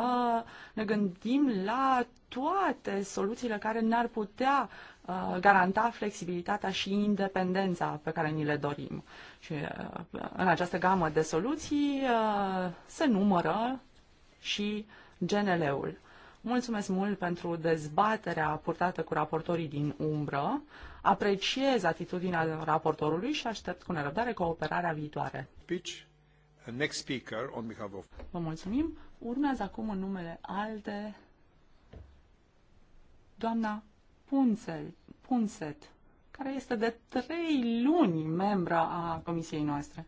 Speaker 2: ne gândim la toate soluțiile care ne-ar putea uh, garanta flexibilitatea și independența pe care ni le dorim. Și uh, în această gamă de soluții uh, se numără și GNL-ul. Mulțumesc mult pentru dezbaterea purtată cu raportorii din umbră. Apreciez atitudinea raportorului și aștept cu nerăbdare cooperarea viitoare. Speech.
Speaker 3: Uh, next speaker on behalf of...
Speaker 2: Vă mulțumim. Urmează acum în numele alte doamna Punțel, Punset, care este de trei luni membra a comisiei noastre.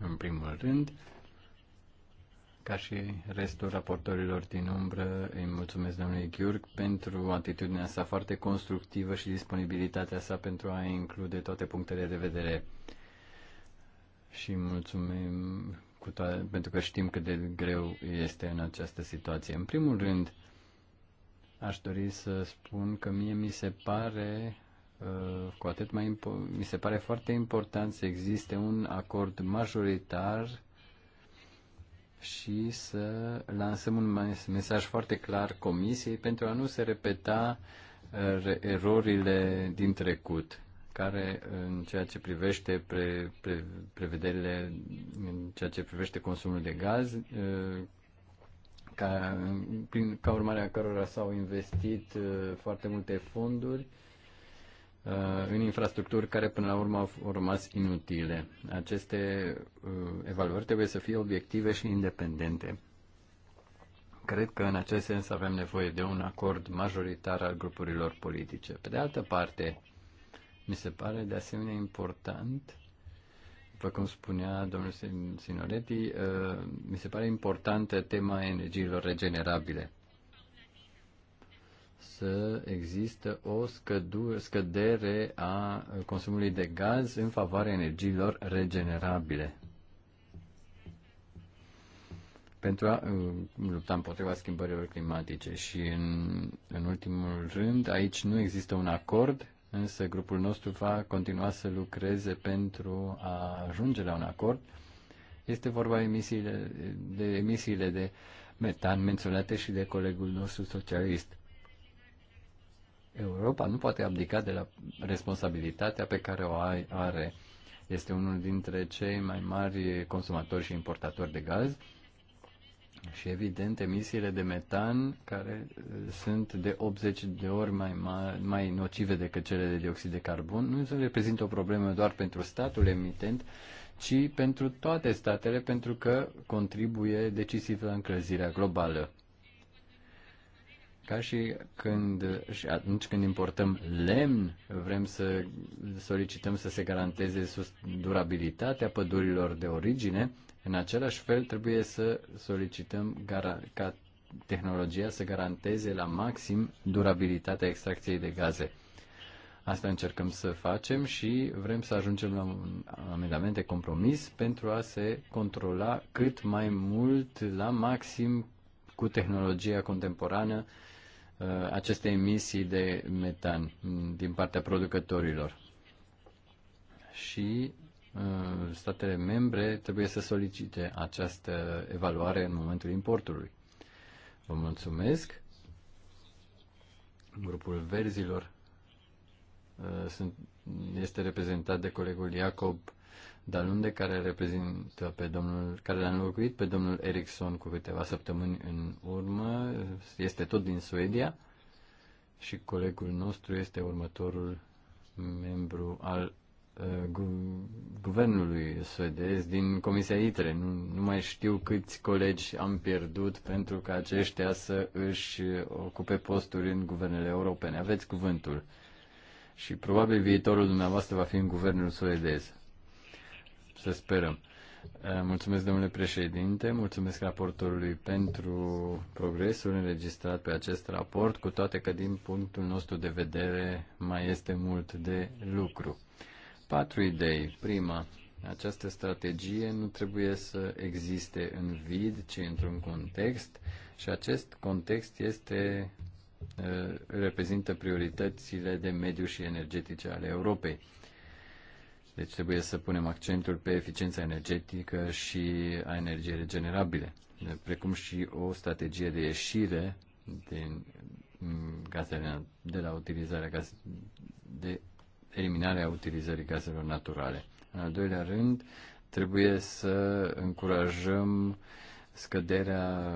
Speaker 2: În primul
Speaker 1: rând, ca și restul raportorilor din umbră, îi mulțumesc domnului Ghiurg pentru atitudinea sa foarte constructivă și disponibilitatea sa pentru a include toate punctele de vedere. Și mulțumim cu toate, pentru că știm cât de greu este în această situație. În primul rând, aș dori să spun că mie mi se pare uh, cu atât mai mi se pare foarte important să existe un acord majoritar și să lansăm un mesaj foarte clar Comisiei pentru a nu se repeta uh, erorile din trecut, care uh, în ceea ce privește pre, pre, prevederile, în ceea ce privește consumul de gaz, uh, ca, prin, ca urmare a cărora s-au investit foarte multe fonduri Uh, în infrastructuri care până la urmă au rămas inutile. Aceste uh, evaluări trebuie să fie obiective și independente. Cred că în acest sens avem nevoie de un acord majoritar al grupurilor politice. Pe de altă parte, mi se pare de asemenea important, după cum spunea domnul Sinoretti, uh, mi se pare importantă tema energiilor regenerabile să există o scădere a consumului de gaz în favoarea energiilor regenerabile. Pentru a uh, lupta împotriva schimbărilor climatice și în, în ultimul rând, aici nu există un acord, însă grupul nostru va continua să lucreze pentru a ajunge la un acord. Este vorba emisiile, de emisiile de metan menționate și de colegul nostru socialist. Europa nu poate abdica de la responsabilitatea pe care o are. Este unul dintre cei mai mari consumatori și importatori de gaz și, evident, emisiile de metan, care uh, sunt de 80 de ori mai, mari, mai nocive decât cele de dioxid de carbon, nu reprezintă o problemă doar pentru statul emitent, ci pentru toate statele, pentru că contribuie decisiv la încălzirea globală. Ca și când și atunci când importăm lemn, vrem să solicităm să se garanteze durabilitatea pădurilor de origine, în același fel trebuie să solicităm ca tehnologia să garanteze la maxim durabilitatea extracției de gaze. Asta încercăm să facem și vrem să ajungem la un amendament de compromis pentru a se controla cât mai mult, la maxim, cu tehnologia contemporană Uh, aceste emisii de metan din partea producătorilor. Și uh, statele membre trebuie să solicite această evaluare în momentul importului. Vă mulțumesc. Grupul Verzilor uh, sunt, este reprezentat de colegul Iacob Dalunde, care reprezintă pe domnul, care l-a înlocuit pe domnul Ericsson cu câteva săptămâni în urmă, este tot din Suedia și colegul nostru este următorul membru al uh, guvernului suedez din Comisia ITRE. Nu, nu mai știu câți colegi am pierdut pentru ca aceștia să își ocupe posturi în guvernele europene. Aveți cuvântul. Și probabil viitorul dumneavoastră va fi în guvernul suedez să sperăm. Uh, mulțumesc, domnule președinte, mulțumesc raportorului pentru progresul înregistrat pe acest raport, cu toate că, din punctul nostru de vedere, mai este mult de lucru. Patru idei. Prima, această strategie nu trebuie să existe în vid, ci într-un context și acest context este uh, reprezintă prioritățile de mediu și energetice ale Europei. Deci trebuie să punem accentul pe eficiența energetică și a energiei regenerabile, precum și o strategie de ieșire din mm, gazele, de la utilizarea gaz, de eliminarea utilizării gazelor naturale. În al doilea rând, trebuie să încurajăm scăderea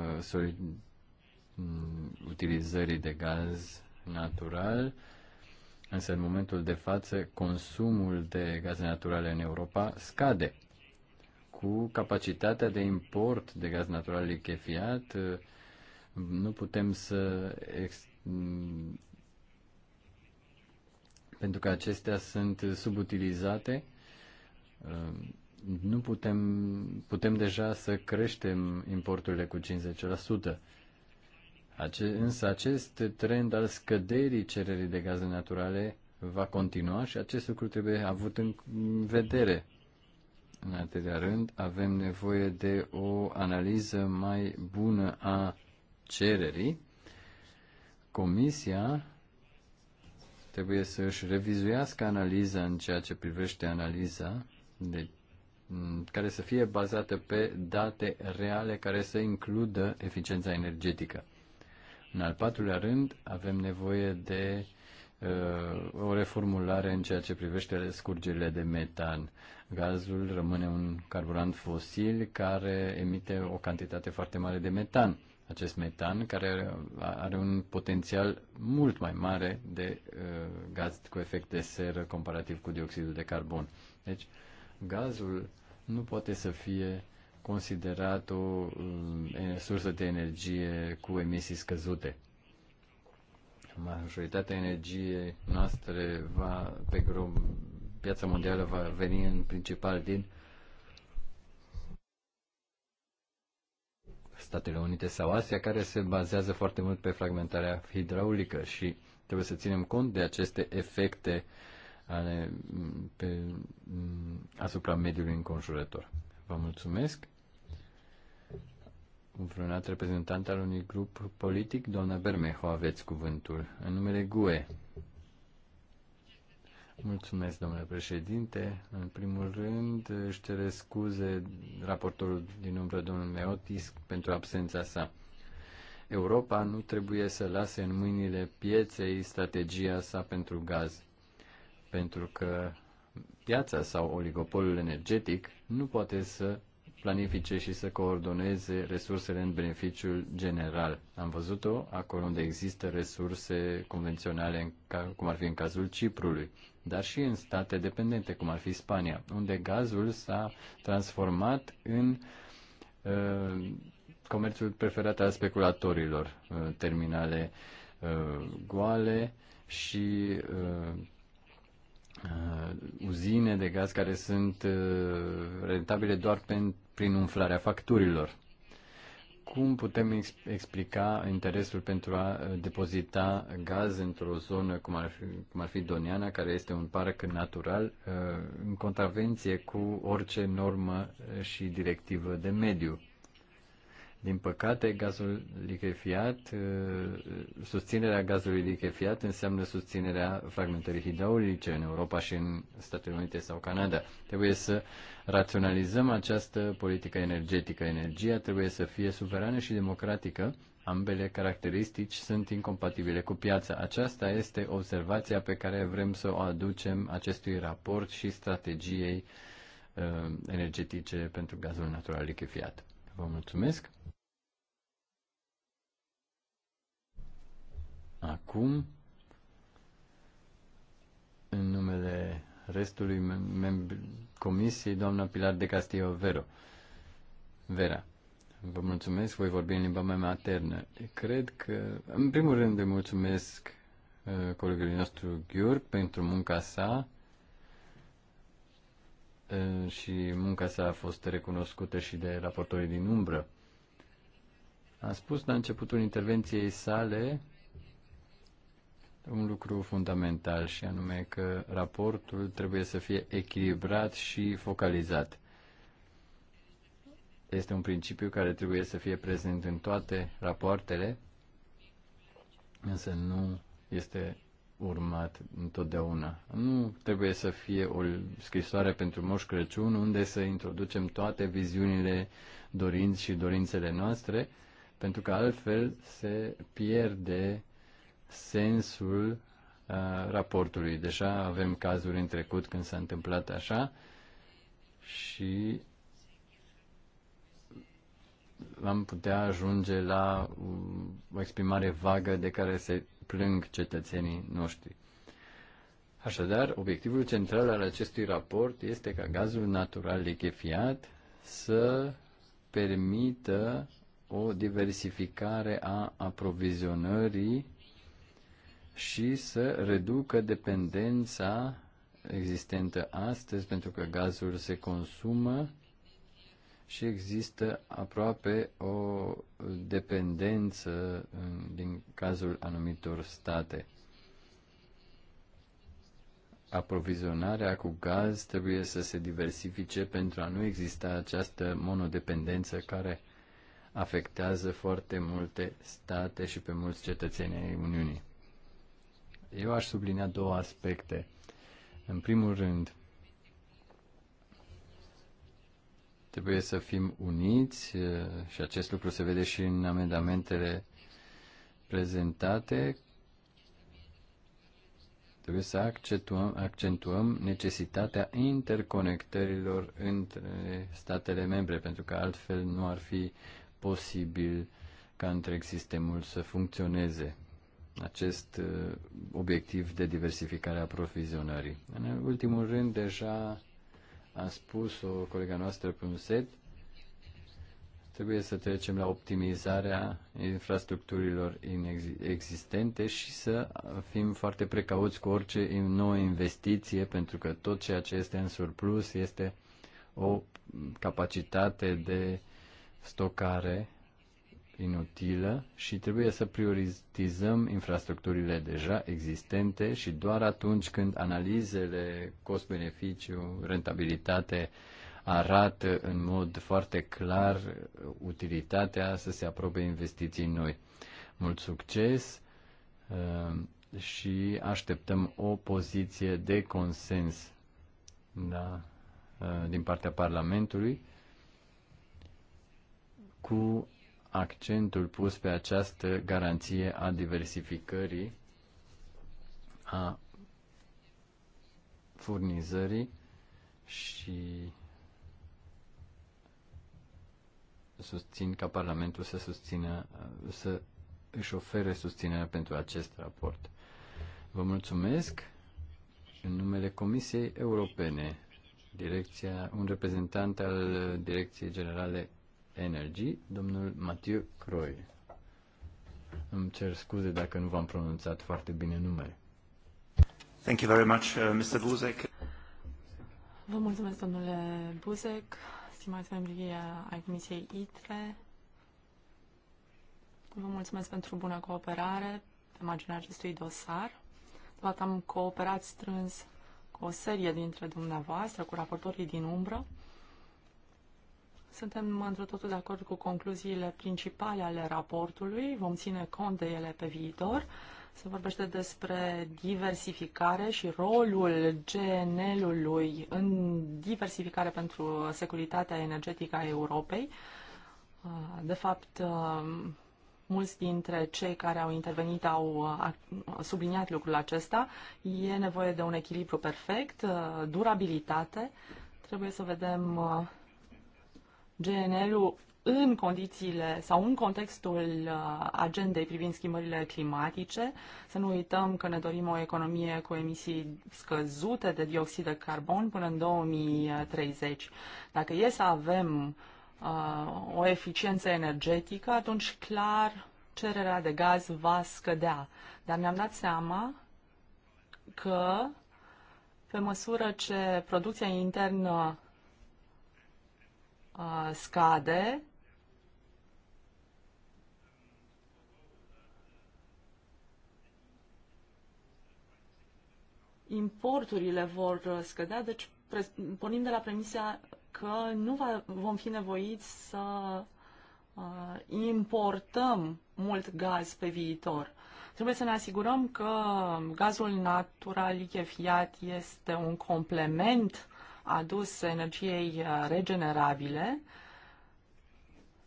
Speaker 1: mm, utilizării de gaz natural Însă, în momentul de față, consumul de gaze naturale în Europa scade. Cu capacitatea de import de gaz natural lichefiat, nu putem să. pentru că acestea sunt subutilizate, nu putem, putem deja să creștem importurile cu 50%. Ace- însă acest trend al scăderii cererii de gaze naturale va continua și acest lucru trebuie avut în vedere. În al treilea rând, avem nevoie de o analiză mai bună a cererii. Comisia trebuie să își revizuiască analiza în ceea ce privește analiza de, care să fie bazată pe date reale care să includă eficiența energetică. În al patrulea rând, avem nevoie de uh, o reformulare în ceea ce privește scurgerile de metan. Gazul rămâne un carburant fosil care emite o cantitate foarte mare de metan. Acest metan care are un potențial mult mai mare de uh, gaz cu efect de seră comparativ cu dioxidul de carbon. Deci, gazul nu poate să fie considerat o um, sursă de energie cu emisii scăzute. Majoritatea energiei noastre va, pe grob, piața mondială va veni în principal din Statele Unite sau Asia, care se bazează foarte mult pe fragmentarea hidraulică și trebuie să ținem cont de aceste efecte ale, pe, asupra mediului înconjurător. Vă mulțumesc vreun alt reprezentant al unui grup politic? Doamna Bermejo, aveți cuvântul. În numele GUE. Mulțumesc, domnule președinte. În primul rând, își cere scuze raportorul din umbră, domnul Meotis, pentru absența sa. Europa nu trebuie să lase în mâinile pieței strategia sa pentru gaz, pentru că piața sau oligopolul energetic nu poate să planifice și să coordoneze resursele în beneficiul general. Am văzut-o acolo unde există resurse convenționale, cum ar fi în cazul Ciprului, dar și în state dependente, cum ar fi Spania, unde gazul s-a transformat în uh, comerțul preferat al speculatorilor, uh, terminale uh, goale și uh, uh uzine de gaz care sunt uh, rentabile doar pentru prin umflarea facturilor. Cum putem explica interesul pentru a uh, depozita gaz într-o zonă cum ar fi, cum ar fi Doniana, care este un parc natural, uh, în contravenție cu orice normă și directivă de mediu? Din păcate, gazul lichefiat, uh, susținerea gazului lichefiat înseamnă susținerea fragmentării hidraulice în Europa și în Statele Unite sau Canada. Trebuie să raționalizăm această politică energetică. Energia trebuie să fie suverană și democratică. Ambele caracteristici sunt incompatibile cu piața. Aceasta este observația pe care vrem să o aducem acestui raport și strategiei uh, energetice pentru gazul natural lichefiat. Vă mulțumesc! Acum, în numele restului mem- comisiei, doamna Pilar de Castillo Vero. Vera, vă mulțumesc, voi vorbi în limba mea maternă. Cred că, în primul rând, îi mulțumesc uh, colegului nostru Gheorg pentru munca sa uh, și munca sa a fost recunoscută și de raportorii din umbră. A spus la începutul intervenției sale un lucru fundamental și anume că raportul trebuie să fie echilibrat și focalizat. Este un principiu care trebuie să fie prezent în toate rapoartele, însă nu este urmat întotdeauna. Nu trebuie să fie o scrisoare pentru Moș Crăciun unde să introducem toate viziunile, dorinți și dorințele noastre, pentru că altfel se pierde sensul uh, raportului. Deja avem cazuri în trecut când s-a întâmplat așa și am putea ajunge la o exprimare vagă de care se plâng cetățenii noștri. Așadar, obiectivul central al acestui raport este ca gazul natural lichefiat să permită o diversificare a aprovizionării și să reducă dependența existentă astăzi, pentru că gazul se consumă și există aproape o dependență din cazul anumitor state. Aprovizionarea cu gaz trebuie să se diversifice pentru a nu exista această monodependență care afectează foarte multe state și pe mulți cetățeni ai Uniunii. Eu aș sublinea două aspecte. În primul rând, trebuie să fim uniți uh, și acest lucru se vede și în amendamentele prezentate. Trebuie să accentuăm, accentuăm necesitatea interconectărilor între statele membre, pentru că altfel nu ar fi posibil ca întreg sistemul să funcționeze acest uh, obiectiv de diversificare a provizionării. În ultimul rând, deja a spus o colega noastră pe un set, trebuie să trecem la optimizarea infrastructurilor existente și să fim foarte precauți cu orice nouă investiție, pentru că tot ceea ce este în surplus este o capacitate de stocare inutilă și trebuie să prioritizăm infrastructurile deja existente și doar atunci când analizele cost-beneficiu, rentabilitate arată în mod foarte clar utilitatea să se aprobe investiții noi. Mult succes uh, și așteptăm o poziție de consens da, uh, din partea Parlamentului cu accentul pus pe această garanție a diversificării a furnizării și susțin ca Parlamentul să susțină, să își ofere susținerea pentru acest raport. Vă mulțumesc în numele Comisiei Europene, direcția, un reprezentant al Direcției Generale Energy, domnul Mathieu Croy. Îmi cer scuze dacă nu v-am pronunțat foarte bine numele.
Speaker 2: Thank you very much, uh, Mr. Buzek. Vă mulțumesc, domnule Buzek, stimați membrii uh, ai Comisiei ITRE. Vă mulțumesc pentru bună cooperare pe marginea acestui dosar. De fapt, am cooperat strâns cu o serie dintre dumneavoastră, cu raportorii din umbră. Suntem într totul de acord cu concluziile principale ale raportului, vom ține cont de ele pe viitor. Se vorbește despre diversificare și rolul GNL-ului în diversificare pentru securitatea energetică a Europei. Uh, de fapt, uh, mulți dintre cei care au intervenit au uh, subliniat lucrul acesta. E nevoie de un echilibru perfect, durabilitate. Trebuie să vedem GNL-ul în condițiile sau în contextul uh, agendei privind schimbările climatice. Să nu uităm că ne dorim o economie cu emisii scăzute de dioxid de carbon până în 2030. Dacă e să avem uh, o eficiență energetică, atunci clar cererea de gaz va scădea. Dar ne-am dat seama că pe măsură ce producția internă scade. Importurile vor uh, scădea, deci pornim de la premisia că nu va, vom fi nevoiți să uh, importăm mult gaz pe viitor. Trebuie să ne asigurăm că gazul natural lichefiat este un complement adus energiei uh, regenerabile,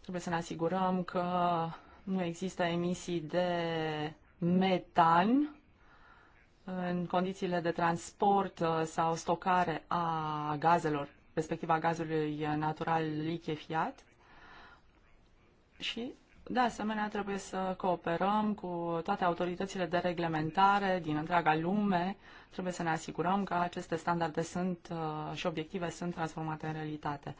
Speaker 2: trebuie să ne asigurăm că nu există emisii de metan în condițiile de transport uh, sau stocare a gazelor, respectiv a gazului natural lichefiat. Și de asemenea, trebuie să cooperăm cu toate autoritățile de reglementare din întreaga lume. Trebuie să ne asigurăm că aceste standarde sunt uh, și obiective sunt transformate în realitate.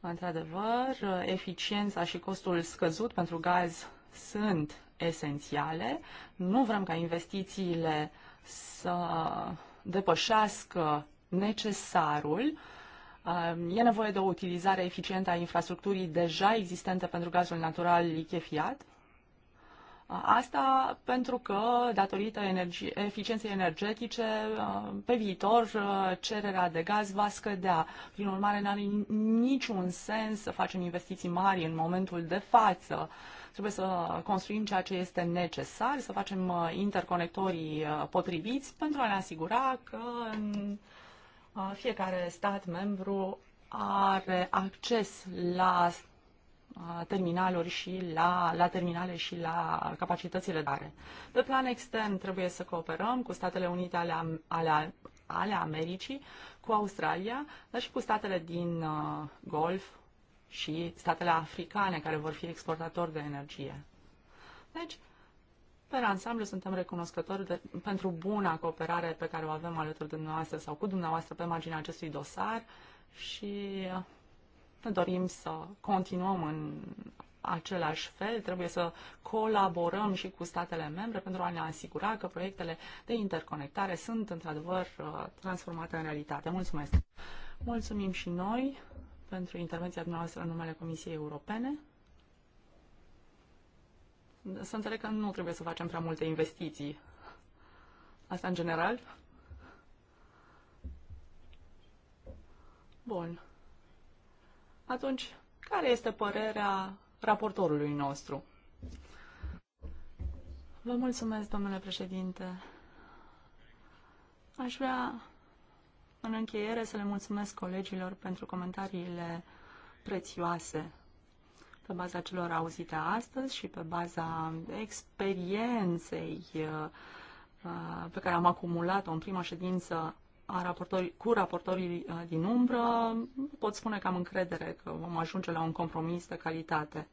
Speaker 2: Într-adevăr, eficiența și costul scăzut pentru gaz sunt esențiale. Nu vrem ca investițiile să depășească necesarul Um, e nevoie de o utilizare eficientă a infrastructurii deja existente pentru gazul natural lichefiat. Uh, asta pentru că, datorită energie, eficienței energetice, uh, pe viitor uh, cererea de gaz va scădea. Prin urmare, nu are niciun sens să facem investiții mari în momentul de față. Trebuie să construim ceea ce este necesar, să facem interconectorii potriviți pentru a ne asigura că fiecare stat membru are acces la terminaluri și la, la terminale și la capacitățile dare. Pe plan extern trebuie să cooperăm cu Statele Unite ale, ale, ale Americii, cu Australia, dar și cu statele din uh, Golf și statele africane care vor fi exportatori de energie. Deci, Per ansamblu suntem recunoscători de, pentru buna cooperare pe care o avem alături de dumneavoastră sau cu dumneavoastră pe marginea acestui dosar și ne dorim să continuăm în același fel, trebuie să colaborăm și cu statele membre pentru a ne asigura că proiectele de interconectare sunt într-adevăr uh, transformate în realitate. Mulțumesc! Mulțumim și noi pentru intervenția noastră în numele Comisiei Europene să înțeleg că nu trebuie să facem prea multe investiții. Asta în general. Bun. Atunci, care este părerea raportorului nostru? Vă mulțumesc, domnule președinte. Aș vrea, în încheiere, să le mulțumesc colegilor pentru comentariile prețioase pe baza celor auzite astăzi și pe baza experienței uh, uh, pe care am acumulat-o în prima ședință a raportori, cu raportorii uh, din umbră, pot spune că am încredere că vom ajunge la un compromis de calitate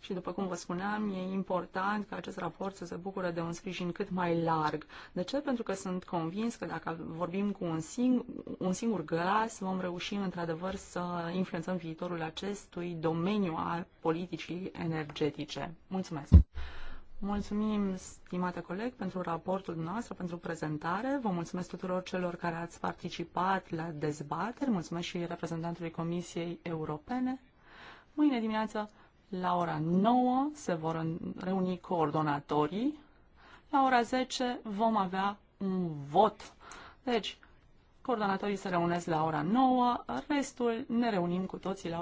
Speaker 2: și, după cum vă spuneam, e important ca acest raport să se bucure de un sprijin cât mai larg. De ce? Pentru că sunt convins că dacă vorbim cu un, sing- un singur glas, vom reuși, într-adevăr, să influențăm viitorul acestui domeniu al politicii energetice. Mulțumesc! Mulțumim, stimate coleg, pentru raportul noastră, pentru prezentare. Vă mulțumesc tuturor celor care ați participat la dezbateri. Mulțumesc și reprezentantului Comisiei Europene. Mâine dimineață la ora 9 se vor reuni coordonatorii. La ora 10 vom avea un vot. Deci, coordonatorii se reunesc la ora 9, restul ne reunim cu toții la